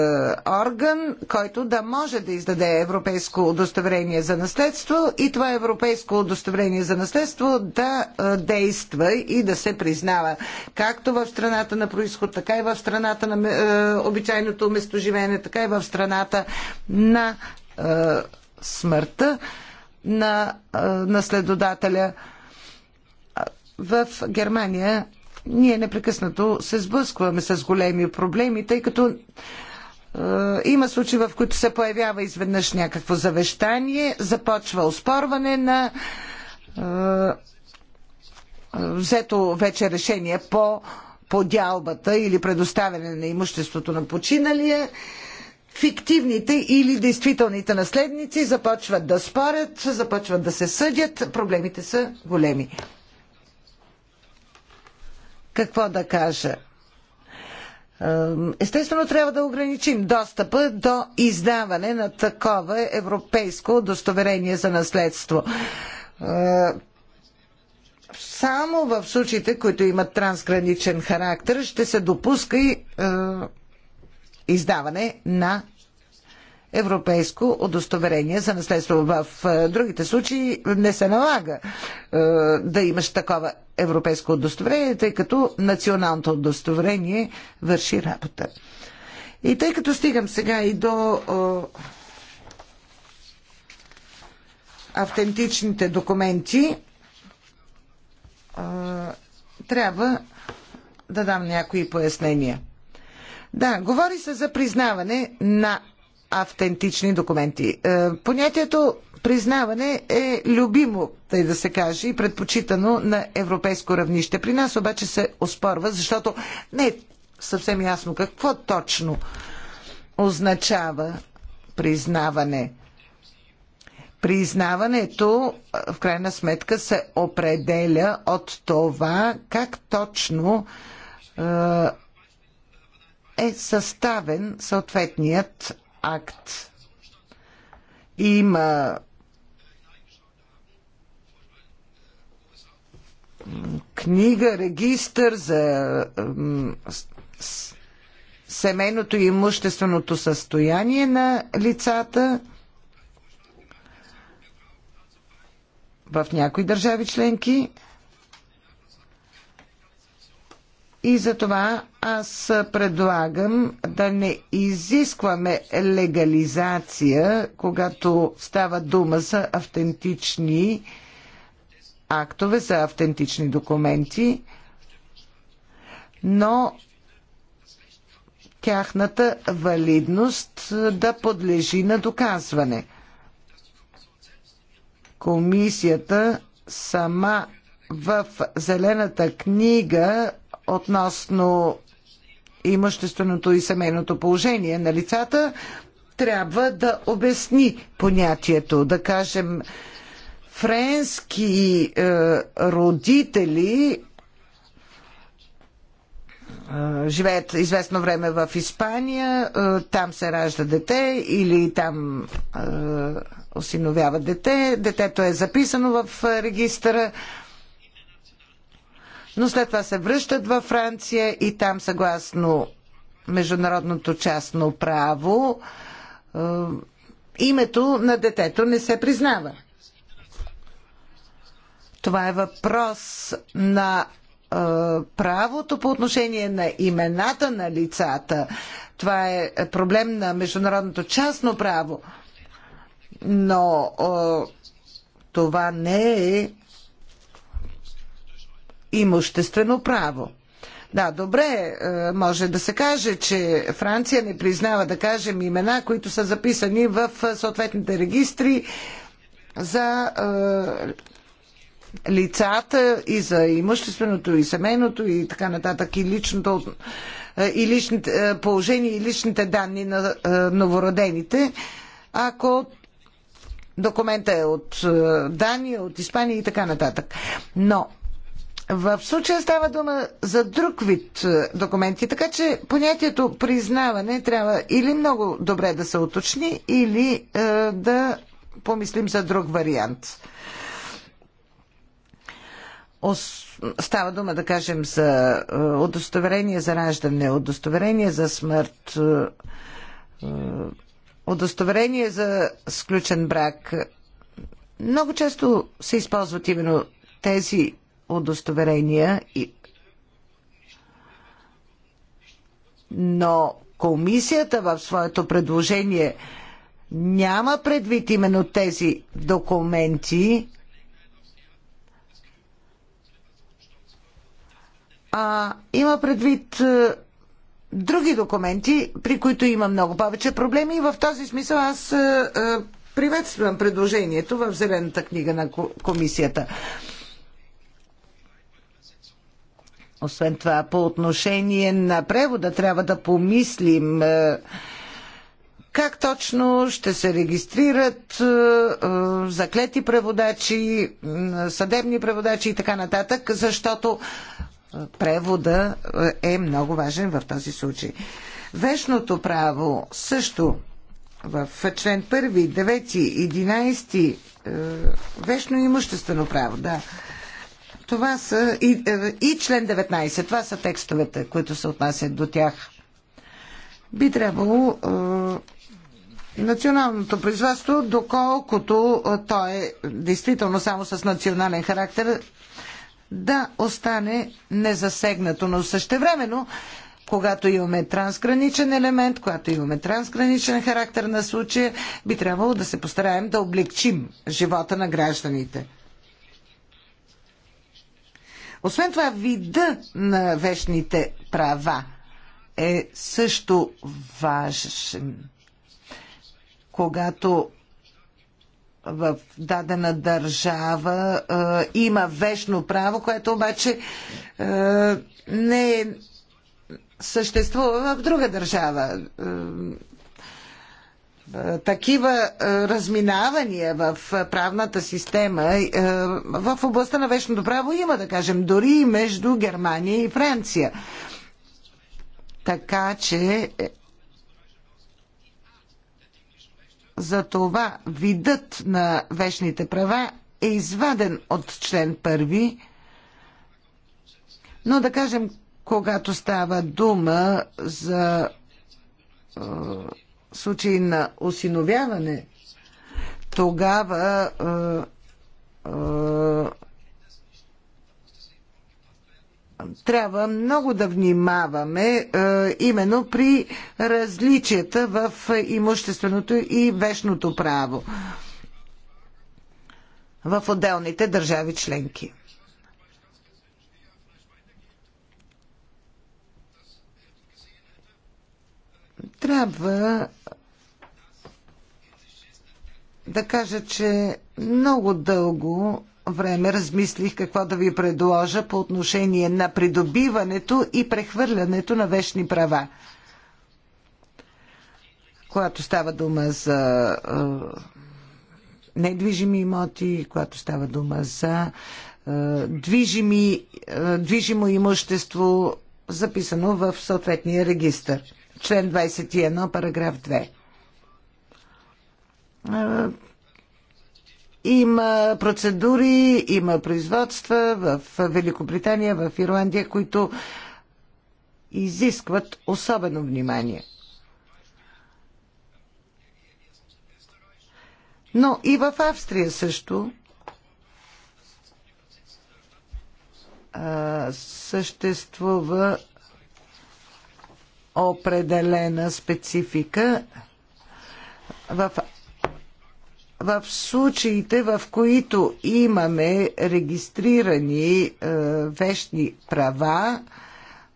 орган, който да може да издаде европейско удостоверение за наследство и това европейско удостоверение за наследство да е, действа и да се признава както в страната на происход, така и в страната на е, обичайното местоживеене, така и в страната на смъртта на наследодателя. В Германия ние непрекъснато се сблъскваме с големи проблеми, тъй като е, има случаи, в които се появява изведнъж някакво завещание, започва оспорване на е, е, взето вече решение по подялбата или предоставяне на имуществото на починалия, фиктивните или действителните наследници започват да спорят, започват да се съдят, проблемите са големи какво да кажа. Естествено, трябва да ограничим достъпа до издаване на такова европейско удостоверение за наследство. Само в случаите, които имат трансграничен характер, ще се допуска и издаване на европейско удостоверение за наследство. В е, другите случаи не се налага е, да имаш такова европейско удостоверение, тъй като националното удостоверение върши работа. И тъй като стигам сега и до е, автентичните документи, трябва да дам някои пояснения. Да, говори се за признаване на автентични документи. Е, понятието признаване е любимо, тъй да се каже, и предпочитано на европейско равнище. При нас обаче се оспорва, защото не е съвсем ясно какво точно означава признаване. Признаването, е, в крайна сметка, се определя от това как точно е, е съставен съответният акт. Има книга, регистър за семейното и имущественото състояние на лицата. В някои държави членки И затова аз предлагам да не изискваме легализация, когато става дума за автентични актове, за автентични документи, но тяхната валидност да подлежи на доказване. Комисията сама в Зелената книга относно имущественото и семейното положение на лицата, трябва да обясни понятието. Да кажем, френски е, родители е, живеят известно време в Испания, е, там се ражда дете или там е, осиновява дете, детето е записано в регистъра но след това се връщат във Франция и там съгласно международното частно право е, името на детето не се признава. Това е въпрос на е, правото по отношение на имената на лицата. Това е проблем на международното частно право. Но е, това не е имуществено право. Да, добре, е, може да се каже, че Франция не признава, да кажем, имена, които са записани в е, съответните регистри за е, лицата и за имущественото и семейното и така нататък и личното е, и личните, положение и личните данни на е, новородените, ако документа е от е, Дания, от Испания и така нататък. Но в случая става дума за друг вид е, документи, така че понятието признаване трябва или много добре да се уточни, или е, да помислим за друг вариант. Става дума, да кажем, за е, удостоверение за раждане, удостоверение за смърт, е, удостоверение за сключен брак. Много често се използват именно тези удостоверения, но комисията в своето предложение няма предвид именно тези документи, а има предвид е, други документи, при които има много повече проблеми и в този смисъл аз е, е, приветствам предложението в Зелената книга на комисията. Освен това, по отношение на превода трябва да помислим е, как точно ще се регистрират е, е, заклети преводачи, съдебни преводачи и така нататък, защото превода е много важен в този случай. Вечното право също в член 1, 9, 11 вечно имуществено право, да. Това са и, е, и член 19. Това са текстовете, които се отнасят до тях. Би трябвало е, националното производство, доколкото е, то е действително само с национален характер, да остане незасегнато. Но същевременно, когато имаме трансграничен елемент, когато имаме трансграничен характер на случая, би трябвало да се постараем да облегчим живота на гражданите. Освен това, вида на вещните права е също важен. Когато в дадена държава е, има вечно право, което обаче е, не съществува в друга държава. Е, такива е, разминавания в правната система е, в областта на вечното право има, да кажем, дори и между Германия и Франция. Така че е, за това видът на вечните права е изваден от член първи, но да кажем, когато става дума за случай на осиновяване, тогава е, е, трябва много да внимаваме е, именно при различията в имущественото и вечното право в отделните държави членки. трябва да кажа, че много дълго време размислих какво да ви предложа по отношение на придобиването и прехвърлянето на вечни права. Когато става дума за е, недвижими имоти, когато става дума за е, движими, е, движимо имущество, записано в съответния регистр член 21, параграф 2. Има процедури, има производства в Великобритания, в Ирландия, които изискват особено внимание. Но и в Австрия също съществува определена специфика в в случаите, в които имаме регистрирани е, вещни права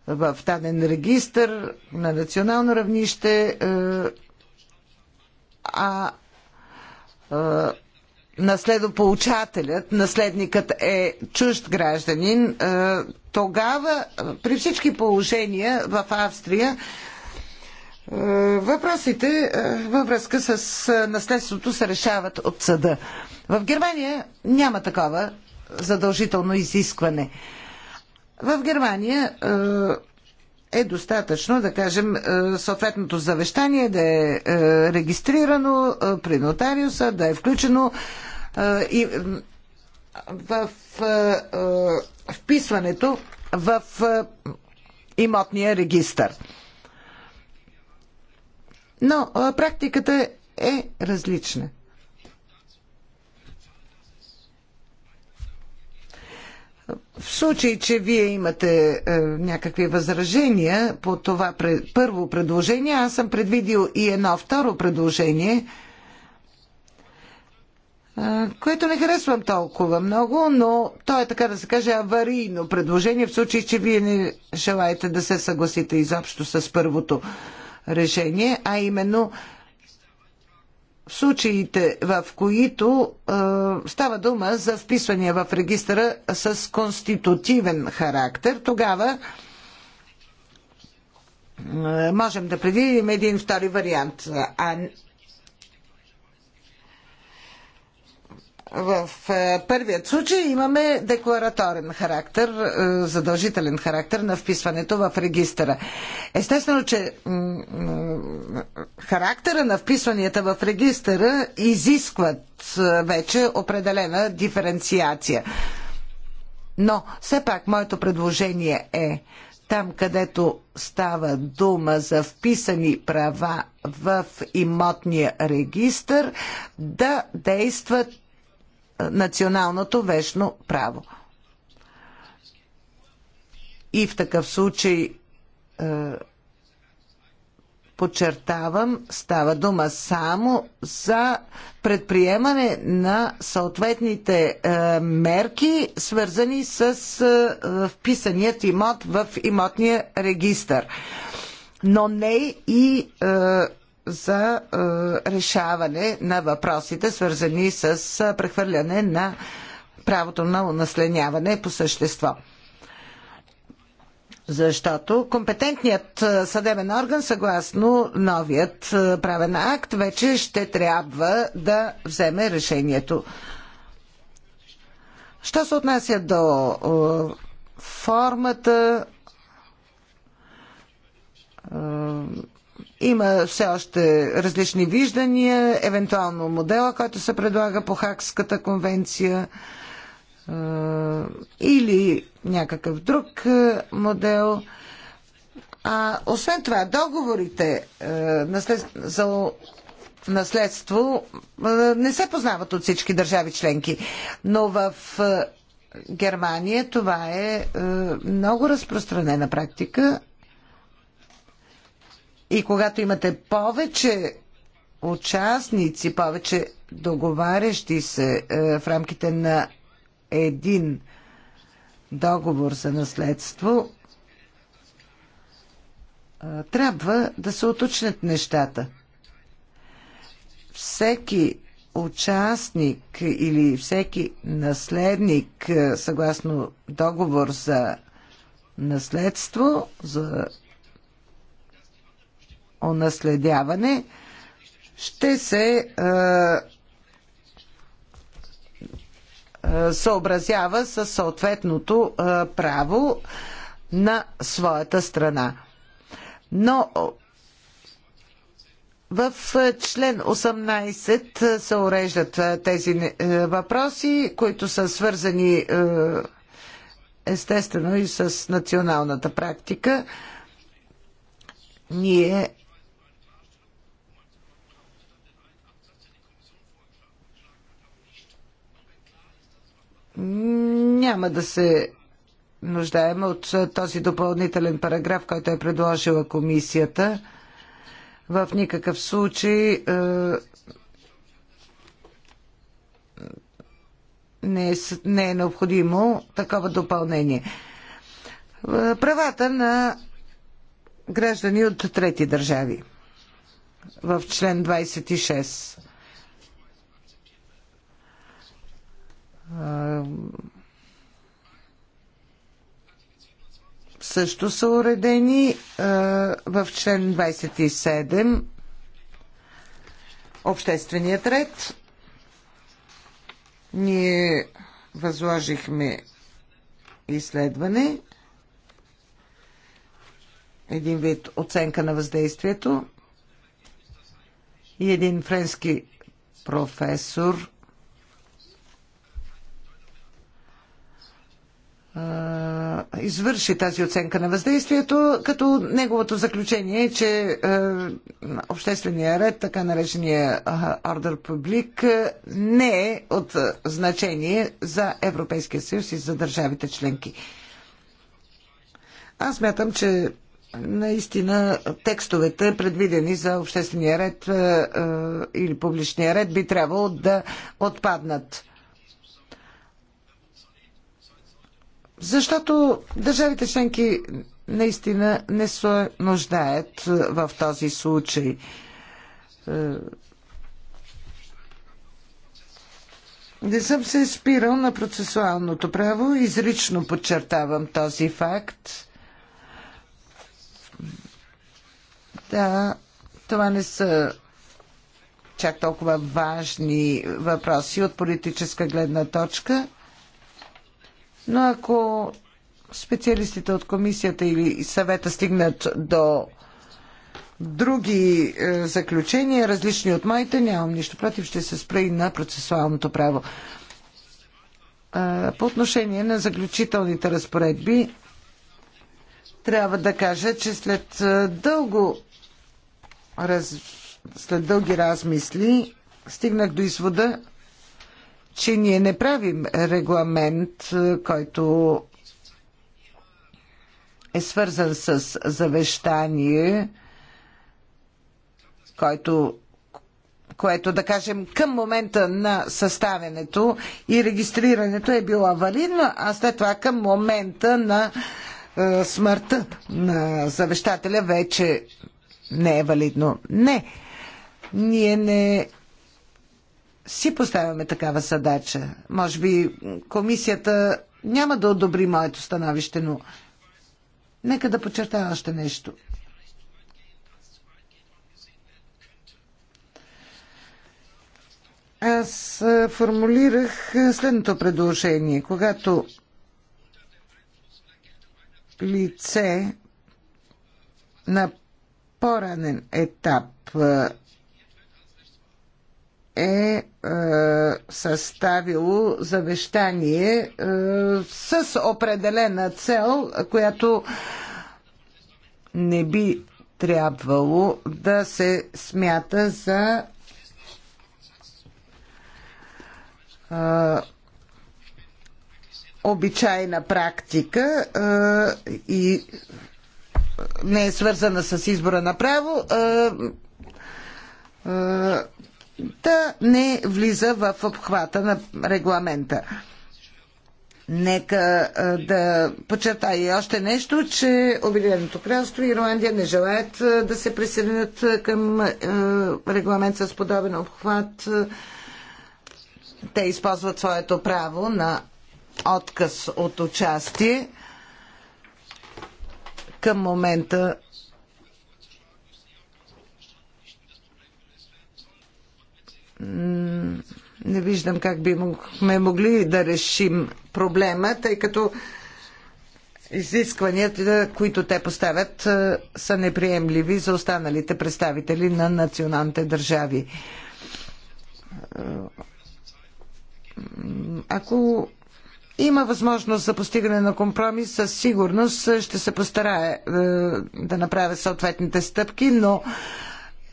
в даден регистр на национално равнище, е, а е, наследополучателят, наследникът е чужд гражданин, е, тогава е, при всички положения в Австрия е, въпросите във връзка с наследството се решават от съда. В Германия няма такова задължително изискване. В Германия е достатъчно, да кажем, е, съответното завещание да е, е регистрирано е, при нотариуса, да е включено и в вписването в имотния регистър. Но практиката е различна. В случай, че вие имате е, някакви възражения по това пред, първо предложение, аз съм предвидил и едно второ предложение, е, което не харесвам толкова много, но то е така да се каже аварийно предложение, в случай, че вие не желаете да се съгласите изобщо с първото решение, а именно в случаите, в които е, става дума за вписвания в регистъра с конститутивен характер, тогава е, можем да предвидим един втори вариант. А В е, първият случай имаме деклараторен характер, е, задължителен характер на вписването в регистъра. Естествено, че характера на вписванията в регистъра изискват е, вече определена диференциация. Но, все пак, моето предложение е там, където става дума за вписани права в имотния регистр, да действат националното вечно право. И в такъв случай е, подчертавам, става дума само за предприемане на съответните е, мерки, свързани с е, вписаният имот в имотния регистър. Но не и е, за е, решаване на въпросите, свързани с е, прехвърляне на правото на унаследяване по същество. Защото компетентният е, съдебен орган, съгласно новият правен акт, вече ще трябва да вземе решението. Що се отнася до формата, има все още различни виждания, евентуално модела, който се предлага по Хакската конвенция или някакъв друг модел. А освен това, договорите за наследство не се познават от всички държави членки, но в Германия това е много разпространена практика и когато имате повече участници, повече договарящи се е, в рамките на един договор за наследство, е, трябва да се уточнят нещата. Всеки участник или всеки наследник, е, съгласно договор за наследство, за унаследяване ще се съобразява с съответното право на своята страна. Но в член 18 се уреждат тези е, въпроси, които са свързани е, естествено и с националната практика. Ние няма да се нуждаем от този допълнителен параграф, който е предложила комисията. В никакъв случай не е, не е необходимо такова допълнение. Правата на граждани от трети държави в член 26. също са уредени в член 27 общественият ред. Ние възложихме изследване, един вид оценка на въздействието и един френски професор извърши тази оценка на въздействието, като неговото заключение е, че обществения ред, така наречения Ордер Публик, не е от значение за Европейския съюз и за държавите членки. Аз мятам, че наистина текстовете, предвидени за обществения ред или публичния ред, би трябвало да отпаднат. Защото държавите членки наистина не се нуждаят е, в този случай. Е, не съм се спирал на процесуалното право, изрично подчертавам този факт. Да, това не са чак толкова важни въпроси от политическа гледна точка – но ако специалистите от комисията или съвета стигнат до други е, заключения, различни от моите, нямам нищо против, ще се спра и на процесуалното право. Е, по отношение на заключителните разпоредби, трябва да кажа, че след е, дълго раз... след дълги размисли стигнах до извода, че ние не правим регламент, е, който е свързан с завещание, който което да кажем към момента на съставянето и регистрирането е било валидно, а след това към момента на е, смъртта на завещателя вече не е валидно. Не. Ние не си поставяме такава задача. Може би комисията няма да одобри моето становище, но нека да подчертая още нещо. Аз формулирах следното предложение. Когато лице на по-ранен етап е, е, съставило завещание е, с определена цел, която не би трябвало да се смята за е, обичайна практика и не е свързана с избора на право да не влиза в обхвата на регламента. Нека да подчертая още нещо, че Обединеното кралство и Ирландия не желаят да се присъединят към регламент с подобен обхват. Те използват своето право на отказ от участие. Към момента не виждам как бихме могли да решим проблема, тъй като изискванията, които те поставят, е, са неприемливи за останалите представители на националните държави. Е, ако има възможност за постигане на компромис, със сигурност ще се постарае да направя съответните стъпки, но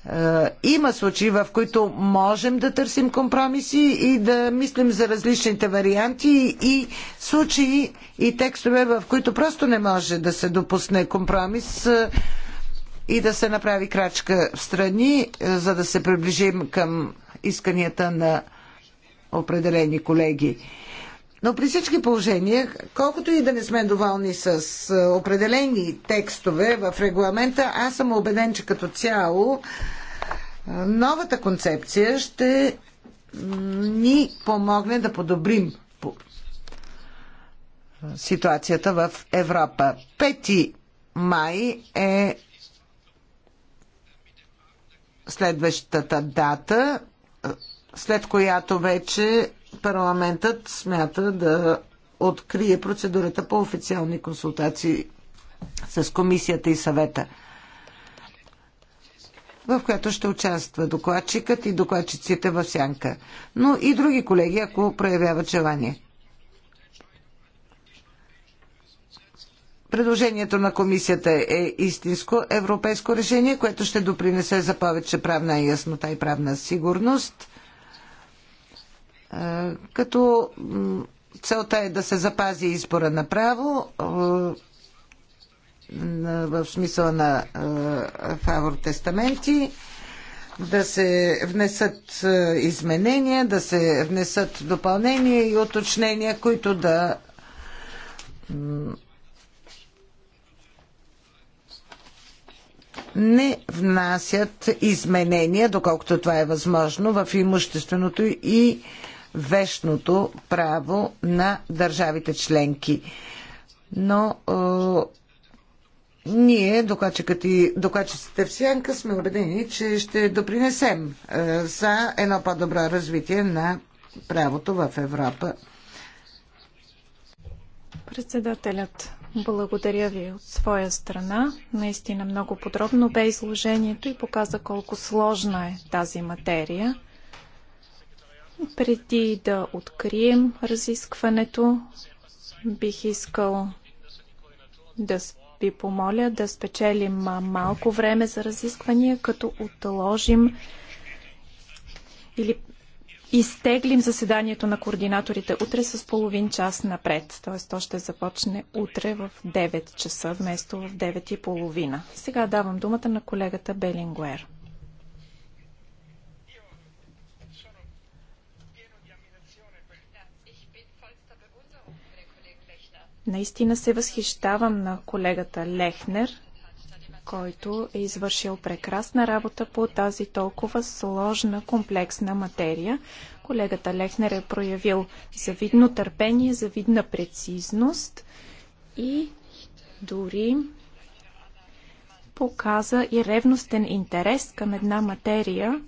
е, има случаи, в които можем да търсим компромиси и да мислим за различните варианти и случаи и текстове, в които просто не може да се допусне компромис е, и да се направи крачка в страни, е, за да се приближим към исканията на определени колеги. Но при всички положения, колкото и да не сме доволни с е, определени текстове в регламента, аз съм убеден, че като цяло е, новата концепция ще ни помогне да подобрим ситуацията в Европа. 5 май е следващата дата, е, след която вече парламентът смята да открие процедурата по официални консултации с комисията и съвета, в която ще участва докладчикът и докладчиците в сянка, но и други колеги, ако проявяват желание. Предложението на комисията е истинско европейско решение, което ще допринесе за повече правна яснота и правна сигурност като целта е да се запази избора направо в смисъла на фавор тестаменти, да се внесат изменения, да се внесат допълнения и уточнения, които да не внасят изменения, доколкото това е възможно, в имущественото и вещното право на държавите членки. Но е, ние, докладчиците в Сянка, сме убедени, че ще допринесем е, за едно по-добро развитие на правото в Европа. Председателят, благодаря ви от своя страна. Наистина много подробно бе изложението и показа колко сложна е тази материя. Преди да открием разискването, бих искал да ви помоля да спечелим малко време за разисквания, като отложим или изтеглим заседанието на координаторите утре с половин час напред. Т.е. то ще започне утре в 9 часа вместо в 9 и половина. Сега давам думата на колегата Белингуер. Наистина се възхищавам на колегата Лехнер, който е извършил прекрасна работа по тази толкова сложна, комплексна материя. Колегата Лехнер е проявил завидно търпение, завидна прецизност и дори показа и ревностен интерес към една материя,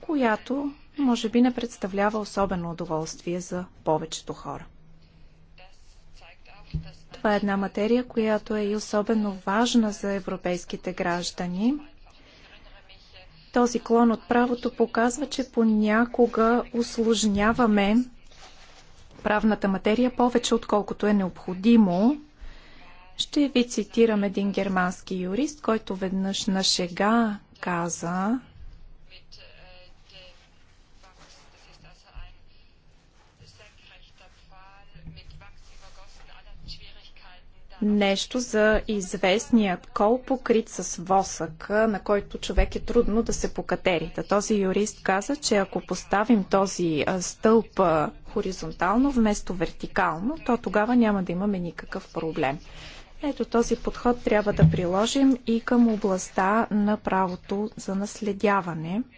която може би не представлява особено удоволствие за повечето хора. Това е една материя, която е и особено важна за европейските граждани. Този клон от правото показва, че понякога усложняваме правната материя повече, отколкото е необходимо. Ще ви цитирам един германски юрист, който веднъж на шега каза, нещо за известният кол, покрит с восък, на който човек е трудно да се покатери. Та този юрист каза, че ако поставим този стълб хоризонтално вместо вертикално, то тогава няма да имаме никакъв проблем. Ето този подход трябва да приложим и към областта на правото за наследяване –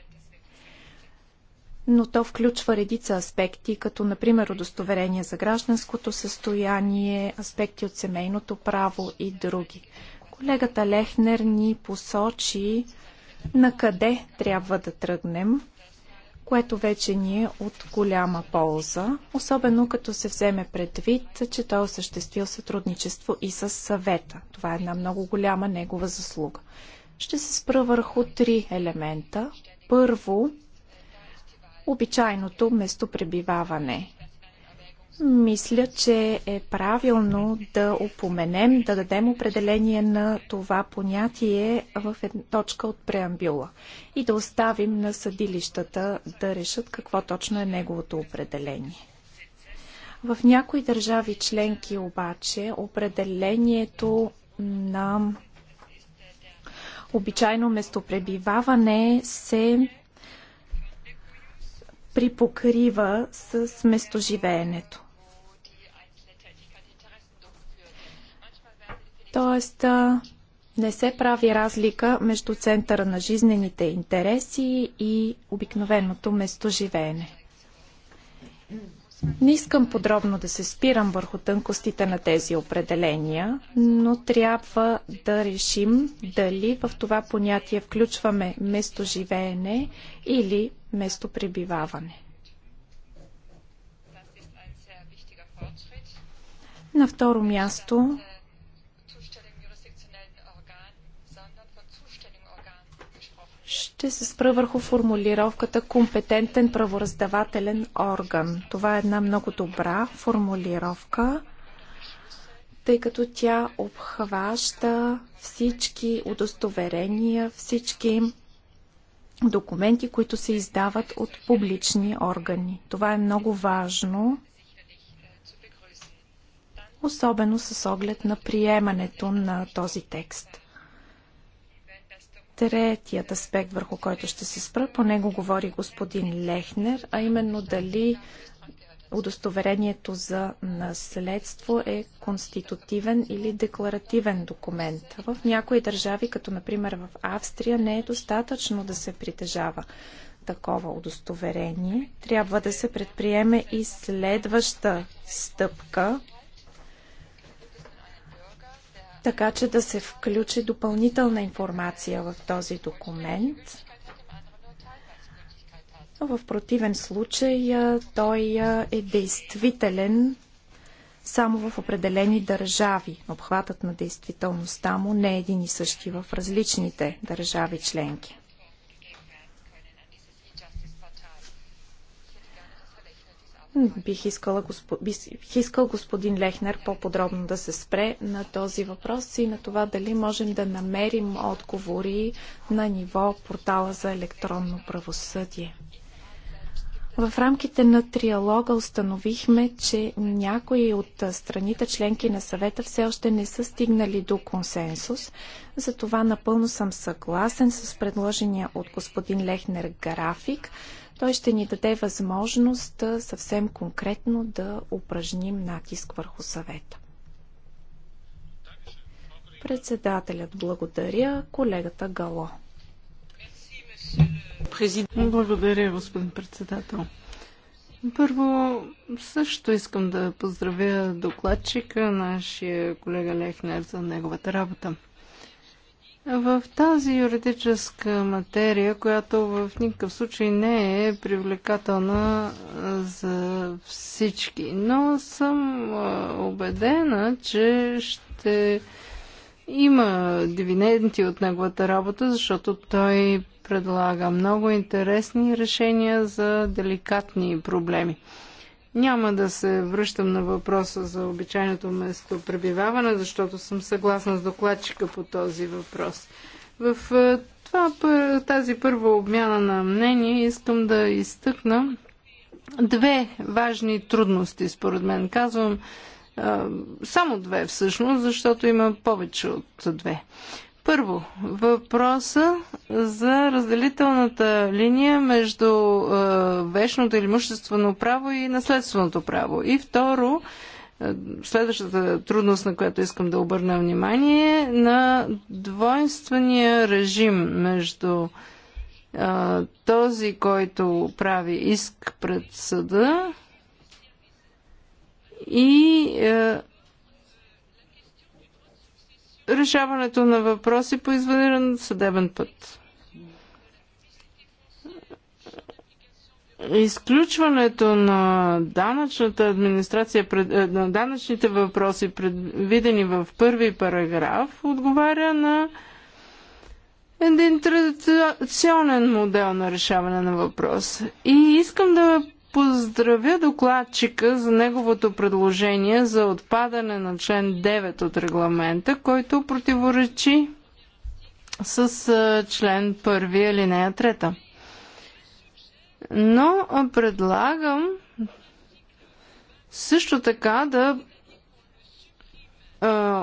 но то включва редица аспекти, като например удостоверение за гражданското състояние, аспекти от семейното право и други. Колегата Лехнер ни посочи на къде трябва да тръгнем, което вече ни е от голяма полза, особено като се вземе предвид, че той е осъществил сътрудничество и с съвета. Това е една много голяма негова заслуга. Ще се спра върху три елемента. Първо, обичайното местопребиваване. Мисля, че е правилно да упоменем, да дадем определение на това понятие в една точка от преамбюла и да оставим на съдилищата да решат какво точно е неговото определение. В някои държави членки обаче определението на обичайно местопребиваване се припокрива с местоживеенето. Тоест, не се прави разлика между центъра на жизнените интереси и обикновеното местоживеене. Не искам подробно да се спирам върху тънкостите на тези определения, но трябва да решим дали в това понятие включваме местоживеене или местопребиваване. На второ място ще се спра върху формулировката компетентен правораздавателен орган. Това е една много добра формулировка, тъй като тя обхваща всички удостоверения, всички документи, които се издават от публични органи. Това е много важно, особено с оглед на приемането на този текст. Третият аспект, върху който ще се спра, по него говори господин Лехнер, а именно дали удостоверението за наследство е конститутивен или декларативен документ. В някои държави, като например в Австрия, не е достатъчно да се притежава такова удостоверение. Трябва да се предприеме и следваща стъпка, така че да се включи допълнителна информация в този документ в противен случай той е действителен само в определени държави. Обхватът на действителността му не е един и същи в различните държави членки. Бих, искала, бих искал господин Лехнер по-подробно да се спре на този въпрос и на това дали можем да намерим отговори на ниво портала за електронно правосъдие. В рамките на триалога установихме, че някои от страните членки на съвета все още не са стигнали до консенсус. Затова напълно съм съгласен с предложения от господин Лехнер график. Той ще ни даде възможност съвсем конкретно да упражним натиск върху съвета. Председателят благодаря колегата Гало. Благодаря, господин председател. Първо, също искам да поздравя докладчика, нашия колега Лехнер, за неговата работа. В тази юридическа материя, която в никакъв случай не е привлекателна за всички, но съм убедена, че ще има дивиденти от неговата работа, защото той предлага много интересни решения за деликатни проблеми. Няма да се връщам на въпроса за обичайното местопребиваване, защото съм съгласна с докладчика по този въпрос. В е, това, тази първа обмяна на мнение искам да изтъкна две важни трудности, според мен. Казвам само две всъщност, защото има повече от две. Първо, въпроса за разделителната линия между е, вечното или имуществено право и наследственото право. И второ, е, следващата трудност, на която искам да обърна внимание, е на двойствения режим между е, този, който прави иск пред съда и е, решаването на въпроси по извънреден съдебен път. Изключването на данъчната администрация, е, на данъчните въпроси, предвидени в първи параграф, отговаря на един традиционен модел на решаване на въпроса. И искам да поздравя докладчика за неговото предложение за отпадане на член 9 от регламента, който противоречи с член 1 алинея 3. Но предлагам също така да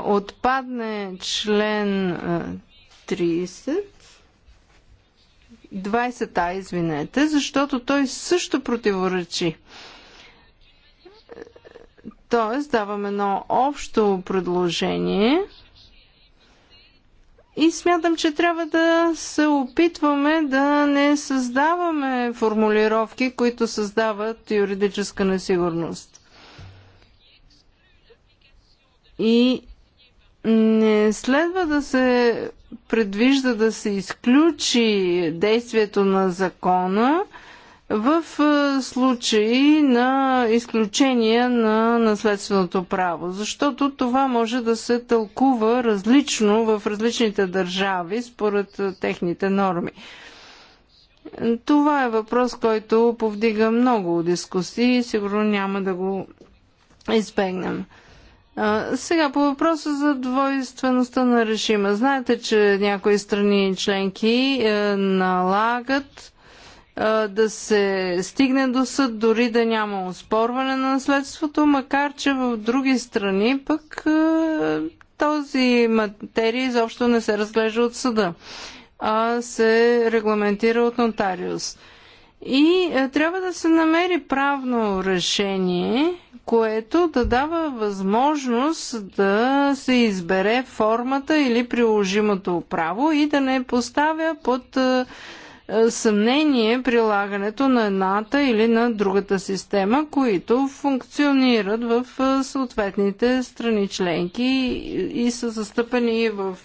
отпадне член 30 20-та, извинете, защото той също противоречи. Тоест, давам едно общо предложение и смятам, че трябва да се опитваме да не създаваме формулировки, които създават юридическа несигурност. И не следва да се предвижда да се изключи действието на закона в е, случаи на изключения на наследственото право, защото това може да се тълкува различно в различните държави според е, техните норми. Това е въпрос, който повдига много дискусии и сигурно няма да го избегнем. Сега по въпроса за двойствеността на режима. Знаете, че някои страни членки е, налагат е, да се стигне до съд, дори да няма оспорване на наследството, макар че в други страни пък е, този материя изобщо не се разглежда от съда, а се регламентира от нотариус. И е, трябва да се намери правно решение, което да дава възможност да се избере формата или приложимото право и да не поставя под е, е, съмнение прилагането на едната или на другата система, които функционират в съответните страни членки и са застъпени в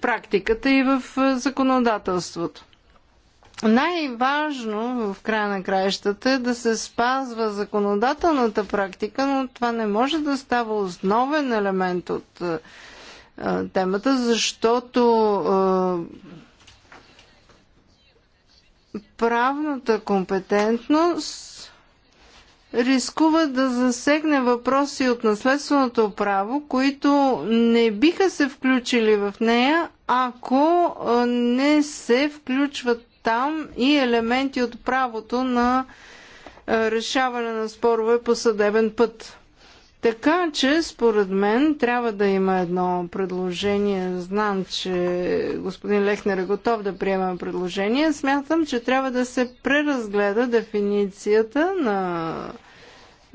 практиката и в законодателството. Най-важно в края на краищата е да се спазва законодателната практика, но това не може да става основен елемент от е, е темата, защото е, правната компетентност рискува да засегне въпроси от наследственото право, които не биха се включили в нея, ако е, не се включват там и елементи от правото на е, решаване на спорове по съдебен път. Така че, според мен, трябва да има едно предложение. Знам, че господин Лехнер е готов да приема предложение. Смятам, че трябва да се преразгледа дефиницията на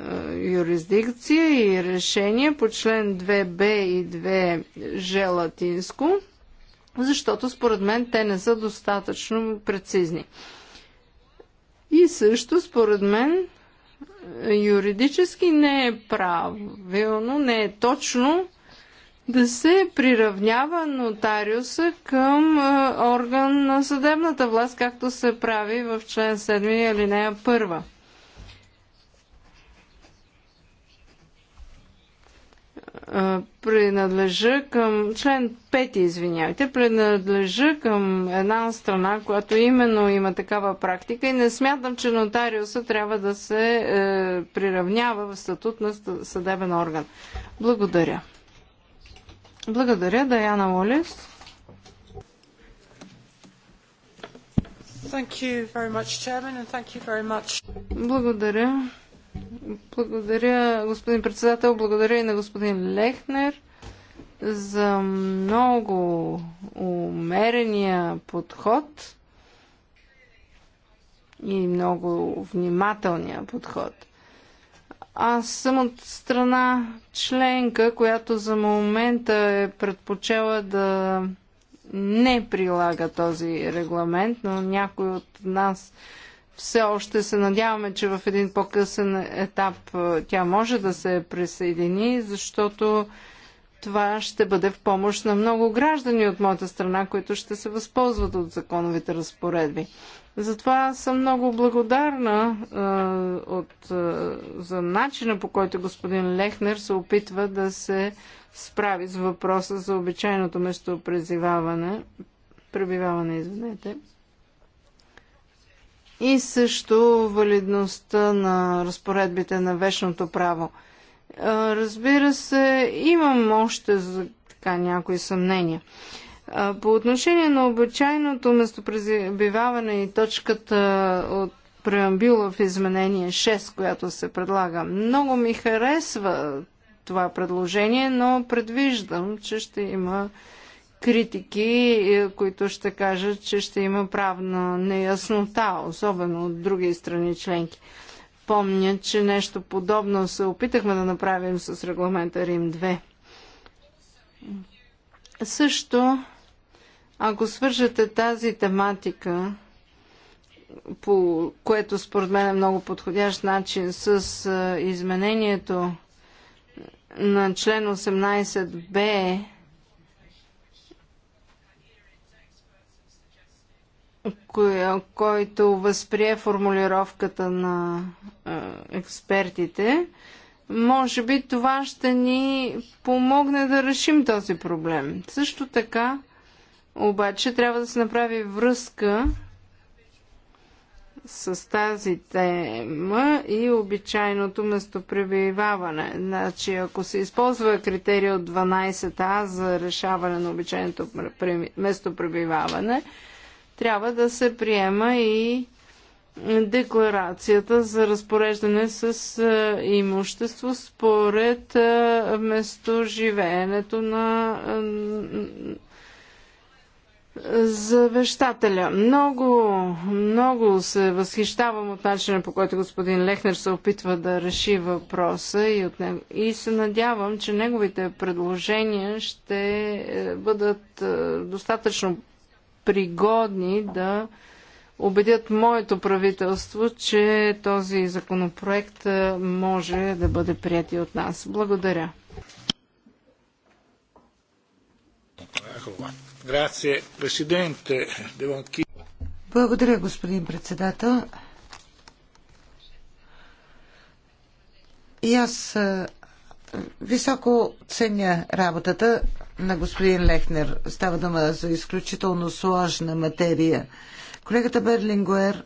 е, юрисдикция и решение по член 2б и 2 желатинско защото според мен те не са достатъчно прецизни. И също, според мен, юридически не е правилно, не е точно да се приравнява нотариуса към е, орган на съдебната власт, както се прави в член 7 алинея 1. принадлежа към член 5, извинявайте, принадлежа към една страна, която именно има такава практика и не смятам, че нотариуса трябва да се е, приравнява в статут на съдебен орган. Благодаря. Благодаря, Даяна Олес. Much, Chairman, Благодаря. Благодаря, господин председател. Благодаря и на господин Лехнер за много умерения подход и много внимателния подход. Аз съм от страна членка, която за момента е предпочела да не прилага този регламент, но някой от нас все още се надяваме, че в един по-късен етап е, тя може да се присъедини, защото това ще бъде в помощ на много граждани от моята страна, които ще се възползват от законовите разпоредби. Затова съм много благодарна е, от, е, за начина по който господин Лехнер се опитва да се справи с въпроса за обичайното местопрезиваване, Пребиваване, извинете и също валидността на разпоредбите на вечното право. Разбира се, имам още за така някои съмнения. По отношение на обичайното местопребиваване и точката от преамбюла в изменение 6, която се предлага, много ми харесва това предложение, но предвиждам, че ще има критики, е, които ще кажат, че ще има правна неяснота, особено от други страни членки. Помня, че нещо подобно се опитахме да направим с регламента Рим 2. Също, ако свържете тази тематика, по което според мен е много подходящ начин с е, изменението на член 18б който възприе формулировката на експертите, може би това ще ни помогне да решим този проблем. Също така, обаче, трябва да се направи връзка с тази тема и обичайното местопребиваване. Значи, ако се използва критерия от 12А за решаване на обичайното местопребиваване, трябва да се приема и декларацията за разпореждане с е, имущество според е, местоживеенето на е, завещателя. Много, много се възхищавам от начина по който господин Лехнер се опитва да реши въпроса и, от него. и се надявам, че неговите предложения ще бъдат достатъчно пригодни да убедят моето правителство, че този законопроект е, може да бъде прият и от нас. Благодаря. Благодаря, господин председател. И аз е, високо ценя работата на господин Лехнер. Става дума за изключително сложна материя. Колегата Берлингуер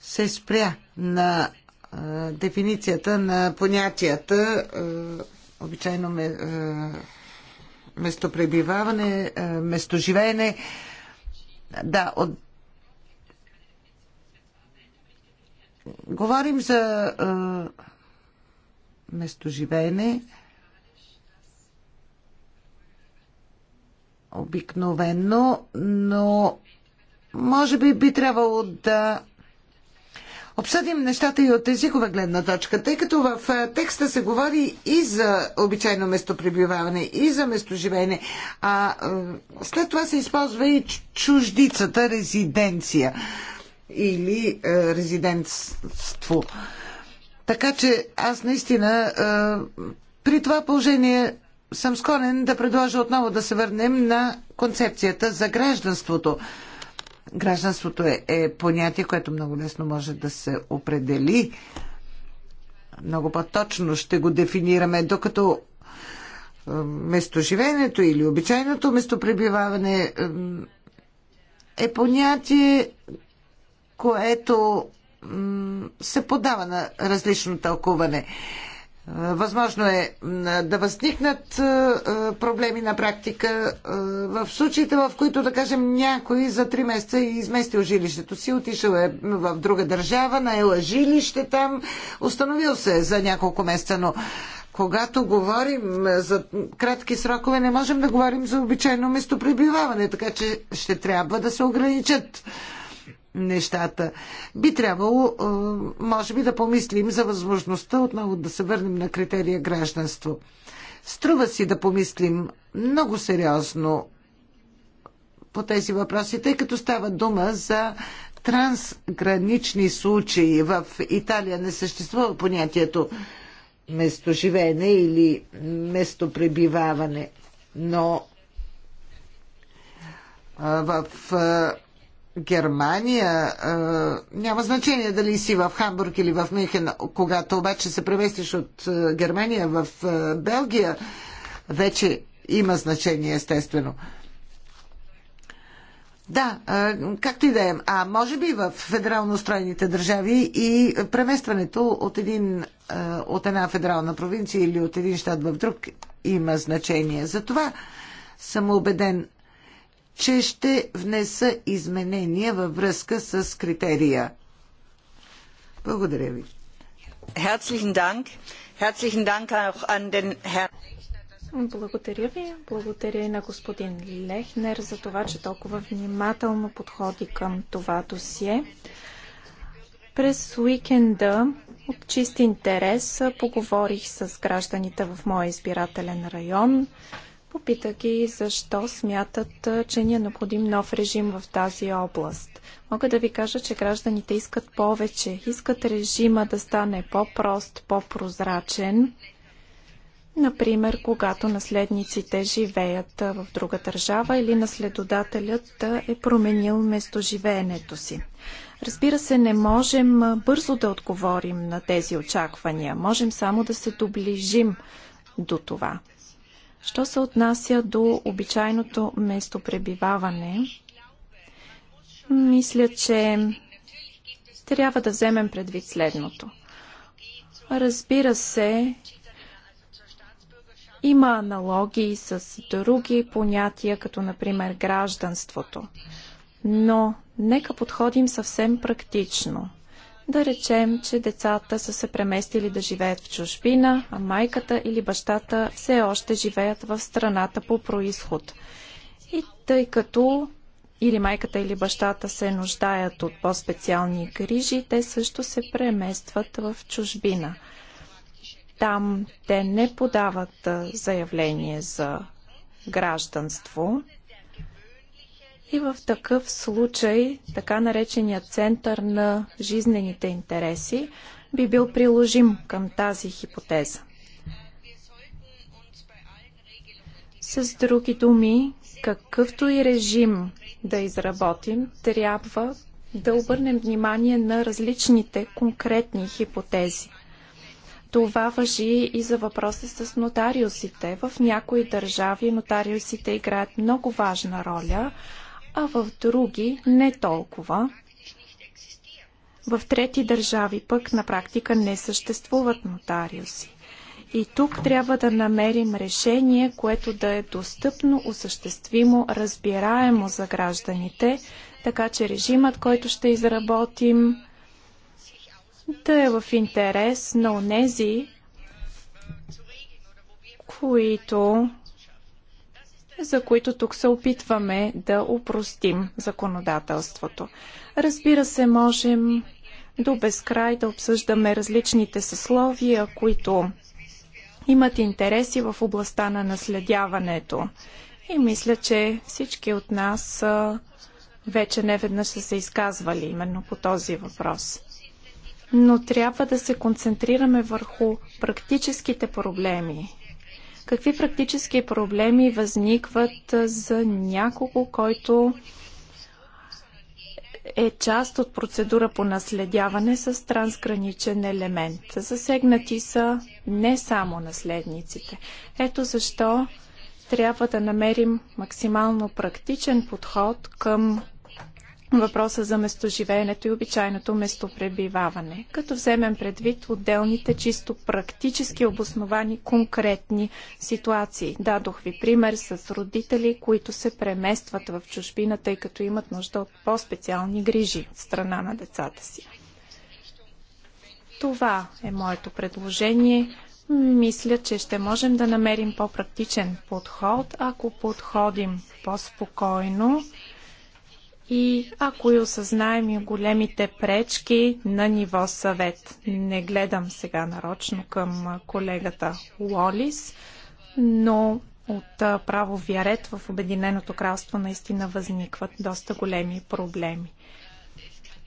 се спря на а, дефиницията на понятията а, обичайно ме, а, местопребиваване, а, местоживеене. Да, от... говорим за а, местоживеене. обикновено, но може би би трябвало да обсъдим нещата и от езикова гледна точка, тъй като в текста се говори и за обичайно местопребиваване, и за местоживеене, а след това се използва и чуждицата резиденция или е, резидентство. Така че аз наистина е, при това положение съм склонен да предложа отново да се върнем на концепцията за гражданството. Гражданството е, е понятие, което много лесно може да се определи. Много по-точно ще го дефинираме, докато е, местоживеенето или обичайното местопребиваване е, е понятие, което се подава на различно тълкуване. Възможно е да възникнат е, е, проблеми на практика е, в случаите, в които, да кажем, някой за три месеца е изместил жилището си, отишъл е в друга държава, на е жилище там, установил се за няколко месеца, но когато говорим за кратки срокове, не можем да говорим за обичайно местопребиваване, така че ще трябва да се ограничат нещата. Би трябвало, е, може би, да помислим за възможността отново да се върнем на критерия гражданство. Струва си да помислим много сериозно по тези въпроси, тъй като става дума за трансгранични случаи. В Италия не съществува понятието местоживеене или местопребиваване, но е, в е, Германия, е, няма значение дали си в Хамбург или в Мюнхен, когато обаче се преместиш от е, Германия в е, Белгия, вече има значение, естествено. Да, е, както и да е. А може би в федерално устроените държави и преместването от, един, е, от една федерална провинция или от един щат в друг има значение. Затова съм убеден, че ще внеса изменения във връзка с критерия. Благодаря ви. Herzlichen Dank. Herzlichen Dank auch an den Herrn. Благодаря ви. Благодаря и на господин Лехнер за това, че толкова внимателно подходи към това досие. През уикенда от чист интерес поговорих с гражданите в моя избирателен район. Попитах ги защо смятат, че ни е необходим нов режим в тази област. Мога да ви кажа, че гражданите искат повече. Искат режима да стане по-прост, по-прозрачен. Например, когато наследниците живеят в друга държава или наследодателят е променил местоживеенето си. Разбира се, не можем бързо да отговорим на тези очаквания. Можем само да се доближим до това. Що се отнася до обичайното местопребиваване, мисля, че трябва да вземем предвид следното. Разбира се, има аналогии с други понятия, като например гражданството. Но нека подходим съвсем практично. Да речем, че децата са се преместили да живеят в чужбина, а майката или бащата все още живеят в страната по происход. И тъй като или майката или бащата се нуждаят от по-специални грижи, те също се преместват в чужбина. Там те не подават заявление за гражданство, и в такъв случай, така нареченият център на жизнените интереси би бил приложим към тази хипотеза. С други думи, какъвто и режим да изработим, трябва да обърнем внимание на различните конкретни хипотези. Това въжи и за въпроса с нотариусите. В някои държави нотариусите играят много важна роля, а в други не толкова. В трети държави пък на практика не съществуват нотариуси. И тук трябва да намерим решение, което да е достъпно, осъществимо, разбираемо за гражданите, така че режимът, който ще изработим, да е в интерес на онези, които за които тук се опитваме да упростим законодателството. Разбира се, можем до безкрай да обсъждаме различните съсловия, които имат интереси в областта на наследяването. И мисля, че всички от нас вече не веднъж са се изказвали именно по този въпрос. Но трябва да се концентрираме върху практическите проблеми, Какви практически проблеми възникват за някого, който е част от процедура по наследяване с трансграничен елемент. Засегнати са не само наследниците. Ето защо трябва да намерим максимално практичен подход към въпроса за местоживеенето и обичайното местопребиваване, като вземем предвид отделните чисто практически обосновани конкретни ситуации. Дадох ви пример с родители, които се преместват в чужбина, тъй като имат нужда от по-специални грижи от страна на децата си. Това е моето предложение. Мисля, че ще можем да намерим по-практичен подход, ако подходим по-спокойно и ако и осъзнаем и големите пречки на ниво съвет. Не гледам сега нарочно към колегата Лолис, но от правовия ред в Обединеното кралство наистина възникват доста големи проблеми.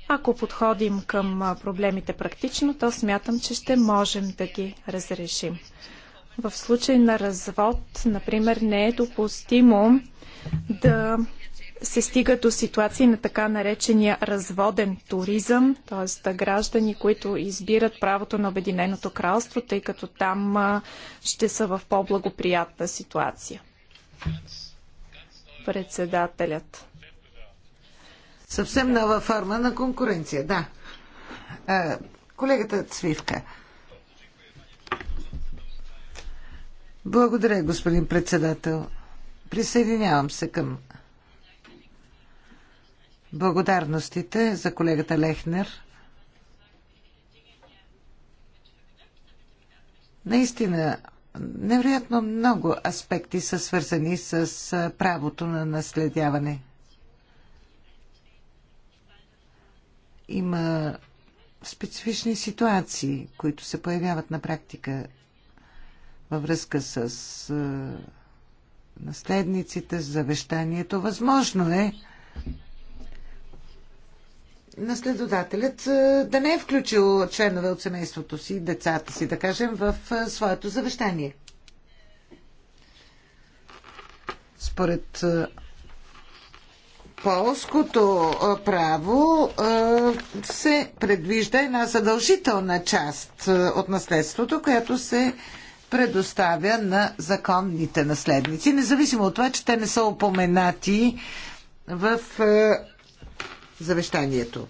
Ако подходим към проблемите практично, то смятам, че ще можем да ги разрешим. В случай на развод, например, не е допустимо да се стига до ситуации на така наречения разводен туризъм, т.е. граждани, които избират правото на Обединеното кралство, тъй като там ще са в по-благоприятна ситуация. Председателят. Съвсем нова форма на конкуренция, да. Колегата Цвивка. Благодаря, господин председател. Присъединявам се към благодарностите за колегата Лехнер. Наистина, невероятно много аспекти са свързани с правото на наследяване. Има специфични ситуации, които се появяват на практика във връзка с наследниците, завещанието. Възможно е наследодателят е, да не е включил членове от семейството си, децата си, да кажем, в е, своето завещание. Според е, полското право се предвижда една задължителна част от наследството, която се предоставя на законните наследници, независимо от това, че те не са упоменати в завещанието.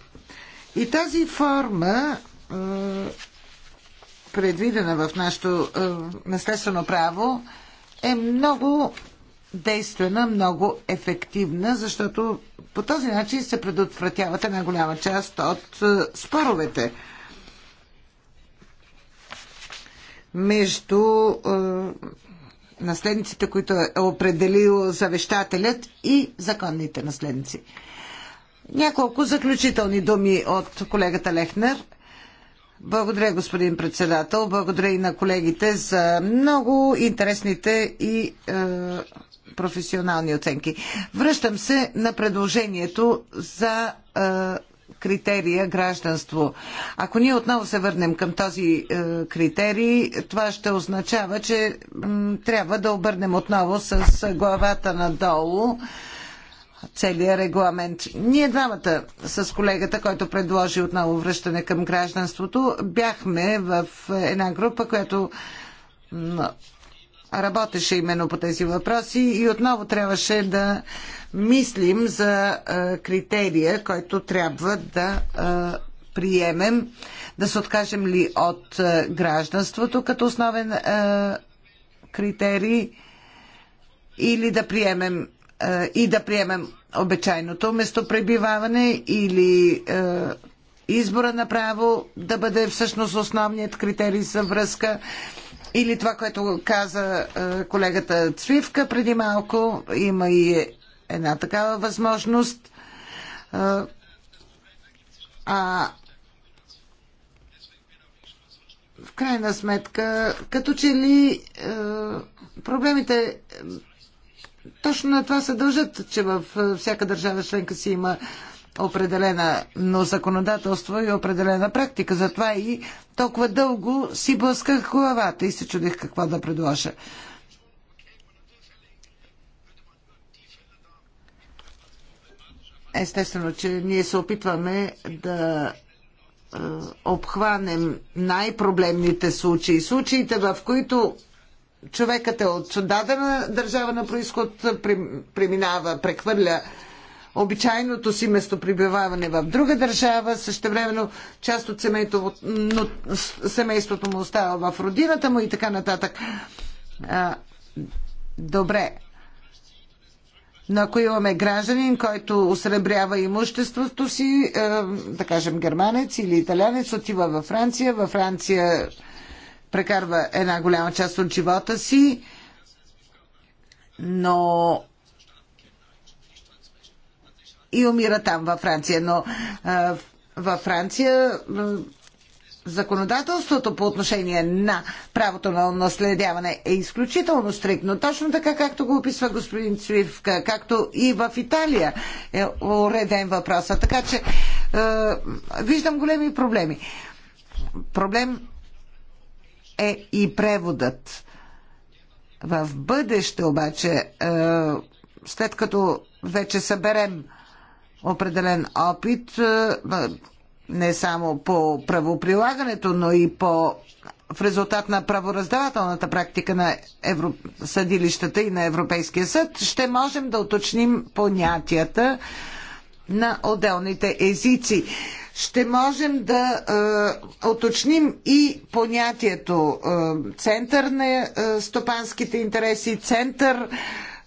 И тази форма, предвидена в нашето наследствено право, е много действена, много ефективна, защото по този начин се предотвратяват една голяма част от споровете между наследниците, които е определил завещателят и законните наследници. Няколко заключителни думи от колегата Лехнер. Благодаря, господин председател. Благодаря и на колегите за много интересните и е, професионални оценки. Връщам се на предложението за е, критерия гражданство. Ако ние отново се върнем към този е, критерий, това ще означава, че м, трябва да обърнем отново с главата надолу. Е, целият регламент. Ние двамата с колегата, който предложи отново връщане към гражданството, бяхме в една група, която работеше именно по тези въпроси и отново трябваше да мислим за критерия, който трябва да приемем, да се откажем ли от гражданството като основен критерий или да приемем е, и да приемем обичайното местопребиваване или е, избора на право да бъде всъщност основният критерий за връзка или това, което каза е, колегата Цвивка преди малко, има и една такава възможност. А в крайна сметка, като че ли проблемите точно на това се дължат, че във всяка държава членка си има определена но законодателство и определена практика. Затова и толкова дълго си блъсках главата и се чудих какво да предложа. Естествено, че ние се опитваме да обхванем най-проблемните случаи. Случаите, в които човекът е от дадена държава на происход, преминава, прехвърля обичайното си местоприбиваване в друга държава, същевременно част от семейството, но семейството му остава в родината му и така нататък. А, добре. Но ако имаме гражданин, който осребрява имуществото си, е, да кажем германец или италянец, отива във Франция, във Франция прекарва една голяма част от живота си, но и умира там във Франция. Но а, във Франция законодателството по отношение на правото на наследяване е изключително стрикно. Точно така, както го описва господин Цвивка, както и в Италия е уреден въпроса. Така че а, виждам големи проблеми. Проблем е и преводът. В бъдеще обаче, е, след като вече съберем определен опит, е, не само по правоприлагането, но и по в резултат на правораздавателната практика на Евро... съдилищата и на Европейския съд, ще можем да уточним понятията на отделните езици ще можем да е, оточним и понятието е, център на е, стопанските интереси, център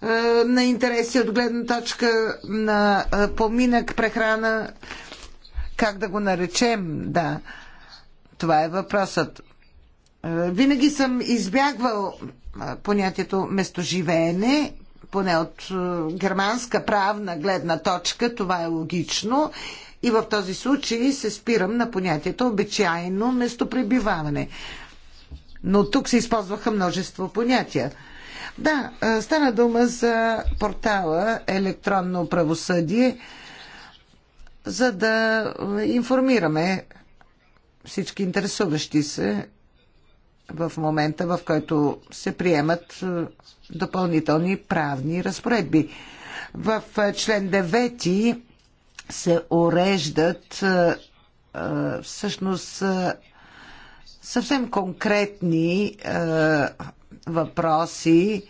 е, на интереси от гледна точка на е, поминък, прехрана, как да го наречем, да. Това е въпросът. Е, винаги съм избягвал понятието местоживеене, поне от германска правна гледна точка, това е логично. И в този случай се спирам на понятието обичайно местопребиваване. Но тук се използваха множество понятия. Да, стана дума за портала електронно правосъдие, за да информираме всички интересуващи се в момента, в който се приемат допълнителни правни разпоредби. В член 9 се уреждат всъщност съвсем конкретни въпроси,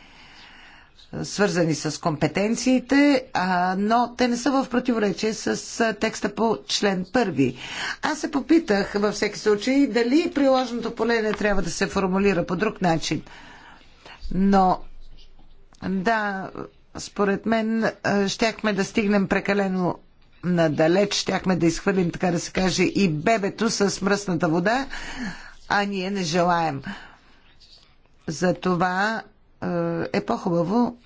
свързани с компетенциите, а, но те не са в противоречие с а, текста по член първи. Аз се попитах във всеки случай дали приложното поле не трябва да се формулира по друг начин. Но да, според мен щяхме да стигнем прекалено надалеч щяхме да изхвърлим, така да се каже, и бебето с мръсната вода, а ние не желаем. Затова е, е по-хубаво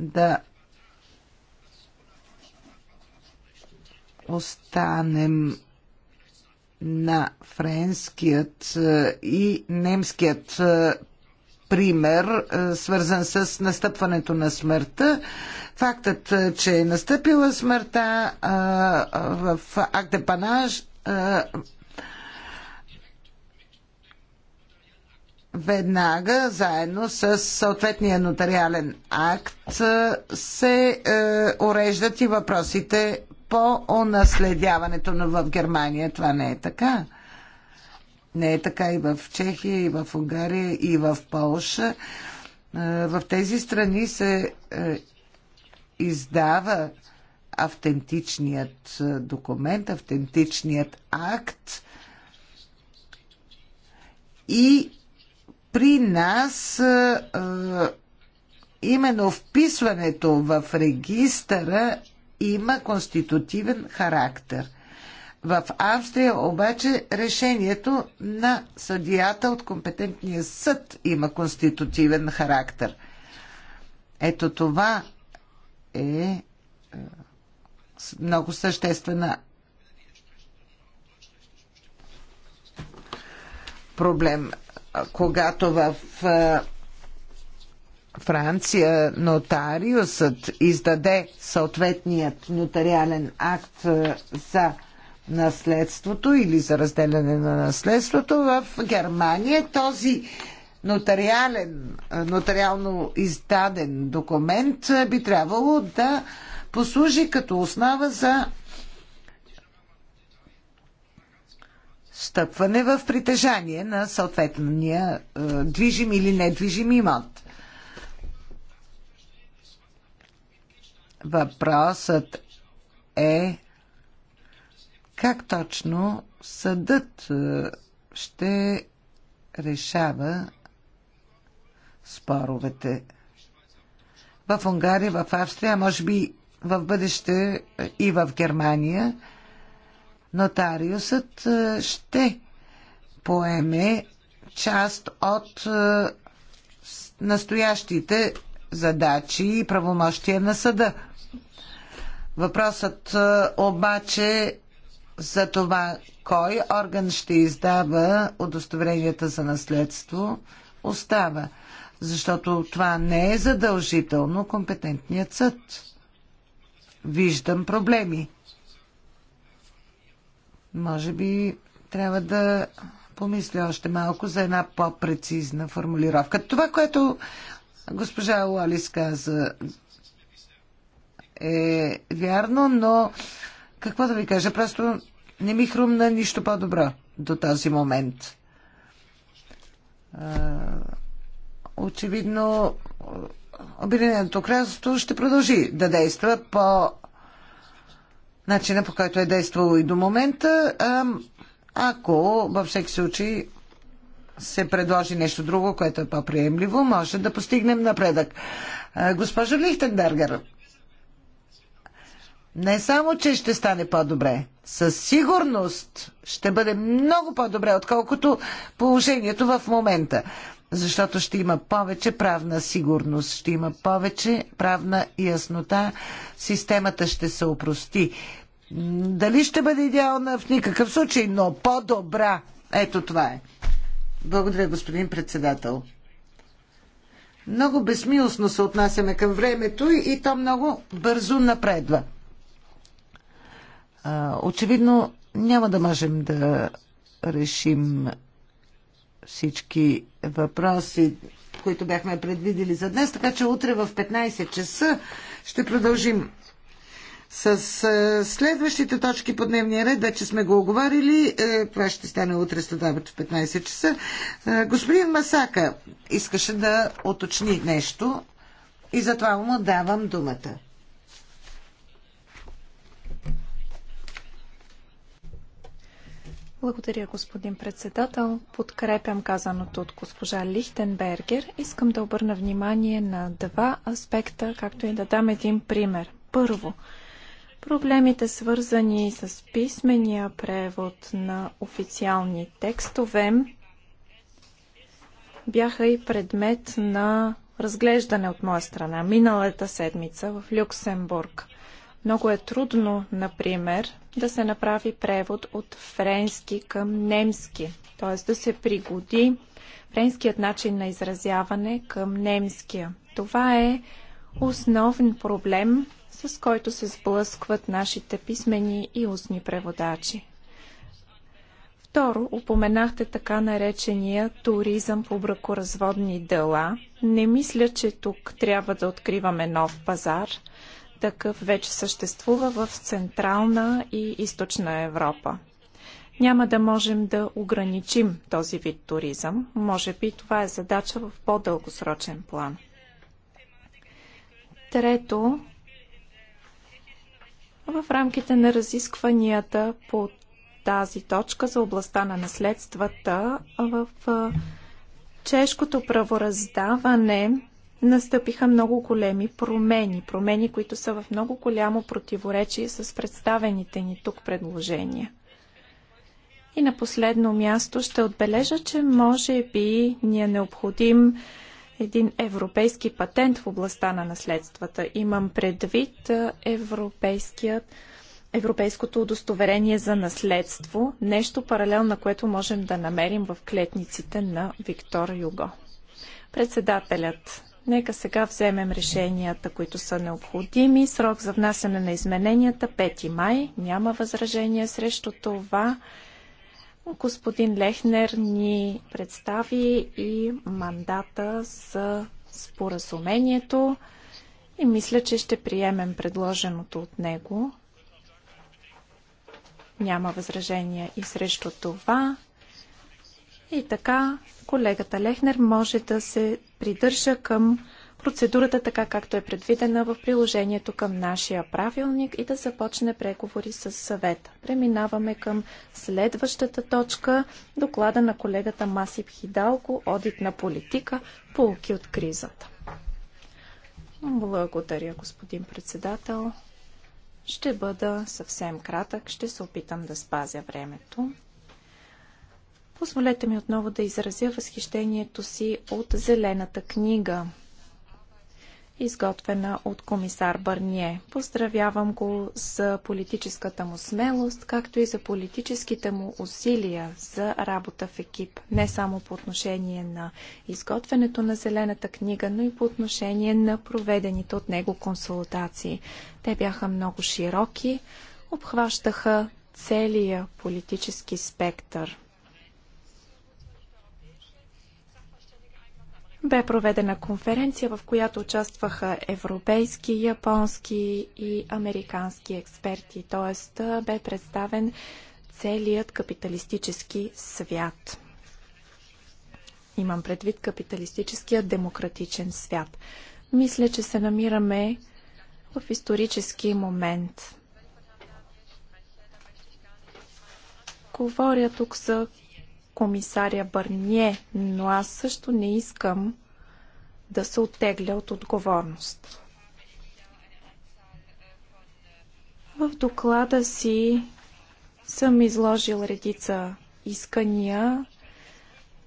да останем на френският е, и немският е, пример, е, свързан с настъпването на смъртта. Фактът, е, че е настъпила смъртта е, в акт панаж веднага заедно с съответния нотариален акт се уреждат и въпросите по унаследяването но в Германия това не е така. Не е така и в Чехия, и в Унгария, и в Полша. Е, в тези страни се е, издава автентичният е, документ, автентичният акт и при нас именно вписването в регистъра има конститутивен характер – в Австрия обаче решението на съдията от компетентния съд има конститутивен характер. Ето това е, е много съществена проблем. Когато в е, Франция нотариусът издаде съответният нотариален акт е, за наследството или за разделяне на наследството в Германия. Този нотариален, нотариално издаден документ би трябвало да послужи като основа за стъпване в притежание на съответния е, движим или недвижим имот. Въпросът е как точно съдът е, ще решава споровете. В Унгария, в Австрия, може би в бъдеще е, и в Германия, нотариусът е, ще поеме част от настоящите задачи и правомощия на съда. Въпросът обаче за това кой орган ще издава удостоверенията за наследство остава. Защото това не е задължително компетентният съд. Виждам проблеми. Може би трябва да помисля още малко за една по-прецизна формулировка. Това, което госпожа Уалис каза е вярно, но какво да ви кажа, просто не ми хрумна нищо по-добро до този момент. Очевидно, Обединеното кралство ще продължи да действа по начина по който е действало и до момента, ако във всеки случай се предложи нещо друго, което е по-приемливо, може да постигнем напредък. Госпожо Лихтенбергер, не само, че ще стане по-добре, със сигурност ще бъде много по-добре, отколкото положението в момента. Защото ще има повече правна сигурност, ще има повече правна яснота, системата ще се опрости. Дали ще бъде идеална в никакъв случай, но по-добра. Ето това е. Благодаря, господин председател. Много безмилостно се отнасяме към времето и то много бързо напредва. Очевидно няма да можем да решим всички въпроси, които бяхме предвидели за днес, така че утре в 15 часа ще продължим с следващите точки по дневния ред. Вече сме го оговорили. това ще стане утре след в 15 часа. господин Масака искаше да оточни нещо и затова му давам думата. Благодаря, господин председател. Подкрепям казаното от госпожа Лихтенбергер. Искам да обърна внимание на два аспекта, както и да дам един пример. Първо, проблемите свързани с писмения превод на официални текстове бяха и предмет на разглеждане от моя страна миналата седмица в Люксембург – много е трудно, например, да се направи превод от френски към немски, т.е. да се пригоди френският начин на изразяване към немския. Това е основен проблем, с който се сблъскват нашите писмени и устни преводачи. Второ, упоменахте така наречения туризъм по бракоразводни дела. Не мисля, че тук трябва да откриваме нов пазар. Такъв вече съществува в Централна и Източна Европа. Няма да можем да ограничим този вид туризъм. Може би това е задача в по-дългосрочен план. Трето, в рамките на разискванията по тази точка за областта на наследствата в чешкото правораздаване настъпиха много големи промени. Промени, които са в много голямо противоречие с представените ни тук предложения. И на последно място ще отбележа, че може би ни е необходим един европейски патент в областта на наследствата. Имам предвид европейският европейското удостоверение за наследство, нещо паралелно на което можем да намерим в клетниците на Виктор Юго. Председателят Нека сега вземем решенията, които са необходими. Срок за внасяне на измененията 5 май. Няма възражения срещу това. Господин Лехнер ни представи и мандата за споразумението и мисля, че ще приемем предложеното от него. Няма възражения и срещу това. И така, колегата Лехнер може да се придържа към процедурата така, както е предвидена в приложението към нашия правилник и да започне преговори с съвета. Преминаваме към следващата точка, доклада на колегата Масип Хидалко, одит на политика, полки от кризата. Благодаря, господин председател. Ще бъда съвсем кратък, ще се опитам да спазя времето. Позволете ми отново да изразя възхищението си от Зелената книга, изготвена от комисар Барние. Поздравявам го за политическата му смелост, както и за политическите му усилия за работа в екип, не само по отношение на изготвянето на Зелената книга, но и по отношение на проведените от него консултации. Те бяха много широки, обхващаха целия политически спектър. Бе проведена конференция, в която участваха европейски, японски и американски експерти, т.е. бе представен целият капиталистически свят. Имам предвид капиталистическия демократичен свят. Мисля, че се намираме в исторически момент. Говоря тук за комисаря Бърние, но аз също не искам да се оттегля от отговорност. В доклада си съм изложил редица искания,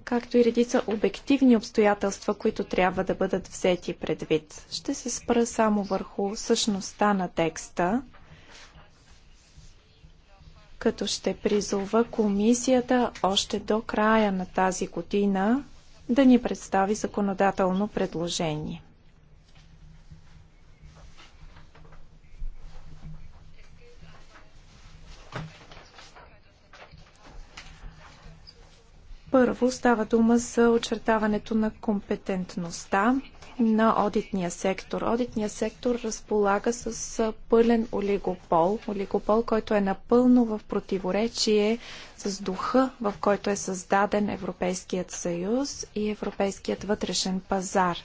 както и редица обективни обстоятелства, които трябва да бъдат взети предвид. Ще се спра само върху същността на текста – като ще призова комисията още до края на тази година да ни представи законодателно предложение. Първо става дума за очертаването на компетентността на одитния сектор. Одитният сектор разполага с пълен олигопол, олигопол, който е напълно в противоречие с духа, в който е създаден Европейският съюз и Европейският вътрешен пазар.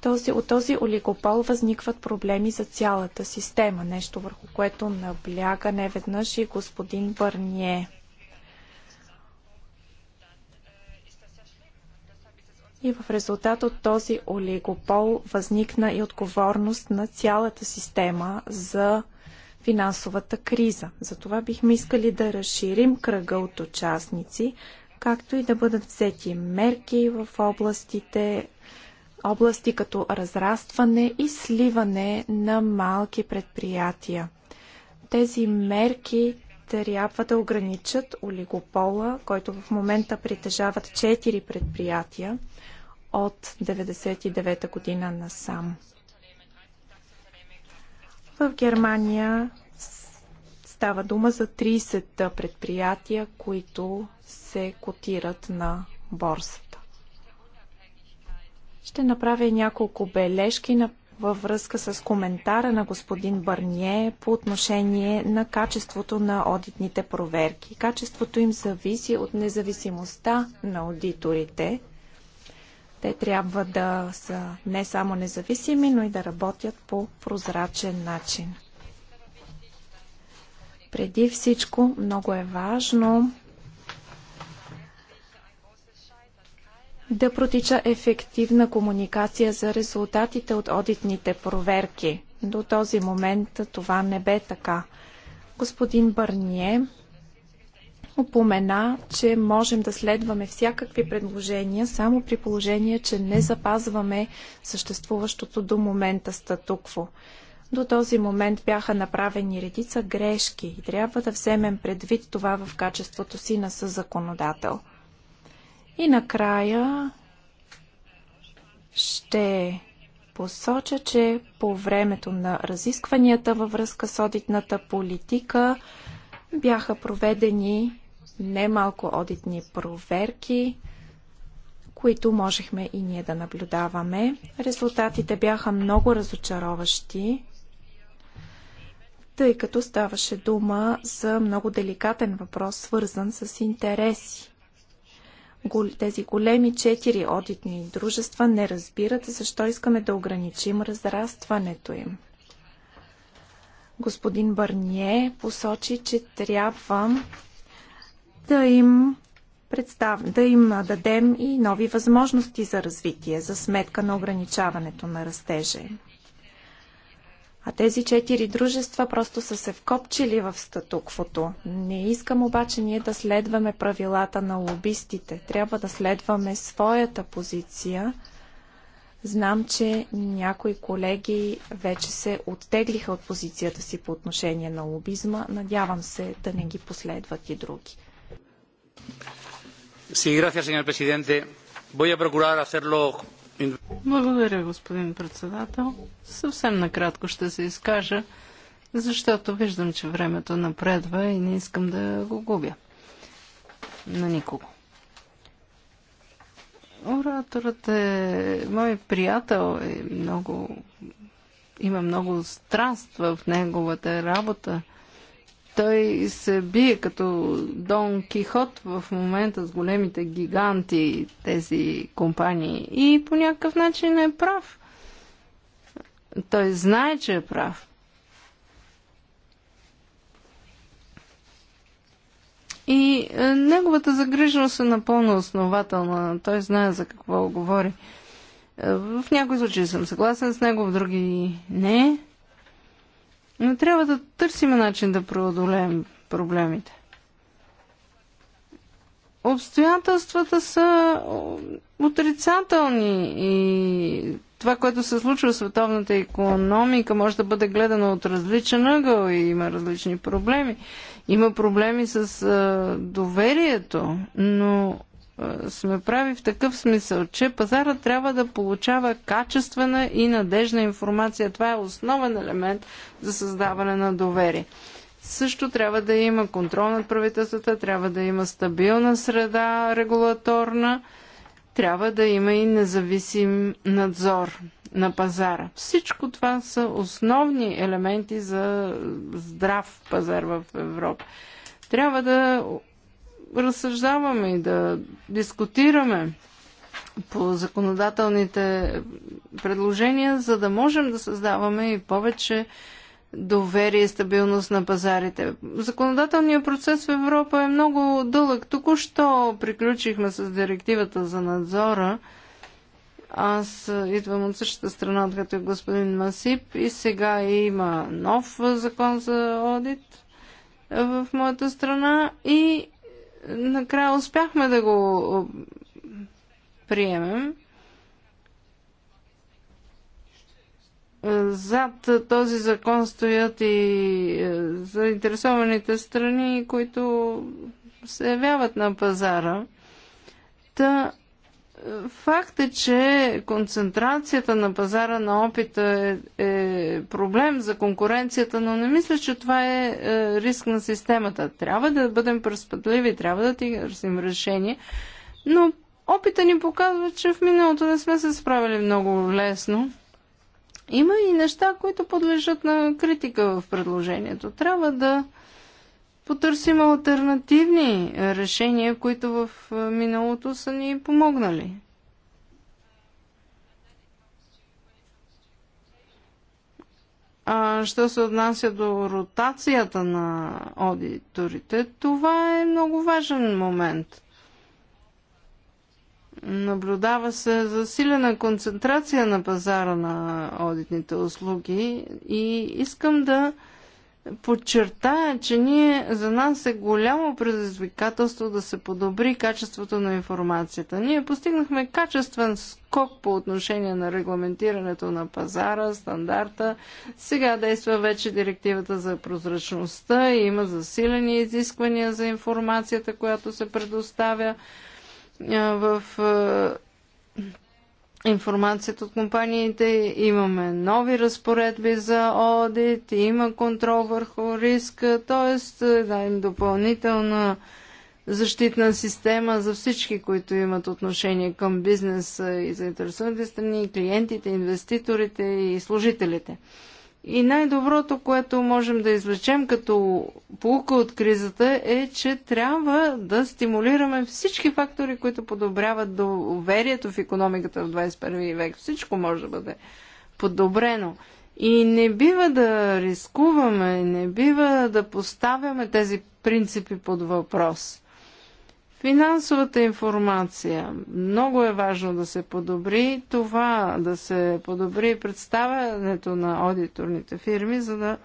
Този, от този олигопол възникват проблеми за цялата система, нещо върху което набляга неведнъж и господин Бърние. И в резултат от този олигопол възникна и отговорност на цялата система за финансовата криза. Затова бихме искали да разширим кръга от участници, както и да бъдат взети мерки в областите, области като разрастване и сливане на малки предприятия. Тези мерки трябва да ограничат олигопола, който в момента притежават 4 предприятия, от 1999 та година насам. В Германия става дума за 30 предприятия, които се котират на борсата. Ще направя няколко бележки на във връзка с коментара на господин Барние по отношение на качеството на одитните проверки. Качеството им зависи от независимостта на аудиторите. Те трябва да са не само независими, но и да работят по прозрачен начин. Преди всичко, много е важно да протича ефективна комуникация за резултатите от одитните проверки. До този момент това не бе така. Господин Бърние упомена, че можем да следваме всякакви предложения, само при положение, че не запазваме съществуващото до момента статукво. До този момент бяха направени редица грешки и трябва да вземем предвид това в качеството си на съзаконодател. И накрая ще посоча, че по времето на разискванията във връзка с одитната политика бяха проведени немалко одитни проверки, които можехме и ние да наблюдаваме. Резултатите бяха много разочароващи, тъй като ставаше дума за много деликатен въпрос, свързан с интереси. Тези големи четири одитни дружества не разбират защо искаме да ограничим разрастването им. Господин Бърние посочи, че трябва да им представ... да им дадем и нови възможности за развитие за сметка на ограничаването на растеже. А тези четири дружества просто са се вкопчили в статуквото. Не искам обаче ние да следваме правилата на лобистите. Трябва да следваме своята позиция – Знам, че някои колеги вече се оттеглиха от позицията си по отношение на лобизма. Надявам се да не ги последват и други. Благодаря, господин председател. Съвсем накратко ще се изкажа, защото виждам, че времето напредва и не искам да го губя на никого. Ораторът е мой приятел, и е много, има много страст в неговата работа. Той се бие като Дон Кихот в момента с големите гиганти тези компании и по някакъв начин е прав. Той знае, че е прав. И е, неговата загриженост е напълно основателна. Той знае за какво говори. Е, в някои случаи съм съгласен с него, в други не. Но трябва да търсим начин да преодолеем проблемите. Обстоятелствата са отрицателни и това, което се случва в световната економика, може да бъде гледано от различен ъгъл и има различни проблеми. Има проблеми с а, доверието, но а, сме прави в такъв смисъл, че пазара трябва да получава качествена и надежна информация. Това е основен елемент за създаване на доверие. Също трябва да има контрол над правителствата, трябва да има стабилна среда регулаторна, трябва да има и независим надзор на пазара. Всичко това са основни елементи за здрав пазар в Европа. Трябва да разсъждаваме и да дискутираме по законодателните предложения, за да можем да създаваме и повече доверие и стабилност на пазарите. Законодателният процес в Европа е много дълъг. Току-що приключихме с директивата за надзора – аз идвам от същата страна, като е господин Масип и сега има нов закон за одит в моята страна и накрая успяхме да го приемем. Зад този закон стоят и е, заинтересованите страни, които се явяват на пазара. Та Факт е, че концентрацията на пазара на опита е, е проблем за конкуренцията, но не мисля, че това е, е риск на системата. Трябва да бъдем перспективи, трябва да търсим решение, но опита ни показва, че в миналото не сме се справили много лесно. Има и неща, които подлежат на критика в предложението. Трябва да потърсим альтернативни решения, които в миналото са ни помогнали. А, що се отнася до ротацията на аудиторите, това е много важен момент. Наблюдава се засилена концентрация на пазара на аудитните услуги и искам да подчертая, че ние, за нас е голямо предизвикателство да се подобри качеството на информацията. Ние постигнахме качествен скок по отношение на регламентирането на пазара, стандарта. Сега действа вече директивата за прозрачността и има засилени изисквания за информацията, която се предоставя в информацията от компаниите, имаме нови разпоредби за одит, има контрол върху риска, т.е. да им допълнителна защитна система за всички, които имат отношение към бизнеса и заинтересованите страни, клиентите, инвеститорите и служителите. И най-доброто, което можем да извлечем като полука от кризата е, че трябва да стимулираме всички фактори, които подобряват доверието в економиката в 21 век. Всичко може да бъде подобрено. И не бива да рискуваме, не бива да поставяме тези принципи под въпрос. Финансовата информация много е важно да се подобри. Това да се подобри представянето на аудиторните фирми, за да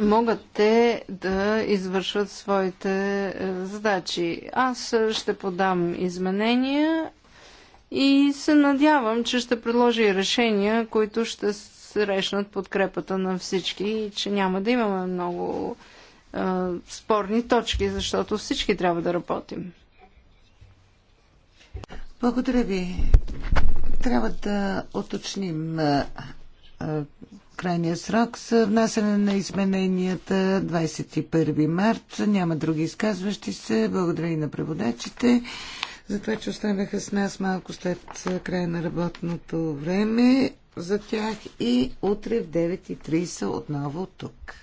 могат те да извършват своите е, задачи. Аз е, ще подам изменения и се надявам, че ще предложи решения, които ще срещнат подкрепата на всички и че няма да имаме много а, спорни точки, защото всички трябва да работим. Благодаря ви. Трябва да оточним а, а, крайния срок с внасяне на измененията 21 март. Няма други изказващи се. Благодаря и на преводачите за това, че останаха с нас малко след края на работното време за тях и утре в 9.30 отново тук.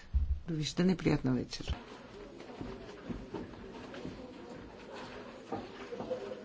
Довиждане, приятна вечер.